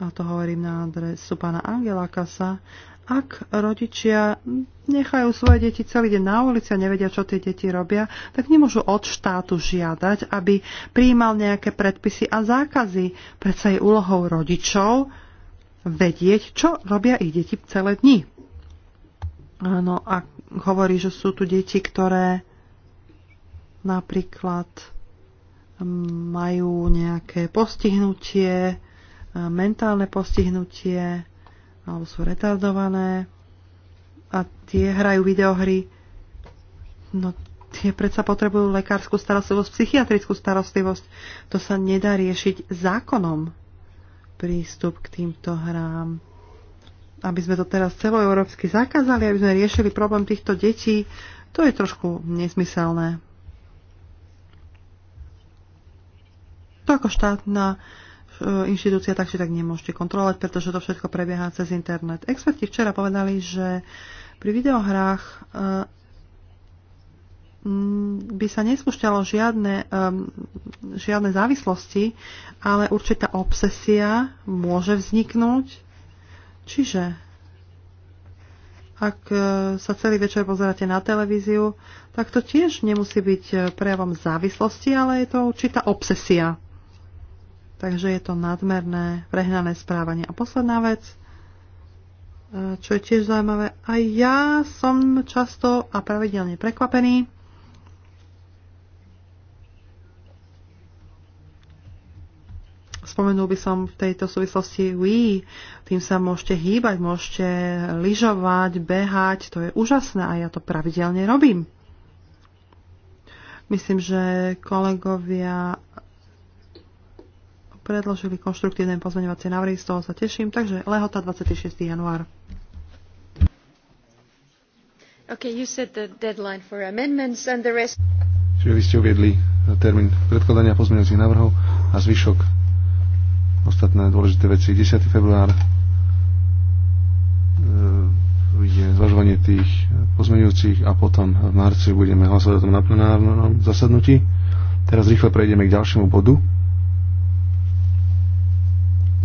a to hovorím na adresu pána Angela Kasa, ak rodičia nechajú svoje deti celý deň na ulici a nevedia, čo tie deti robia, tak nemôžu od štátu žiadať, aby prijímal nejaké predpisy a zákazy. Predsa je úlohou rodičov vedieť, čo robia ich deti celé dni. Áno, a hovorí, že sú tu deti, ktoré napríklad majú nejaké postihnutie, mentálne postihnutie, alebo sú retardované a tie hrajú videohry. No tie predsa potrebujú lekárskú starostlivosť, psychiatrickú starostlivosť. To sa nedá riešiť zákonom prístup k týmto hrám aby sme to teraz celoeurópsky zakázali, aby sme riešili problém týchto detí, to je trošku nesmyselné. To ako štátna e, inštitúcia tak či tak nemôžete kontrolovať, pretože to všetko prebieha cez internet. Experti včera povedali, že pri videohrách e, by sa nespúšťalo žiadne, e, žiadne závislosti, ale určitá obsesia môže vzniknúť Čiže ak e, sa celý večer pozeráte na televíziu, tak to tiež nemusí byť e, prejavom závislosti, ale je to určitá obsesia. Takže je to nadmerné, prehnané správanie. A posledná vec, e, čo je tiež zaujímavé, aj ja som často a pravidelne prekvapený, Spomenul by som v tejto súvislosti Wii. Tým sa môžete hýbať, môžete lyžovať, behať. To je úžasné a ja to pravidelne robím. Myslím, že kolegovia predložili konštruktívne pozmeňovacie návrhy, z toho sa teším. Takže lehota 26. január. Okay, you said the deadline for amendments and the rest... Čiže vy ste uviedli termín predkladania pozmeňovacích návrhov a zvyšok ostatné dôležité veci. 10. február je zvažovanie tých pozmeňujúcich a potom v marci budeme hlasovať o tom na plenárnom zasadnutí. Teraz rýchle prejdeme k ďalšiemu bodu.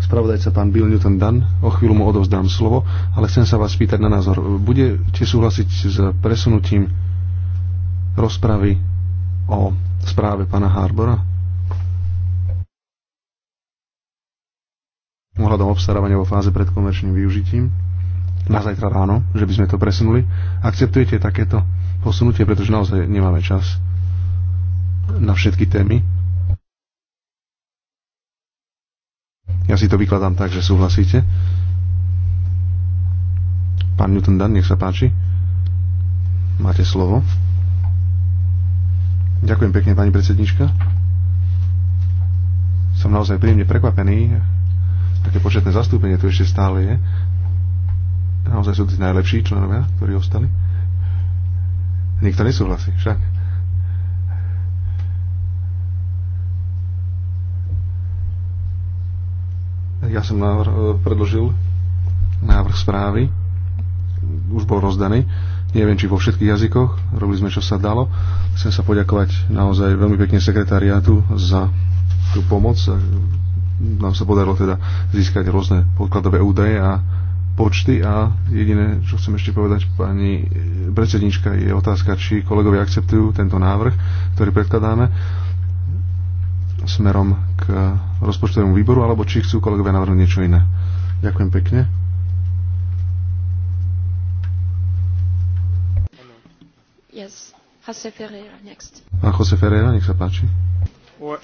Spravodajca pán Bill Newton Dan, o chvíľu mu odovzdám slovo, ale chcem sa vás spýtať na názor. Budete súhlasiť s presunutím rozpravy o správe pána Harbora? ohľadom obstarávania vo fáze pred komerčným využitím na zajtra ráno, že by sme to presunuli. Akceptujete takéto posunutie, pretože naozaj nemáme čas na všetky témy. Ja si to vykladám tak, že súhlasíte. Pán Newton Dan, nech sa páči. Máte slovo. Ďakujem pekne, pani predsednička. Som naozaj príjemne prekvapený, Také početné zastúpenie tu ešte stále je. Naozaj sú tí najlepší členovia, ktorí ostali. Nikto nesúhlasí, však. Ja som návr- e, predložil návrh správy, už bol rozdaný. Neviem, či vo všetkých jazykoch, robili sme, čo sa dalo. Chcem sa poďakovať naozaj veľmi pekne sekretariátu za tú pomoc, nám sa podarilo teda získať rôzne podkladové údaje a počty a jediné, čo chcem ešte povedať pani predsednička, je otázka, či kolegovia akceptujú tento návrh, ktorý predkladáme smerom k rozpočtovému výboru, alebo či chcú kolegovia navrhnúť niečo iné. Ďakujem pekne. Yes. Jose Ferreira, next. A Jose Ferreira, nech sa páči. Well,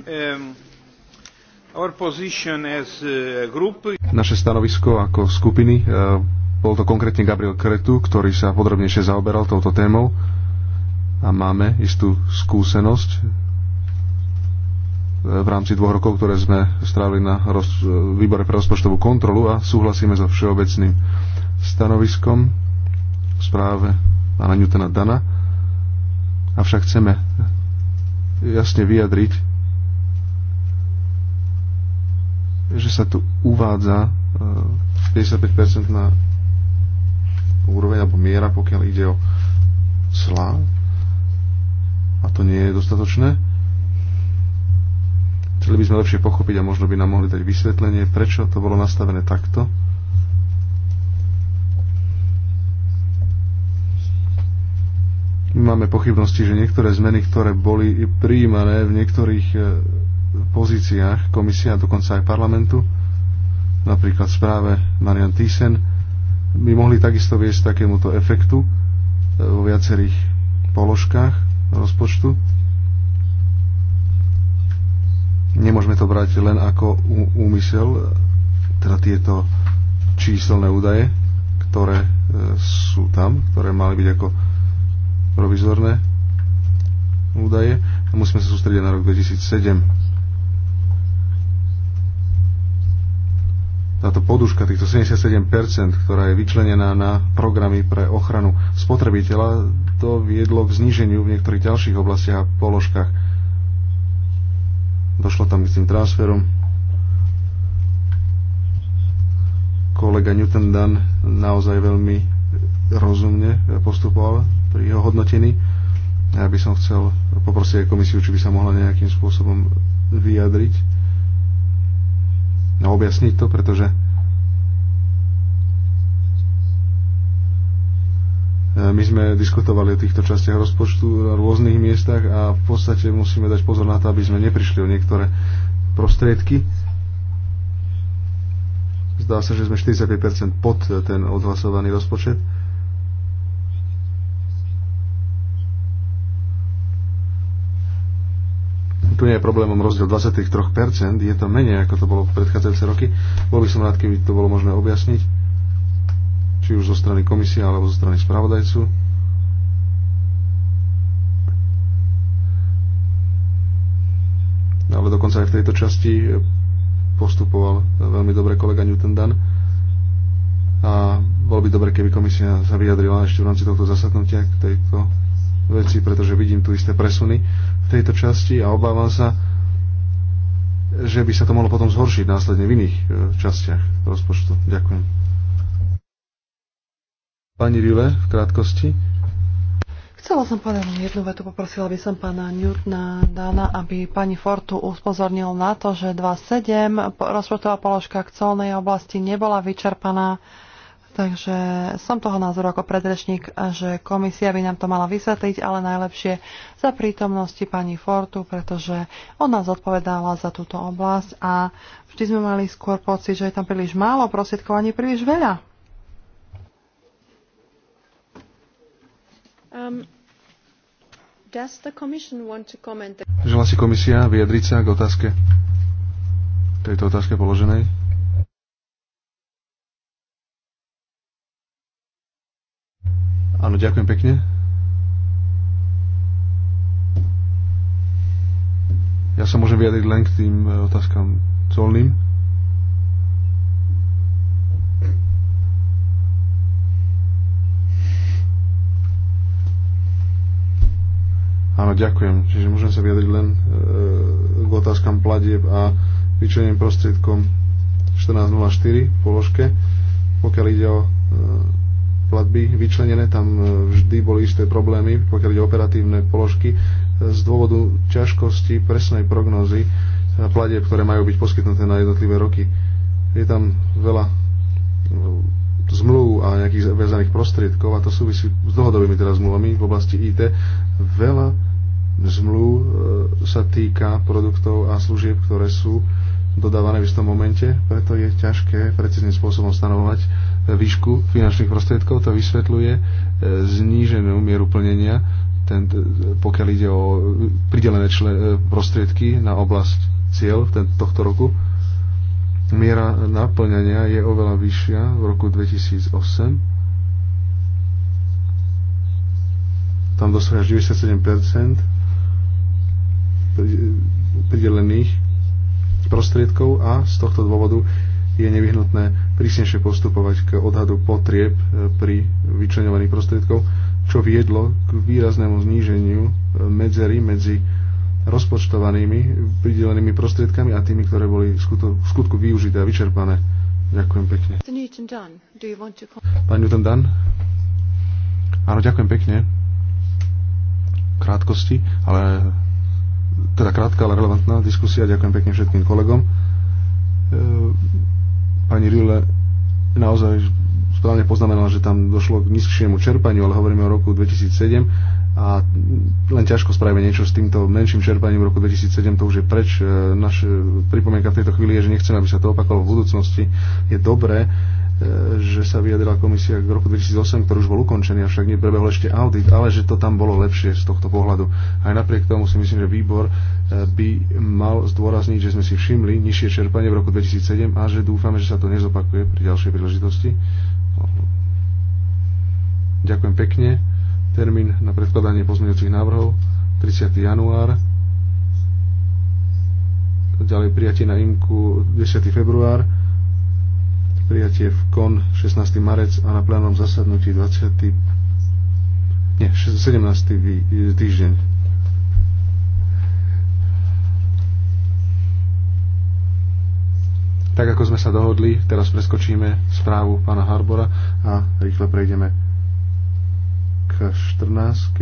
Um... Uh, Naše stanovisko ako skupiny, uh, bol to konkrétne Gabriel Kretu, ktorý sa podrobnejšie zaoberal touto témou a máme istú skúsenosť uh, v rámci dvoch rokov, ktoré sme strávili na roz, výbore pre rozpočtovú kontrolu a súhlasíme so všeobecným stanoviskom v správe pána Newtona Dana. Avšak chceme jasne vyjadriť, že sa tu uvádza 55% e, na úroveň alebo miera, pokiaľ ide o clá. A to nie je dostatočné. Chceli by sme lepšie pochopiť a možno by nám mohli dať vysvetlenie, prečo to bolo nastavené takto. My máme pochybnosti, že niektoré zmeny, ktoré boli prijímané v niektorých e, pozíciách komisia a dokonca aj parlamentu, napríklad správe Marian Thyssen, by mohli takisto viesť takémuto efektu e, vo viacerých položkách rozpočtu. Nemôžeme to brať len ako úmysel, teda tieto číselné údaje, ktoré e, sú tam, ktoré mali byť ako provizorné údaje. Musíme sa sústrediť na rok 2007 táto poduška, týchto 77%, ktorá je vyčlenená na programy pre ochranu spotrebiteľa, to viedlo k zníženiu v niektorých ďalších oblastiach a položkách. Došlo tam k tým transferom. Kolega Newton Dan naozaj veľmi rozumne postupoval pri jeho hodnotení. Ja by som chcel poprosiť aj komisiu, či by sa mohla nejakým spôsobom vyjadriť no, objasniť to, pretože e, my sme diskutovali o týchto častiach rozpočtu na rôznych miestach a v podstate musíme dať pozor na to, aby sme neprišli o niektoré prostriedky. Zdá sa, že sme 45% pod ten odhlasovaný rozpočet. tu nie je problémom rozdiel 23%, je to menej, ako to bolo v predchádzajúce roky. Bol by som rád, keby to bolo možné objasniť, či už zo strany komisie alebo zo strany spravodajcu. Ale dokonca aj v tejto časti postupoval veľmi dobre kolega Newton Dan. A bolo by dobre, keby komisia sa vyjadrila ešte v rámci tohto zasadnutia k tejto veci, pretože vidím tu isté presuny tejto časti a obávam sa, že by sa to mohlo potom zhoršiť následne v iných e, častiach rozpočtu. Ďakujem. Pani Rile, v krátkosti. Chcela som povedať len jednu vetu, poprosila by som pána Newtona Dana, aby pani Fortu upozornil na to, že 2.7 rozpočtová položka k colnej oblasti nebola vyčerpaná Takže som toho názoru ako predrečník, že komisia by nám to mala vysvetliť, ale najlepšie za prítomnosti pani Fortu, pretože ona zodpovedala za túto oblasť a vždy sme mali skôr pocit, že je tam príliš málo prostriedkov a nie príliš veľa. Um, Želá si komisia vyjadriť sa k otázke tejto otázke položenej? Áno, ďakujem pekne. Ja sa môžem vyjadriť len k tým eh, otázkam colným. Áno, ďakujem. Čiže môžem sa vyjadriť len e, k otázkam pladieb a vyčleneným prostriedkom 14.04 v položke, pokiaľ ide o e, platby vyčlenené, tam e, vždy boli isté problémy, pokiaľ ide operatívne položky, e, z dôvodu ťažkosti presnej prognozy e, platieb, ktoré majú byť poskytnuté na jednotlivé roky. Je tam veľa zmluv a nejakých väzaných prostriedkov a to súvisí s dlhodobými teraz zmluvami v oblasti IT. Veľa zmluv sa týka produktov a služieb, ktoré sú dodávané v istom momente, preto je ťažké precízným spôsobom stanovovať výšku finančných prostriedkov. To vysvetľuje e, zníženú mieru plnenia, ten, pokiaľ ide o pridelené člen, e, prostriedky na oblasť cieľ ten, tohto roku. Miera naplňania je oveľa vyššia v roku 2008 tam dosahuje až 97% e, pridelených prostriedkov a z tohto dôvodu je nevyhnutné prísnejšie postupovať k odhadu potrieb e, pri vyčlenovaní prostriedkov, čo viedlo k výraznému zníženiu e, medzery medzi rozpočtovanými pridelenými prostriedkami a tými, ktoré boli v skutku, využité a vyčerpané. Ďakujem pekne. Pán Newton Dunn? Áno, ďakujem pekne. Krátkosti, ale teda krátka, ale relevantná diskusia. Ďakujem pekne všetkým kolegom e, pani Rille naozaj správne poznamenala, že tam došlo k nižšiemu čerpaniu, ale hovoríme o roku 2007 a len ťažko spravíme niečo s týmto menším čerpaním v roku 2007, to už je preč. E, Naša e, pripomienka v tejto chvíli je, že nechceme, aby sa to opakovalo v budúcnosti. Je dobré, že sa vyjadrila komisia k roku 2008, ktorý už bol ukončený, avšak neprebehol ešte audit, ale že to tam bolo lepšie z tohto pohľadu. Aj napriek tomu si myslím, že výbor e, by mal zdôrazniť, že sme si všimli nižšie čerpanie v roku 2007 a že dúfame, že sa to nezopakuje pri ďalšej príležitosti. Ďakujem pekne. Termín na predkladanie pozmeňujúcich návrhov 30. január. Ďalej prijatie na IMKU 10. február prijatie v KON 16. marec a na plánom zasadnutí 20. Nie, 17. týždeň. Tak ako sme sa dohodli, teraz preskočíme správu pána Harbora a rýchle prejdeme k 14.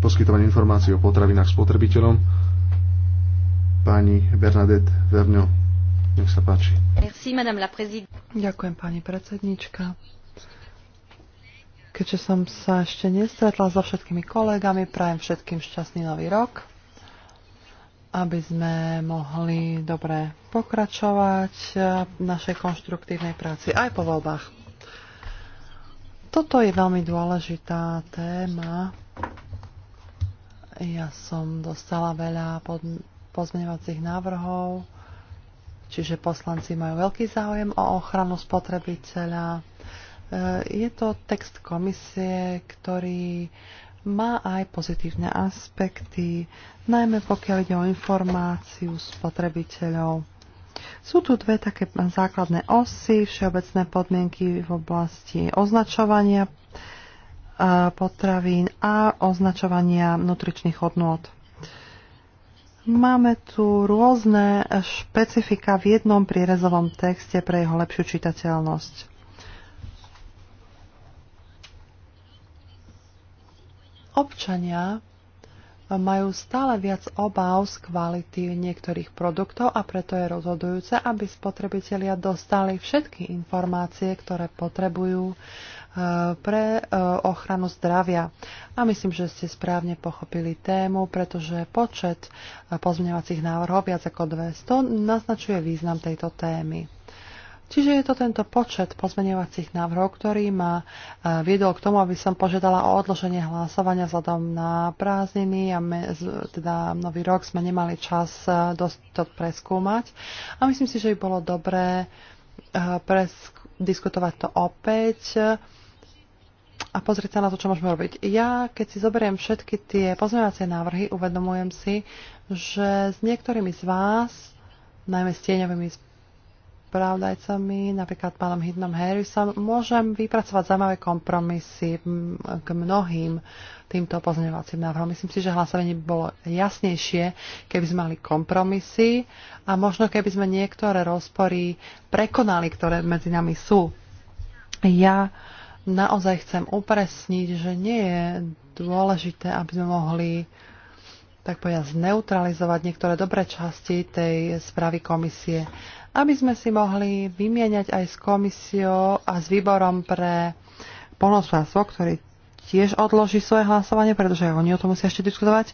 Poskytovanie informácií o potravinách spotrebiteľom pani Bernadette Verňo nech sa páči. Merci, madame la Ďakujem, pani predsednička. Keďže som sa ešte nestretla so všetkými kolegami, prajem všetkým šťastný nový rok, aby sme mohli dobre pokračovať v našej konštruktívnej práci aj po voľbách. Toto je veľmi dôležitá téma. Ja som dostala veľa pozmeňovacích návrhov Čiže poslanci majú veľký záujem o ochranu spotrebiteľa. E, je to text komisie, ktorý má aj pozitívne aspekty, najmä pokiaľ ide o informáciu spotrebiteľov. Sú tu dve také základné osy, všeobecné podmienky v oblasti označovania e, potravín a označovania nutričných hodnôt. Máme tu rôzne špecifika v jednom prierezovom texte pre jeho lepšiu čitateľnosť. Občania majú stále viac obáv z kvality niektorých produktov a preto je rozhodujúce, aby spotrebitelia dostali všetky informácie, ktoré potrebujú Eh, pre eh, ochranu zdravia. A myslím, že ste správne pochopili tému, pretože počet eh, pozmeňovacích návrhov viac ako 200 naznačuje význam tejto témy. Čiže je to tento počet pozmeňovacích návrhov, ktorý ma viedol k tomu, aby som požiadala o odloženie hlasovania vzhľadom na prázdniny a me, teda nový rok sme nemali čas dosť to preskúmať. A myslím si, že by bolo dobré presk- diskutovať to opäť a pozrieť sa na to, čo môžeme robiť. Ja, keď si zoberiem všetky tie pozmeňovacie návrhy, uvedomujem si, že s niektorými z vás, najmä s tieňovými spravodajcami, napríklad pánom Hidnom Harrisom, môžem vypracovať zaujímavé kompromisy k mnohým týmto pozňovacím návrhom. Myslím si, že hlasovanie by bolo jasnejšie, keby sme mali kompromisy a možno keby sme niektoré rozpory prekonali, ktoré medzi nami sú. Ja naozaj chcem upresniť, že nie je dôležité, aby sme mohli tak povedať, zneutralizovať niektoré dobré časti tej správy komisie aby sme si mohli vymieňať aj s komisiou a s výborom pre polnospodárstvo, ktorý tiež odloží svoje hlasovanie, pretože oni o tom musia ešte diskutovať,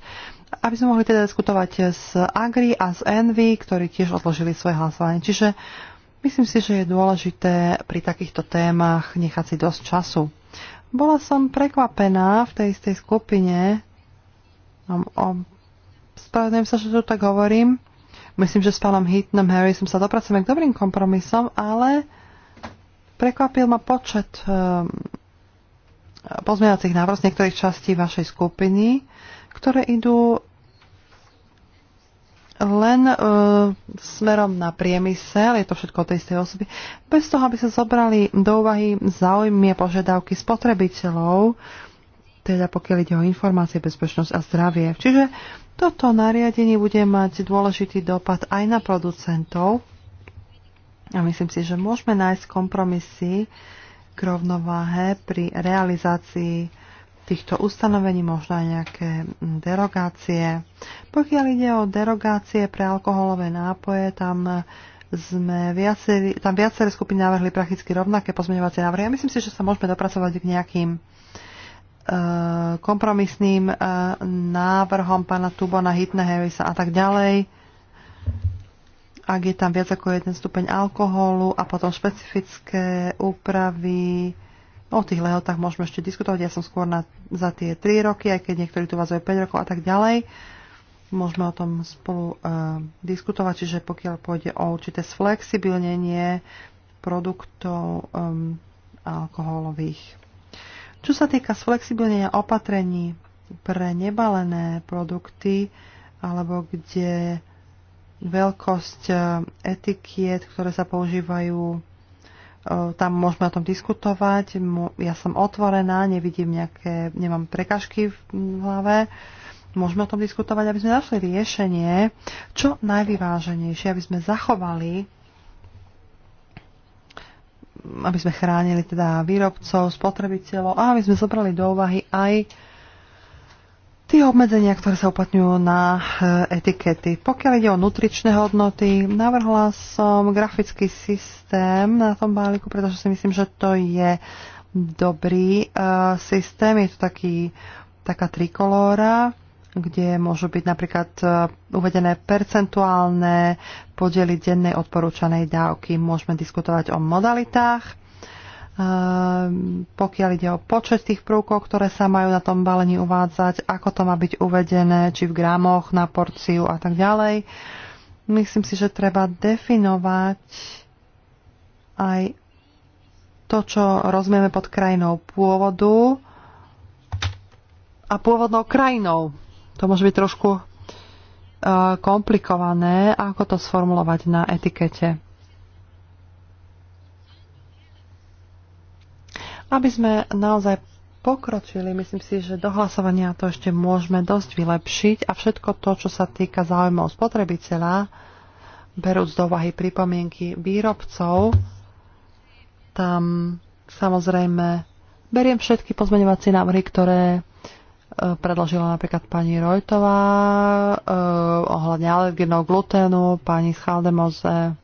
aby sme mohli teda diskutovať s Agri a s Envy, ktorí tiež odložili svoje hlasovanie. Čiže myslím si, že je dôležité pri takýchto témach nechať si dosť času. Bola som prekvapená v tej istej skupine, no, o, spravedlňujem sa, že tu tak hovorím, Myslím, že s pánom Hitnom Harrisom sa dopracujeme k dobrým kompromisom, ale prekvapil ma počet um, pozmeňovacích návrh z niektorých častí vašej skupiny, ktoré idú len uh, smerom na priemysel, je to všetko tej istej osoby, bez toho, aby sa zobrali do úvahy záujmy a požiadavky spotrebiteľov, teda pokiaľ ide o informácie, bezpečnosť a zdravie. Čiže toto nariadenie bude mať dôležitý dopad aj na producentov a myslím si, že môžeme nájsť kompromisy k rovnováhe pri realizácii týchto ustanovení, možno aj nejaké mm, derogácie. Pokiaľ ide o derogácie pre alkoholové nápoje, tam sme viacerý, tam viaceré skupiny navrhli prakticky rovnaké pozmeňovacie návrhy. Ja myslím si, že sa môžeme dopracovať k nejakým kompromisným e, návrhom pána Tubona, Hitna, Harrisa a tak ďalej. Ak je tam viac ako jeden stupeň alkoholu a potom špecifické úpravy, o tých lehotách môžeme ešte diskutovať. Ja som skôr na, za tie 3 roky, aj keď niektorí tu vazujú 5 rokov a tak ďalej. Môžeme o tom spolu uh, diskutovať, čiže pokiaľ pôjde o určité sflexibilnenie produktov um, alkoholových. Čo sa týka sflexibilnenia opatrení pre nebalené produkty, alebo kde veľkosť e, etikiet, ktoré sa používajú, e, tam môžeme o tom diskutovať. Ja som otvorená, nevidím nejaké, nemám prekažky v hlave. Môžeme o tom diskutovať, aby sme našli riešenie, čo najvyváženejšie, aby sme zachovali aby sme chránili teda výrobcov, spotrebiteľov a aby sme zobrali do úvahy aj tie obmedzenia, ktoré sa uplatňujú na e, etikety. Pokiaľ ide o nutričné hodnoty, navrhla som grafický systém na tom balíku, pretože si myslím, že to je dobrý uh, systém. Je to taký, taká trikolóra, kde môžu byť napríklad e, uvedené percentuálne podely dennej odporúčanej dávky. Môžeme diskutovať o modalitách, e, pokiaľ ide o počet tých prúkov, ktoré sa majú na tom balení uvádzať, ako to má byť uvedené, či v gramoch na porciu a tak ďalej. Myslím si, že treba definovať aj to, čo rozumieme pod krajinou pôvodu a pôvodnou krajinou to môže byť trošku e, komplikované, ako to sformulovať na etikete. Aby sme naozaj pokročili, myslím si, že do hlasovania to ešte môžeme dosť vylepšiť a všetko to, čo sa týka záujmov spotrebiteľa, berúc do úvahy pripomienky výrobcov, tam samozrejme beriem všetky pozmeňovacie návrhy, ktoré predložila napríklad pani Rojtová eh, ohľadne alergenov gluténu, pani Schaldemoze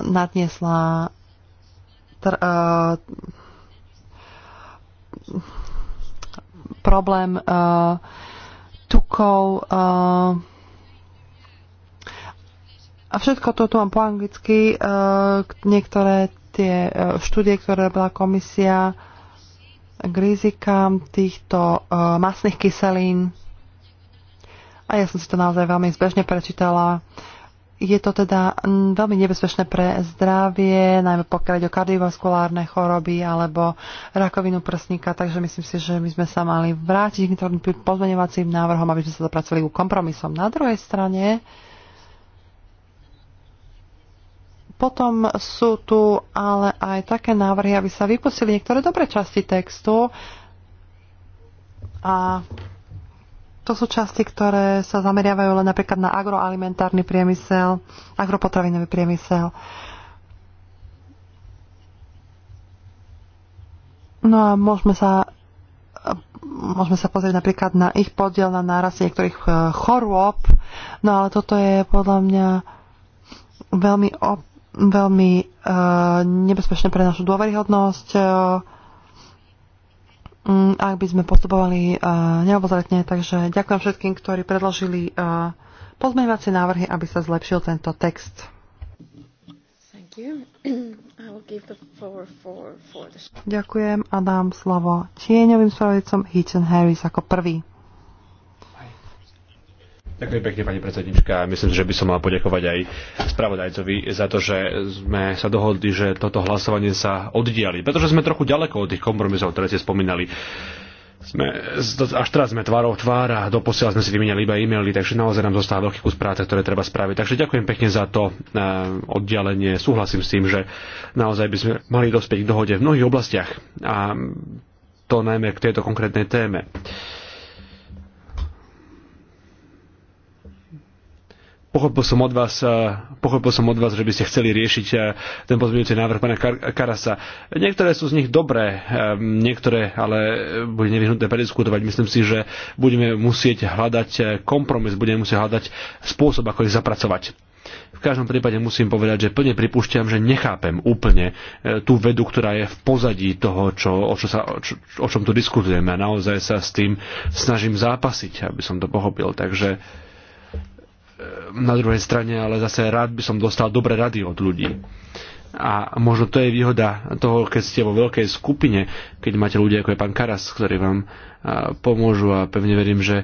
nadniesla tr, eh, problém eh, tukov eh, a všetko to tu mám po anglicky, niektoré tie štúdie, ktoré robila komisia, k rizikám týchto uh, masných kyselín. A ja som si to naozaj veľmi zbežne prečítala. Je to teda veľmi nebezpečné pre zdravie, najmä pokiaľ ide o kardiovaskulárne choroby alebo rakovinu prsníka, takže myslím si, že my sme sa mali vrátiť k tým pozmeňovacím návrhom, aby sme sa dopracovali ku kompromisom. Na druhej strane uh, potom sú tu ale aj také návrhy, aby sa vypustili niektoré dobré časti textu. A to sú časti, ktoré sa zameriavajú len napríklad na agroalimentárny priemysel, agropotravinový priemysel. No a môžeme sa, môžeme sa pozrieť napríklad na ich podiel na nárast niektorých eh, chorôb, no ale toto je podľa mňa veľmi op- veľmi e, nebezpečné pre našu dôveryhodnosť. E, ak by sme postupovali e, neobozretne, takže ďakujem všetkým, ktorí predložili pozmeňovacie návrhy, aby sa zlepšil tento text. Ďakujem a dám slovo tieňovým spravodajcom Heaton Harris ako prvý. Ďakujem pekne, pani predsednička. Myslím, že by som mal poďakovať aj spravodajcovi za to, že sme sa dohodli, že toto hlasovanie sa oddiali, pretože sme trochu ďaleko od tých kompromisov, ktoré ste spomínali. Sme, až teraz sme tvárov tvára, doposiaľ sme si vymenili iba e-maily, takže naozaj nám zostáva veľký kus práce, ktoré treba spraviť. Takže ďakujem pekne za to eh, oddialenie. Súhlasím s tým, že naozaj by sme mali dospieť k dohode v mnohých oblastiach a to najmä k tejto konkrétnej téme. Pochopil som, od vás, eh, pochopil som od vás, že by ste chceli riešiť eh, ten pozmeňujúci návrh pána Karasa. Niektoré sú z nich dobré, eh, niektoré ale bude nevyhnutné prediskutovať. Myslím si, že budeme musieť hľadať kompromis, budeme musieť hľadať spôsob, ako ich zapracovať. V každom prípade musím povedať, že plne pripúšťam, že nechápem úplne tú vedu, ktorá je v pozadí toho, čo, o, čo sa, čo, o čom tu diskutujeme. A naozaj sa s tým snažím zápasiť, aby som to pochopil. Takže na druhej strane ale zase rád by som dostal dobré rady od ľudí. A možno to je výhoda toho, keď ste vo veľkej skupine, keď máte ľudia ako je pán Karas, ktorí vám pomôžu a pevne verím, že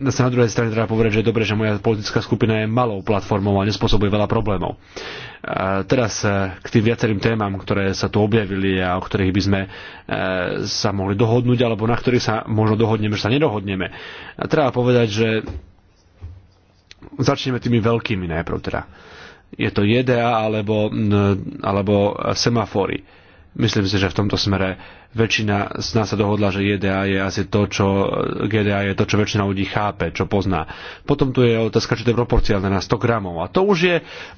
na druhej strane treba povedať, že je dobre, že moja politická skupina je malou platformou a nespôsobuje veľa problémov. A teraz e, k tým viacerým témam, ktoré sa tu objavili a o ktorých by sme e, sa mohli dohodnúť, alebo na ktorých sa možno dohodneme, že sa nedohodneme. A treba povedať, že začneme tými veľkými najprv teda. Je to JDA alebo, alebo semafory. Myslím si, že v tomto smere Väčšina z nás sa dohodla, že GDA je asi to, čo GDA je to, čo väčšina ľudí chápe, čo pozná. Potom tu je otázka, či to je proporciálne na 100 gramov. A to už je,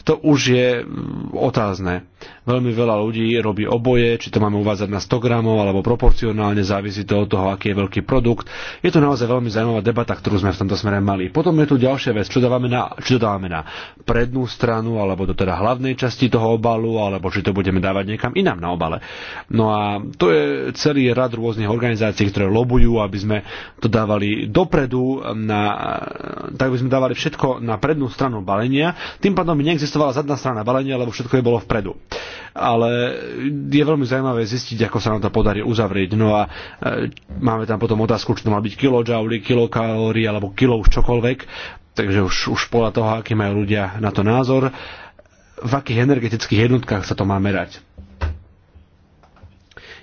to už je mm, otázne. Veľmi veľa ľudí robí oboje, či to máme uvázať na 100 gramov alebo proporcionálne, závisí to od toho, aký je veľký produkt. Je to naozaj veľmi zaujímavá debata, ktorú sme v tomto smere mali. Potom je tu ďalšia vec, čo dávame na, to dávame na prednú stranu alebo do teda hlavnej časti toho obalu, alebo či to budeme dávať niekam inám na obale. No a to je celý rad rôznych organizácií, ktoré lobujú, aby sme to dávali dopredu, na, tak by sme dávali všetko na prednú stranu balenia. Tým pádom by neexistovala zadná strana balenia, lebo všetko je bolo vpredu. Ale je veľmi zaujímavé zistiť, ako sa nám to podarí uzavrieť. No a e, máme tam potom otázku, či to má byť kilojoule, kilokalórie alebo kilo už čokoľvek. Takže už, už podľa toho, aký majú ľudia na to názor, v akých energetických jednotkách sa to má merať.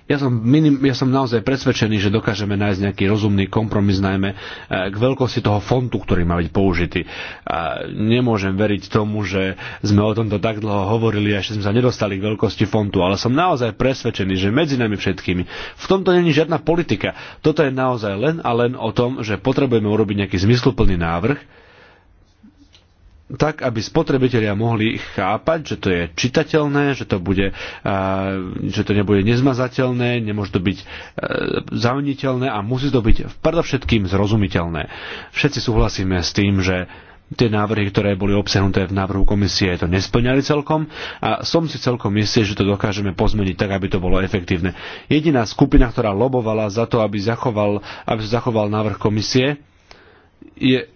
Ja som, minim, ja som naozaj presvedčený, že dokážeme nájsť nejaký rozumný kompromis najmä eh, k veľkosti toho fontu, ktorý má byť použitý. A nemôžem veriť tomu, že sme o tomto tak dlho hovorili a ešte sme sa nedostali k veľkosti fontu, ale som naozaj presvedčený, že medzi nami všetkými v tomto není žiadna politika. Toto je naozaj len a len o tom, že potrebujeme urobiť nejaký zmysluplný návrh, tak, aby spotrebitelia mohli chápať, že to je čitateľné, že to, bude, že to nebude nezmazateľné, nemôže to byť e, zauniteľné a musí to byť predovšetkým zrozumiteľné. Všetci súhlasíme s tým, že tie návrhy, ktoré boli obsahnuté v návrhu komisie, to nesplňali celkom a som si celkom istý, že to dokážeme pozmeniť tak, aby to bolo efektívne. Jediná skupina, ktorá lobovala za to, aby, zachoval, aby zachoval návrh komisie, je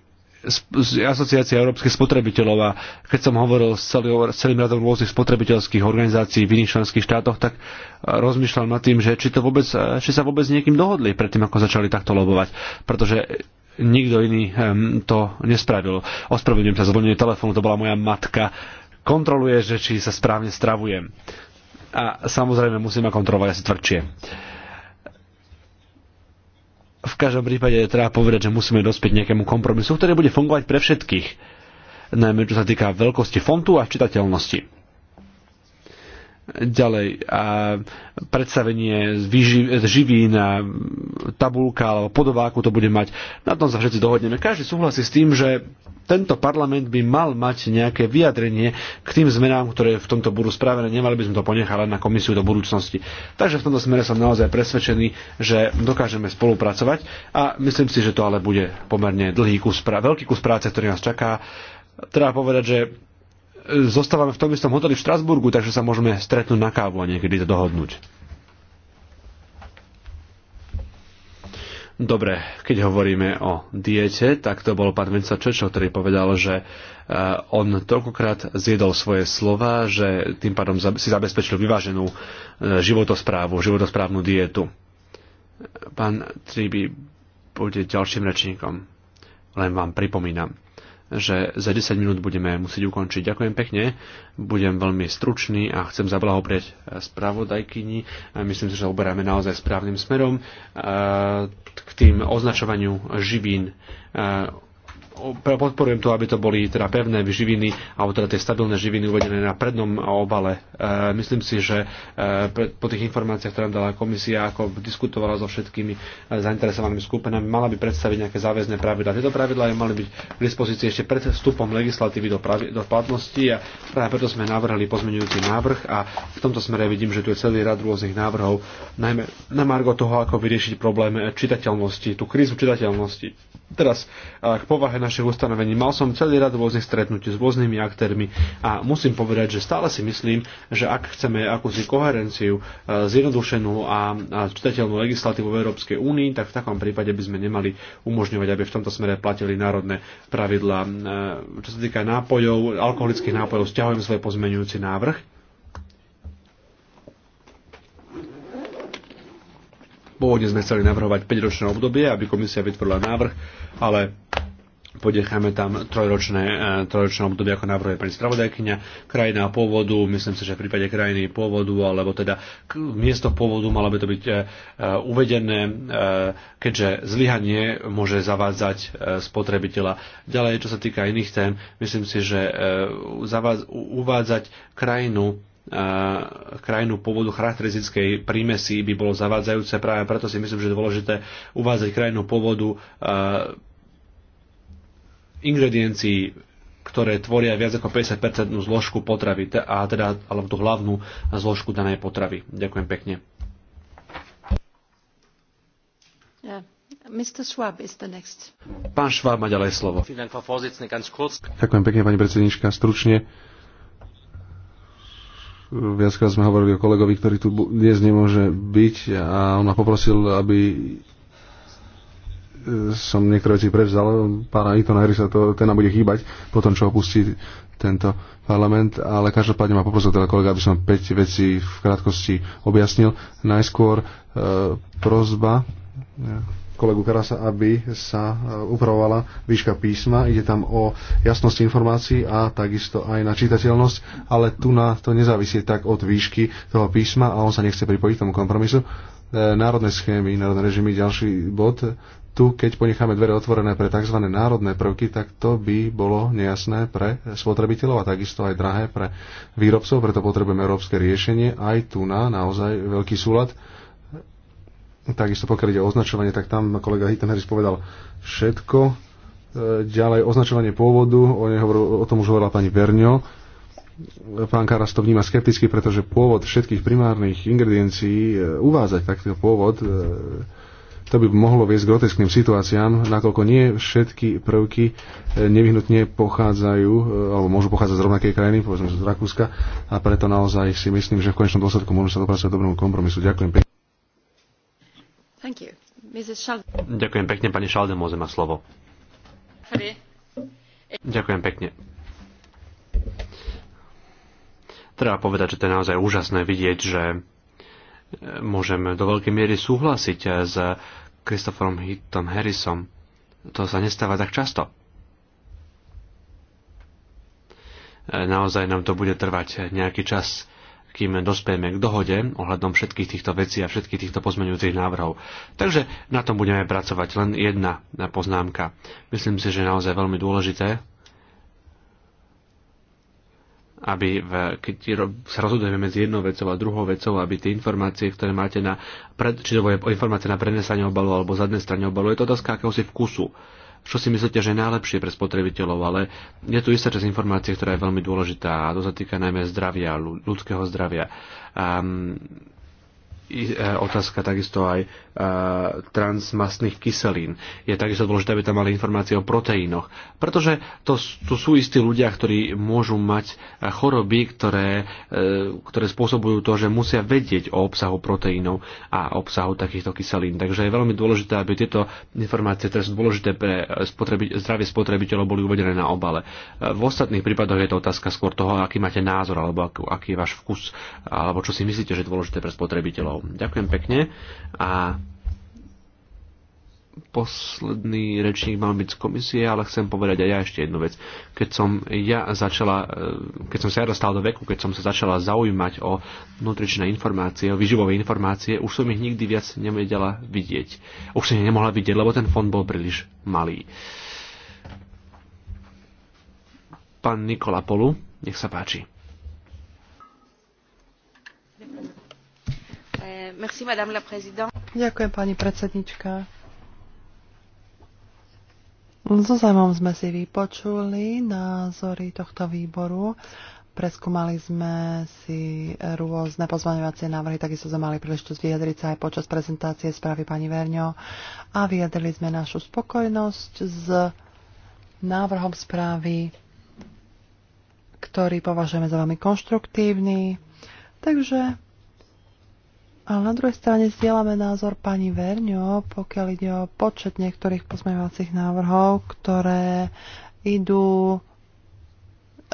asociácia európskych spotrebiteľov a keď som hovoril s, celý, s celým radom rôznych spotrebiteľských organizácií v iných členských štátoch, tak eh, rozmýšľal nad tým, že či, to vôbec, eh, či sa vôbec s niekým dohodli predtým, ako začali takto lobovať. Pretože eh, nikto iný to nespravil. Ospravedlňujem sa, zvonenie telefónu, to bola moja matka. Kontroluje, že či sa správne stravujem. A samozrejme musíme kontrolovať asi tvrdšie v každom prípade treba povedať, že musíme dospieť nejakému kompromisu, ktorý bude fungovať pre všetkých, najmä čo sa týka veľkosti fontu a čitateľnosti. Ďalej, a predstavenie z, výži, z živín, tabulka alebo podoba, ako to bude mať. Na tom sa všetci dohodneme. Každý súhlasí s tým, že tento parlament by mal mať nejaké vyjadrenie k tým zmenám, ktoré v tomto budú spravené. Nemali by sme to ponechať len na komisiu do budúcnosti. Takže v tomto smere som naozaj presvedčený, že dokážeme spolupracovať a myslím si, že to ale bude pomerne dlhý kus, veľký kus práce, ktorý nás čaká. Treba povedať, že zostávame v tom istom hoteli v Štrasburgu, takže sa môžeme stretnúť na kávu a niekedy to dohodnúť. Dobre, keď hovoríme o diete, tak to bol pán Vincent Čečo, ktorý povedal, že e, on toľkokrát zjedol svoje slova, že tým pádom si zabezpečil vyváženú e, životosprávu, životosprávnu dietu. Pán Triby bude ďalším rečníkom. Len vám pripomínam že za 10 minút budeme musieť ukončiť. Ďakujem pekne, budem veľmi stručný a chcem zablahoprieť eh, spravodajkyni. Eh, myslím si, že oberáme naozaj správnym smerom eh, k tým označovaniu živín podporujem to, aby to boli teda pevné živiny, alebo teda tie stabilné živiny uvedené na prednom obale. E, myslím si, že e, po tých informáciách, ktoré dala komisia, ako diskutovala so všetkými e, zainteresovanými skupinami, mala by predstaviť nejaké záväzné pravidla. Tieto pravidlá by mali byť k dispozícii ešte pred vstupom legislatívy do, pravi, do platnosti a práve preto sme navrhli pozmeňujúci návrh a v tomto smere vidím, že tu je celý rad rôznych návrhov, najmä na margo toho, ako vyriešiť problém čitateľnosti, tú krízu čitateľnosti. Teraz e, k povahe našich ustanovení. Mal som celý rad rôznych stretnutí s rôznymi aktérmi a musím povedať, že stále si myslím, že ak chceme akúsi koherenciu, e, zjednodušenú a čitateľnú legislatívu v Európskej únii, tak v takom prípade by sme nemali umožňovať, aby v tomto smere platili národné pravidlá. E, čo sa týka nápojov, alkoholických nápojov, stiahujem svoj pozmenujúci návrh. Pôvodne sme chceli navrhovať 5-ročné obdobie, aby komisia vytvorila návrh, ale podecháme tam trojročné, eh, trojročné obdobie, ako navrhuje pani spravodajkynia. krajina pôvodu, myslím si, že v prípade krajiny pôvodu, alebo teda miesto pôvodu malo by to byť eh, eh, uvedené, keďže zlyhanie môže zavádzať spotrebiteľa. Ďalej, čo sa týka iných tém, myslím si, že uvádzať krajinu krajinu pôvodu charakteristickej prímesi by bolo zavádzajúce. Práve preto si myslím, že je dôležité uvádzať krajinu pôvodu ingrediencií, ktoré tvoria viac ako 50% zložku potravy, a teda, alebo tú hlavnú zložku danej potravy. Ďakujem pekne. Yeah. Pán Schwab má ďalej slovo. Ďakujem pekne, pani predsednička. Stručne viackrát sme hovorili o kolegovi, ktorý tu dnes nemôže byť a on ma poprosil, aby som niektoré veci prevzal. Pána Itona Herisa, to, ten nám bude chýbať po tom, čo opustí tento parlament, ale každopádne ma poprosil teda kolega, aby som 5 vecí v krátkosti objasnil. Najskôr e, prozba e, kolegu Karasa, aby sa e, upravovala výška písma. Ide tam o jasnosť informácií a takisto aj na čitateľnosť, ale tu na to nezávisí tak od výšky toho písma a on sa nechce pripojiť tomu kompromisu e, národné schémy, národné režimy, ďalší bod, tu, keď ponecháme dvere otvorené pre tzv. národné prvky, tak to by bolo nejasné pre spotrebiteľov a takisto aj drahé pre výrobcov, preto potrebujeme európske riešenie. Aj tu na naozaj veľký súlad. Takisto pokiaľ ide o označovanie, tak tam kolega Hittenheris povedal všetko. E, ďalej označovanie pôvodu, o, nehovor, o tom už hovorila pani Berňo. Pán Karas to vníma skepticky, pretože pôvod všetkých primárnych ingrediencií e, uvádzať takýto pôvod e, to by mohlo viesť k groteskným situáciám, nakoľko nie všetky prvky e, nevyhnutne pochádzajú, e, alebo môžu pochádzať z rovnakej krajiny, povedzme z Rakúska, a preto naozaj si myslím, že v konečnom dôsledku môžeme sa dopracovať dobrému kompromisu. Ďakujem pekne. Ďakujem pekne, pani môžem mať slovo. Ďakujem pekne treba povedať, že to je naozaj úžasné vidieť, že môžem do veľkej miery súhlasiť eh, s Christopherom Hittom Harrisom. To sa nestáva tak často. Eh, naozaj nám to bude trvať eh, nejaký čas, kým dospieme k dohode ohľadom všetkých týchto vecí a všetkých týchto pozmeňujúcich návrhov. Takže na tom budeme pracovať. Len jedna poznámka. Myslím si, že je naozaj veľmi dôležité, aby v, keď sa rozhodujeme medzi jednou vecou a druhou vecou, aby tie informácie, ktoré máte na, pred, či to informácie na prenesanie obalu alebo zadnej strane obalu, je to otázka akéhosi vkusu čo si myslíte, že je najlepšie pre spotrebiteľov, ale je tu istá časť informácie, ktorá je veľmi dôležitá a to sa týka najmä zdravia, ľudského zdravia. Um, otázka takisto aj transmastných kyselín. Je takisto dôležité, aby tam mali informácie o proteínoch, pretože to, to sú istí ľudia, ktorí môžu mať choroby, ktoré, e, ktoré spôsobujú to, že musia vedieť o obsahu proteínov a obsahu takýchto kyselín. Takže je veľmi dôležité, aby tieto informácie, ktoré sú dôležité pre e, spotrebi- zdravie spotrebiteľov, boli uvedené na obale. E, v ostatných prípadoch je to otázka skôr toho, aký máte názor alebo aký je váš vkus, alebo čo si myslíte, že je dôležité pre spotrebiteľov. Ďakujem pekne a posledný rečník mal byť z komisie, ale chcem povedať aj ja ešte jednu vec. Keď som ja začala, e, keď som sa ja dostal do veku, keď som sa začala zaujímať o nutričné informácie, o vyživové informácie, už som ich nikdy viac nevedela vidieť. Už som ich nemohla vidieť, lebo ten fond bol príliš malý. Pán Nikola Polu, nech sa páči. Eh, merci, madame la Ďakujem, pani predsednička. So zaujímavom sme si vypočuli názory tohto výboru. Preskúmali sme si rôzne pozvaňovacie návrhy, takisto sme mali príležitosť vyjadriť sa aj počas prezentácie správy pani Verňo a vyjadrili sme našu spokojnosť s návrhom správy, ktorý považujeme za veľmi konštruktívny. Takže ale na druhej strane zdieľame názor pani Verňo, pokiaľ ide o počet niektorých pozmeňovacích návrhov, ktoré idú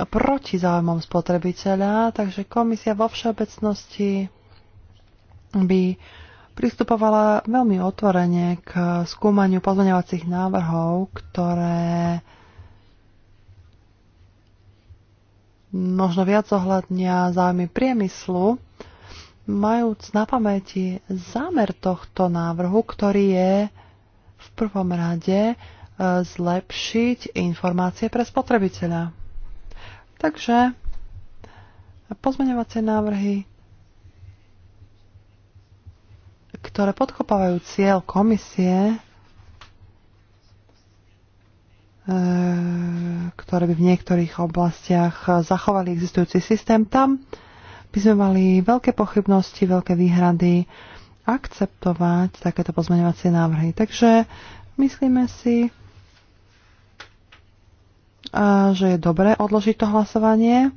proti záujmom spotrebiteľa, takže komisia vo všeobecnosti by pristupovala veľmi otvorene k skúmaniu pozmeňovacích návrhov, ktoré možno viac ohľadnia záujmy priemyslu, majúc na pamäti zámer tohto návrhu, ktorý je v prvom rade e, zlepšiť informácie pre spotrebiteľa. Takže pozmeňovacie návrhy, ktoré podkopávajú cieľ komisie, e, ktoré by v niektorých oblastiach zachovali existujúci systém, tam by sme mali veľké pochybnosti, veľké výhrady akceptovať takéto pozmeňovacie návrhy. Takže myslíme si, že je dobré odložiť to hlasovanie,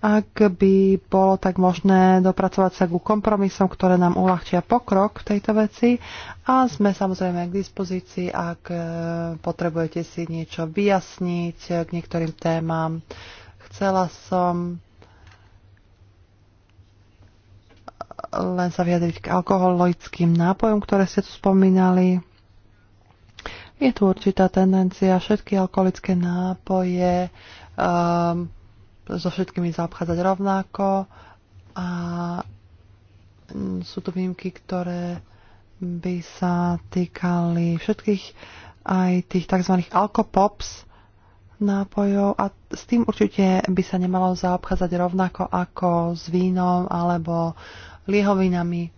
ak by bolo tak možné dopracovať sa ku kompromisom, ktoré nám uľahčia pokrok v tejto veci. A sme samozrejme k dispozícii, ak e, potrebujete si niečo vyjasniť k niektorým témam. Chcela som len sa vyjadriť k alkoholickým nápojom, ktoré ste tu spomínali. Je tu určitá tendencia všetky alkoholické nápoje um, so všetkými zaobchádzať rovnako a sú tu výjimky, ktoré by sa týkali všetkých aj tých tzv. alkopops nápojov a s tým určite by sa nemalo zaobchádzať rovnako ako s vínom alebo liehovinami,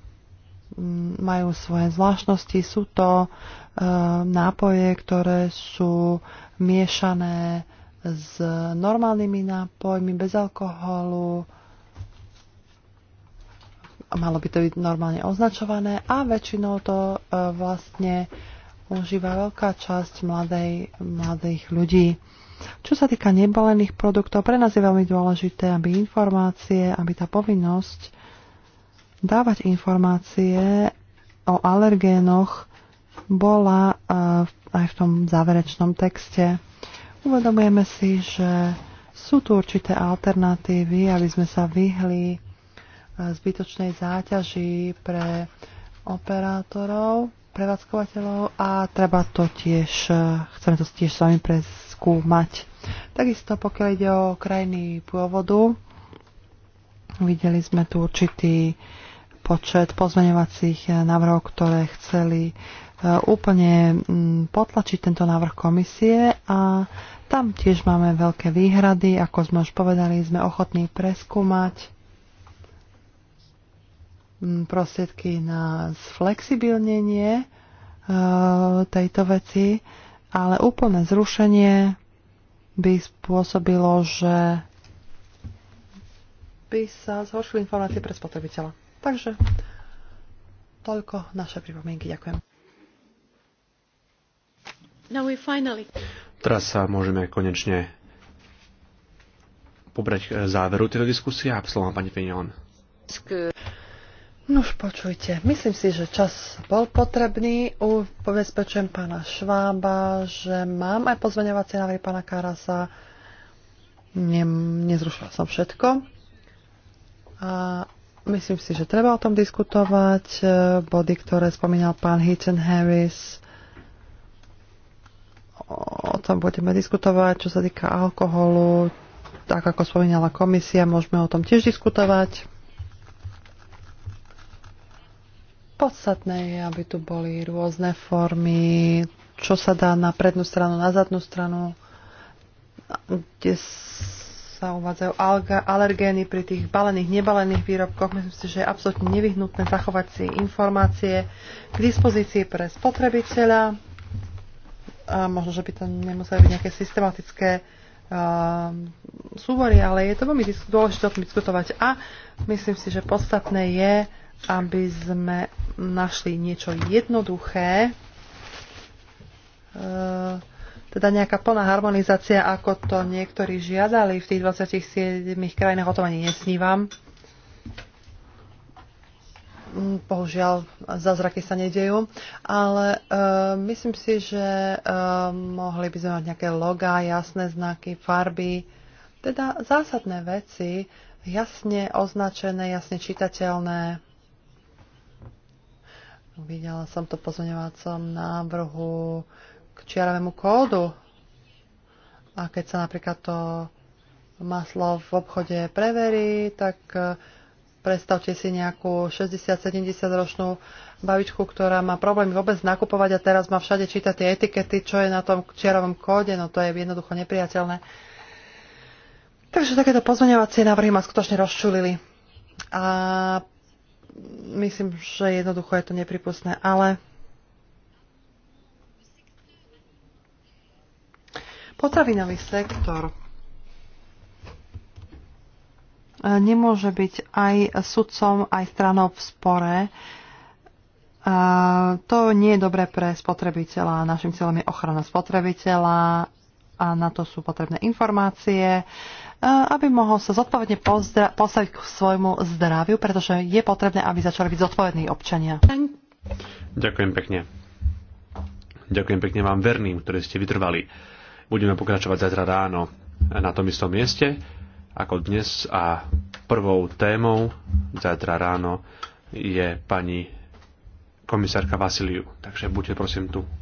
mm, majú svoje zvláštnosti. Sú to e, nápoje, ktoré sú miešané s normálnymi nápojmi bez alkoholu. Malo by to byť normálne označované a väčšinou to e, vlastne užíva veľká časť mladej, mladých ľudí. Čo sa týka nebalených produktov, pre nás je veľmi dôležité, aby informácie, aby tá povinnosť dávať informácie o alergénoch bola e, aj v tom záverečnom texte. Uvedomujeme si, že sú tu určité alternatívy, aby sme sa vyhli e, zbytočnej záťaži pre operátorov, prevádzkovateľov a treba to tiež, e, chceme to tiež sami preskúmať. Takisto pokiaľ ide o krajiny pôvodu, videli sme tu určitý počet pozmeňovacích eh, návrhov, ktoré chceli eh, úplne mm, potlačiť tento návrh komisie a tam tiež máme veľké výhrady. Ako sme už povedali, sme ochotní preskúmať mm, prostriedky na zflexibilnenie eh, tejto veci, ale úplné zrušenie by spôsobilo, že by sa zhoršili informácie pre spotrebiteľa. Takže toľko naše pripomienky. Ďakujem. Now we finally... Teraz sa môžeme konečne pobrať k záveru tejto diskusie a slovo pani Pinion. No už počujte, myslím si, že čas bol potrebný. Ubezpečujem pána Švába, že mám aj pozmeňovacie návrhy pána Karasa. Nem, nezrušila som všetko. A Myslím si, že treba o tom diskutovať. E, body, ktoré spomínal pán Heaton Harris, o tom budeme diskutovať, čo sa týka alkoholu. Tak ako spomínala komisia, môžeme o tom tiež diskutovať. Podstatné je, aby tu boli rôzne formy, čo sa dá na prednú stranu, na zadnú stranu, kde sa uvádzajú alga, alergény pri tých balených, nebalených výrobkoch. Myslím si, že je absolútne nevyhnutné zachovať si informácie k dispozícii pre spotrebiteľa. A možno, že by to nemuseli byť nejaké systematické uh, súbory, ale je to veľmi dôležité o tom diskutovať. A myslím si, že podstatné je, aby sme našli niečo jednoduché, uh, teda nejaká plná harmonizácia, ako to niektorí žiadali v tých 27 krajinách, o tom ani nesnívam. Mm, Bohužiaľ, zázraky sa nedejú, ale uh, myslím si, že uh, mohli by sme mať nejaké logá, jasné znaky, farby, teda zásadné veci, jasne označené, jasne čitateľné. Videla som to pozmeňovacom návrhu uh, čiaravému kódu. A keď sa napríklad to maslo v obchode preverí, tak eh, predstavte si nejakú 60-70 ročnú babičku, ktorá má problém vôbec nakupovať a teraz má všade čítať tie etikety, čo je na tom čiarovom kóde, no to je jednoducho nepriateľné. Takže takéto pozmeňovacie návrhy ma skutočne rozčulili. A myslím, že jednoducho je to nepripustné, ale Potravinový sektor e, nemôže byť aj sudcom, aj stranou v spore. A e, to nie je dobré pre spotrebiteľa. Našim cieľom je ochrana spotrebiteľa a na to sú potrebné informácie, e, aby mohol sa zodpovedne postaviť k svojmu zdraviu, pretože je potrebné, aby začali byť zodpovední občania. Ďakujem pekne. Ďakujem pekne vám verným, ktorí ste vytrvali Budeme pokračovať zajtra ráno na tom istom mieste ako dnes a prvou témou zajtra ráno je pani komisárka Vasiliu. Takže buďte prosím tu.